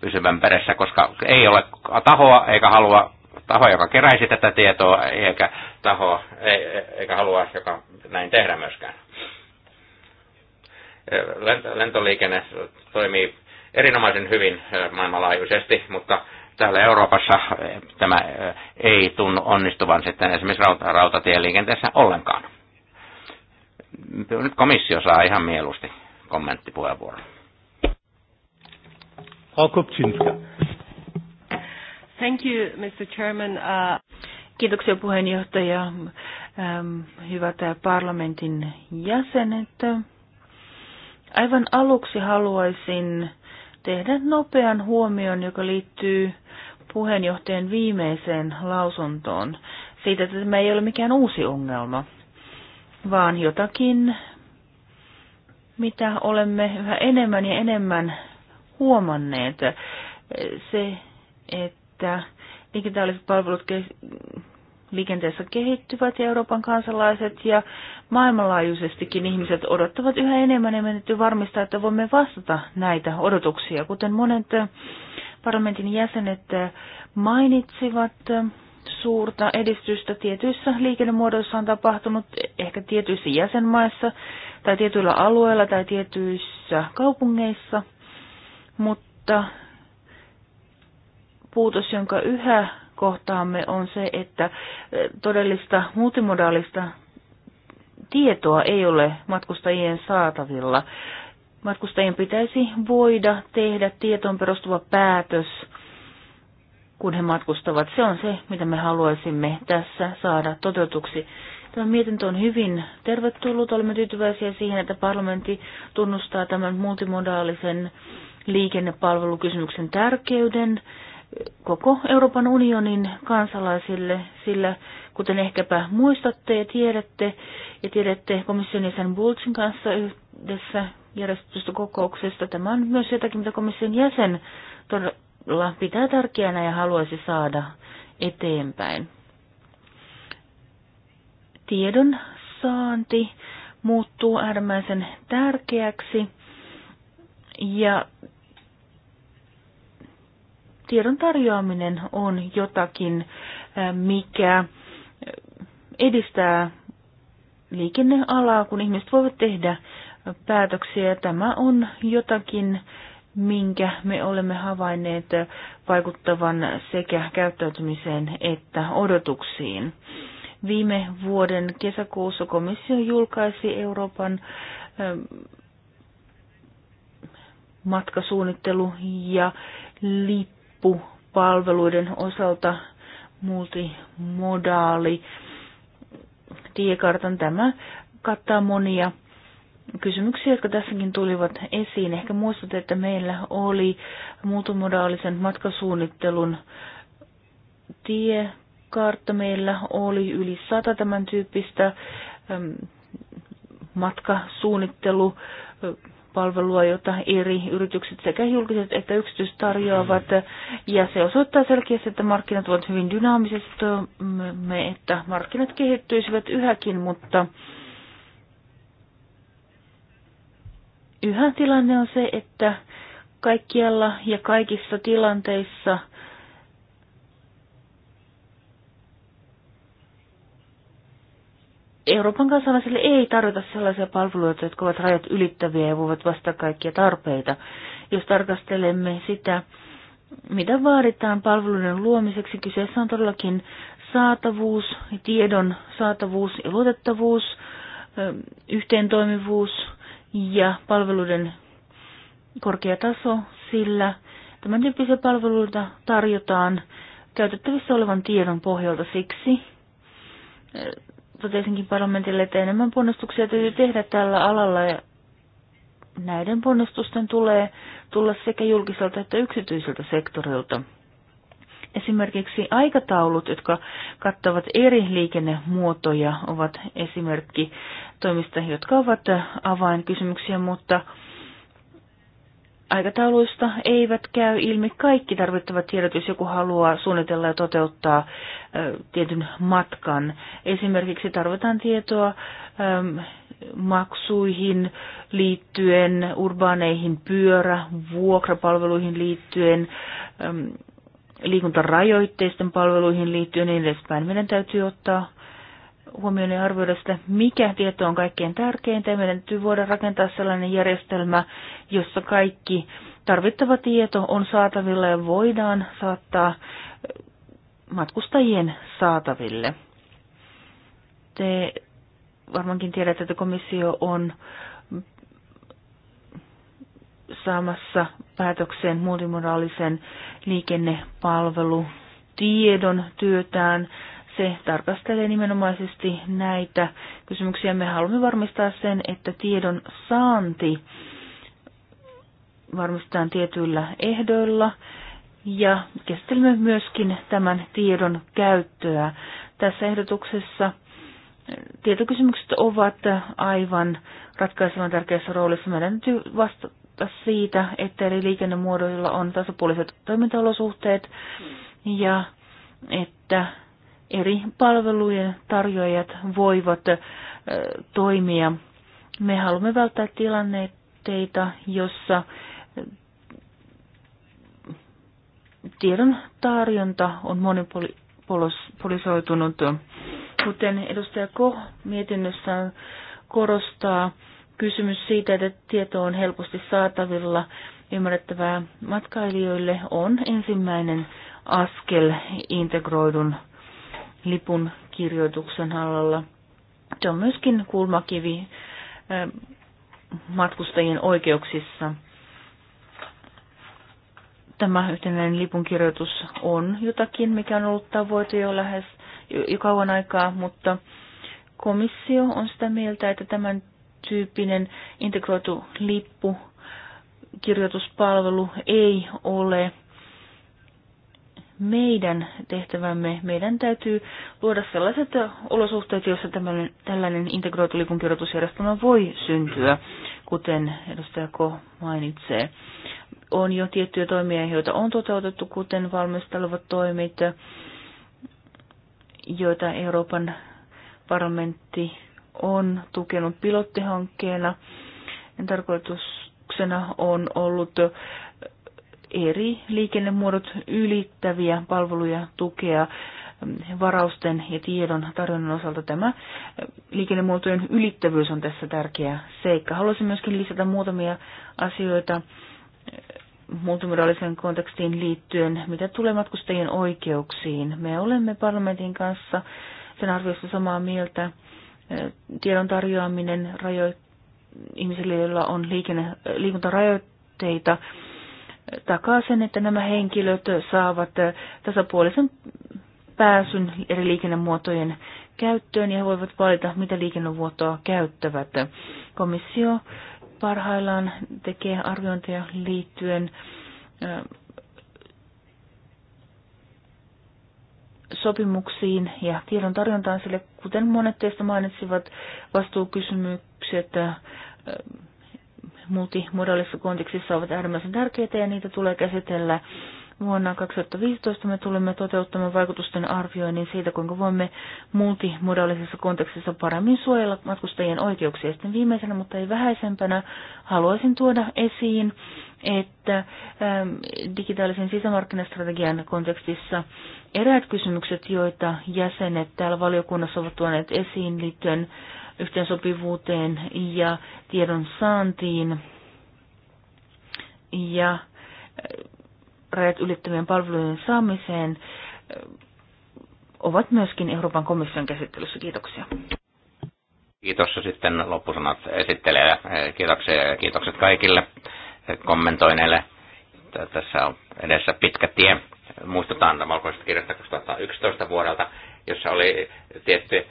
pysyvän perässä, koska ei ole tahoa eikä halua taho, joka keräisi tätä tietoa, eikä taho, e, e, eikä halua, joka näin tehdä myöskään. E, lentoliikenne toimii erinomaisen hyvin maailmanlaajuisesti, mutta täällä Euroopassa tämä ei tunnu onnistuvan sitten esimerkiksi rauta, rautatieliikenteessä ollenkaan. Nyt komissio saa ihan mieluusti kommenttipuheenvuoron. Thank you, Mr. Chairman. Uh, Kiitoksia puheenjohtaja. Ähm, hyvät äh, parlamentin jäsenet. Aivan aluksi haluaisin tehdä nopean huomion, joka liittyy puheenjohtajan viimeiseen lausuntoon. Siitä, että tämä ei ole mikään uusi ongelma, vaan jotakin, mitä olemme yhä enemmän ja enemmän huomanneet. Se, että että digitaaliset palvelut liikenteessä kehittyvät ja Euroopan kansalaiset ja maailmanlaajuisestikin ihmiset odottavat yhä enemmän ja meidän täytyy varmistaa, että voimme vastata näitä odotuksia. Kuten monet äh, parlamentin jäsenet äh, mainitsivat, äh, suurta edistystä tietyissä liikennemuodoissa on tapahtunut, ehkä tietyissä jäsenmaissa tai tietyillä alueilla tai tietyissä kaupungeissa, mutta puutos, jonka yhä kohtaamme, on se, että eh, todellista multimodaalista tietoa ei ole matkustajien saatavilla. Matkustajien pitäisi voida tehdä tietoon perustuva päätös, kun he matkustavat. Se on se, mitä me haluaisimme tässä saada toteutuksi. Tämä mietintö on hyvin tervetullut. Olemme tyytyväisiä siihen, että parlamentti tunnustaa tämän multimodaalisen liikennepalvelukysymyksen tärkeyden koko Euroopan unionin kansalaisille, sillä kuten ehkäpä muistatte ja tiedätte, ja tiedätte komission jäsen Bulcin kanssa yhdessä järjestetystä kokouksesta, tämä on myös jotakin, mitä komission jäsen todella pitää tärkeänä ja haluaisi saada eteenpäin. Tiedon saanti muuttuu äärimmäisen tärkeäksi ja tiedon tarjoaminen on jotakin, mikä edistää liikennealaa, kun ihmiset voivat tehdä päätöksiä. Tämä on jotakin, minkä me olemme havainneet vaikuttavan sekä käyttäytymiseen että odotuksiin. Viime vuoden kesäkuussa komissio julkaisi Euroopan matkasuunnittelu- ja liittyvyyden lippupalveluiden osalta multimodaali tiekartan. Tämä kattaa monia kysymyksiä, jotka tässäkin tulivat esiin. Ehkä muistut, että meillä oli multimodaalisen matkasuunnittelun tiekartta. Meillä oli yli sata tämän tyyppistä matkasuunnittelu palvelua, jota eri yritykset sekä julkiset että yksityiset tarjoavat. Ja se osoittaa selkeästi, että markkinat ovat hyvin dynaamiset, me, että markkinat kehittyisivät yhäkin, mutta yhä tilanne on se, että kaikkialla ja kaikissa tilanteissa – Euroopan kansalaisille ei tarjota sellaisia palveluita, jotka ovat rajat ylittäviä ja voivat vastata kaikkia tarpeita. Jos tarkastelemme sitä, mitä vaaditaan palveluiden luomiseksi, kyseessä on todellakin saatavuus, tiedon saatavuus ja luotettavuus, yhteentoimivuus ja palveluiden korkea taso, sillä tämän tyyppisiä palveluita tarjotaan käytettävissä olevan tiedon pohjalta siksi, tietenkin parlamentille, että enemmän ponnistuksia täytyy tehdä tällä alalla ja näiden ponnistusten tulee tulla sekä julkiselta että yksityiseltä sektorilta. Esimerkiksi aikataulut, jotka kattavat eri liikennemuotoja, ovat esimerkki toimista, jotka ovat avainkysymyksiä, mutta aikatauluista eivät käy ilmi kaikki tarvittavat tiedot, jos joku haluaa suunnitella ja toteuttaa tietyn matkan. Esimerkiksi tarvitaan tietoa maksuihin liittyen, urbaaneihin pyörä, vuokrapalveluihin liittyen, liikuntarajoitteisten palveluihin liittyen ja niin edespäin. Meidän täytyy ottaa huomioon ja arvioida sitä, mikä tieto on kaikkein tärkeintä. Meidän täytyy voida rakentaa sellainen järjestelmä, jossa kaikki tarvittava tieto on saatavilla ja voidaan saattaa matkustajien saataville. Te varmaankin tiedätte, että komissio on saamassa päätökseen multimodaalisen liikennepalvelutiedon työtään se tarkastelee nimenomaisesti näitä kysymyksiä. Me haluamme varmistaa sen, että tiedon saanti varmistetaan tietyillä ehdoilla ja käsittelemme myöskin tämän tiedon käyttöä. Tässä ehdotuksessa tietokysymykset ovat aivan ratkaisevan tärkeässä roolissa. Meidän täytyy vastata siitä, että eri liikennemuodoilla on tasapuoliset toimintaolosuhteet ja että eri palvelujen tarjoajat voivat toimia. Me haluamme välttää tilanteita, jossa tiedon tarjonta on monipolisoitunut. Kuten edustaja Ko mietinnössään korostaa, kysymys siitä, että tieto on helposti saatavilla ymmärrettävää matkailijoille, on ensimmäinen askel integroidun lipun kirjoituksen alalla. Se on myöskin kulmakivi matkustajien oikeuksissa. Tämä yhtenäinen lipunkirjoitus on jotakin, mikä on ollut tavoite jo lähes jo kauan aikaa, mutta komissio on sitä mieltä, että tämän tyyppinen integroitu lippu kirjoituspalvelu ei ole meidän tehtävämme. Meidän täytyy luoda sellaiset olosuhteet, joissa tämmöinen, tällainen integroitu liikunkirjoitusjärjestelmä voi syntyä, kuten edustaja Ko mainitsee. On jo tiettyjä toimia, joita on toteutettu, kuten valmistelevat toimit, joita Euroopan parlamentti on tukenut pilottihankkeena. Tarkoituksena on ollut eri liikennemuodot ylittäviä palveluja tukea varausten ja tiedon tarjonnan osalta tämä liikennemuotojen ylittävyys on tässä tärkeä seikka. Haluaisin myöskin lisätä muutamia asioita multimodaaliseen kontekstiin liittyen, mitä tulee matkustajien oikeuksiin. Me olemme parlamentin kanssa sen arviossa samaa mieltä. Tiedon tarjoaminen rajoit- ihmisille, joilla on liikenne- liikuntarajoitteita, takaa sen, että nämä henkilöt saavat eh, tasapuolisen pääsyn eri liikennemuotojen käyttöön ja he voivat valita, mitä liikennevuotoa käyttävät. Komissio parhaillaan tekee arviointeja liittyen eh, sopimuksiin ja tiedon tarjontaan, sille kuten monet teistä mainitsivat, vastuukysymykset, eh, multimodaalissa kontekstissa ovat äärimmäisen tärkeitä ja niitä tulee käsitellä. Vuonna 2015 me tulemme toteuttamaan vaikutusten arvioinnin siitä, kuinka voimme multimodaalisessa kontekstissa paremmin suojella matkustajien oikeuksia. Sitten viimeisenä, mutta ei vähäisempänä, haluaisin tuoda esiin, että ähm, digitaalisen sisämarkkinastrategian kontekstissa eräät kysymykset, joita jäsenet täällä valiokunnassa ovat tuoneet esiin liittyen yhteensopivuuteen ja tiedon saantiin ja äh, rajat ylittävien palvelujen saamiseen äh, ovat myöskin Euroopan komission käsittelyssä. Kiitoksia. Kiitos sitten loppusanat esittelee. Kiitoksia, kiitokset kaikille kommentoineille. Tässä on edessä pitkä tie. Muistutaan valkoisesta kirjasta 2011 vuodelta, jossa oli tietty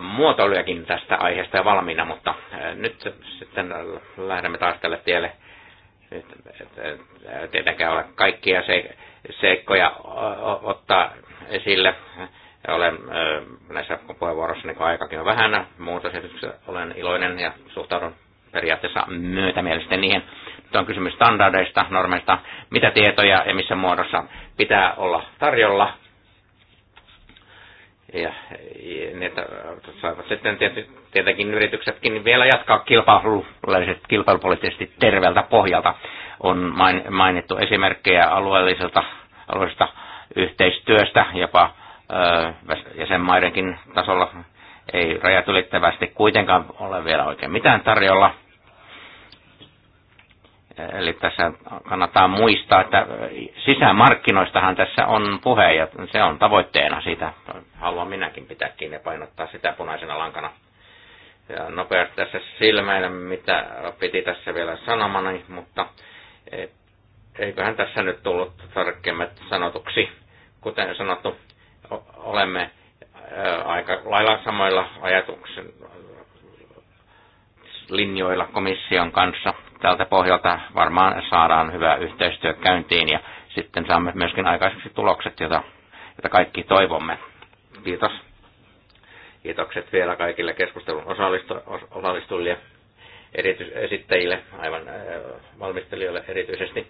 muotoilujakin tästä aiheesta valmiina, mutta nyt sitten lähdemme taas tälle tielle. Tietenkään ole kaikkia seikkoja ottaa esille. Olen näissä puheenvuoroissa, niin aikakin on vähän, muutosesityksessä olen iloinen ja suhtaudun periaatteessa myötämielisesti niihin. Nyt on kysymys standardeista, normeista, mitä tietoja ja missä muodossa pitää olla tarjolla ja ne saivat sitten tietenkin yrityksetkin vielä jatkaa kilpailupoliittisesti terveeltä pohjalta. On mainittu esimerkkejä alueelliselta, alueellisesta yhteistyöstä, jopa jäsenmaidenkin tasolla ei rajat ylittävästi kuitenkaan ole vielä oikein mitään tarjolla – Eli tässä kannattaa muistaa, että sisämarkkinoistahan tässä on puhe ja se on tavoitteena. Siitä haluan minäkin pitää kiinni ja painottaa sitä punaisena lankana. Ja nopeasti tässä silmäinen, mitä piti tässä vielä sanomani, mutta eiköhän tässä nyt tullut tarkemmat sanotuksi. Kuten sanottu, olemme aika lailla samoilla ajatuksen linjoilla komission kanssa – tältä pohjalta varmaan saadaan hyvä yhteistyö käyntiin ja sitten saamme myöskin aikaiseksi tulokset, joita, joita kaikki toivomme. Kiitos. Kiitokset vielä kaikille keskustelun osallistu, osallistujille, erityisesittäjille, aivan äh, valmistelijoille erityisesti.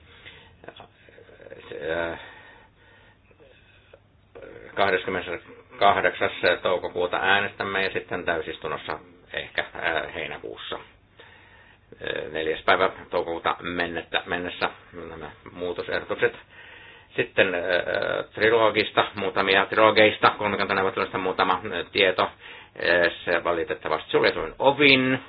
28. Äh, toukokuuta äänestämme ja sitten täysistunnossa ehkä äh, heinäkuussa. 4. päivä toukokuuta mennettä, mennessä nämä muutosehdotukset. Sitten äh, äh, trilogista, muutamia trilogeista, kolmikantaneuvotteluista muutama äh, tieto. Se valitettavasti suljetuin ovin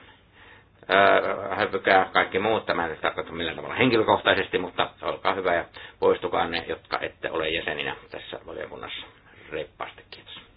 häpykää kaikki muut. Tämä ei tarkoita millään tavalla henkilökohtaisesti, mutta olkaa hyvä ja poistukaa ne, jotka ette ole jäseninä tässä valiokunnassa. Reippaasti, kiitos.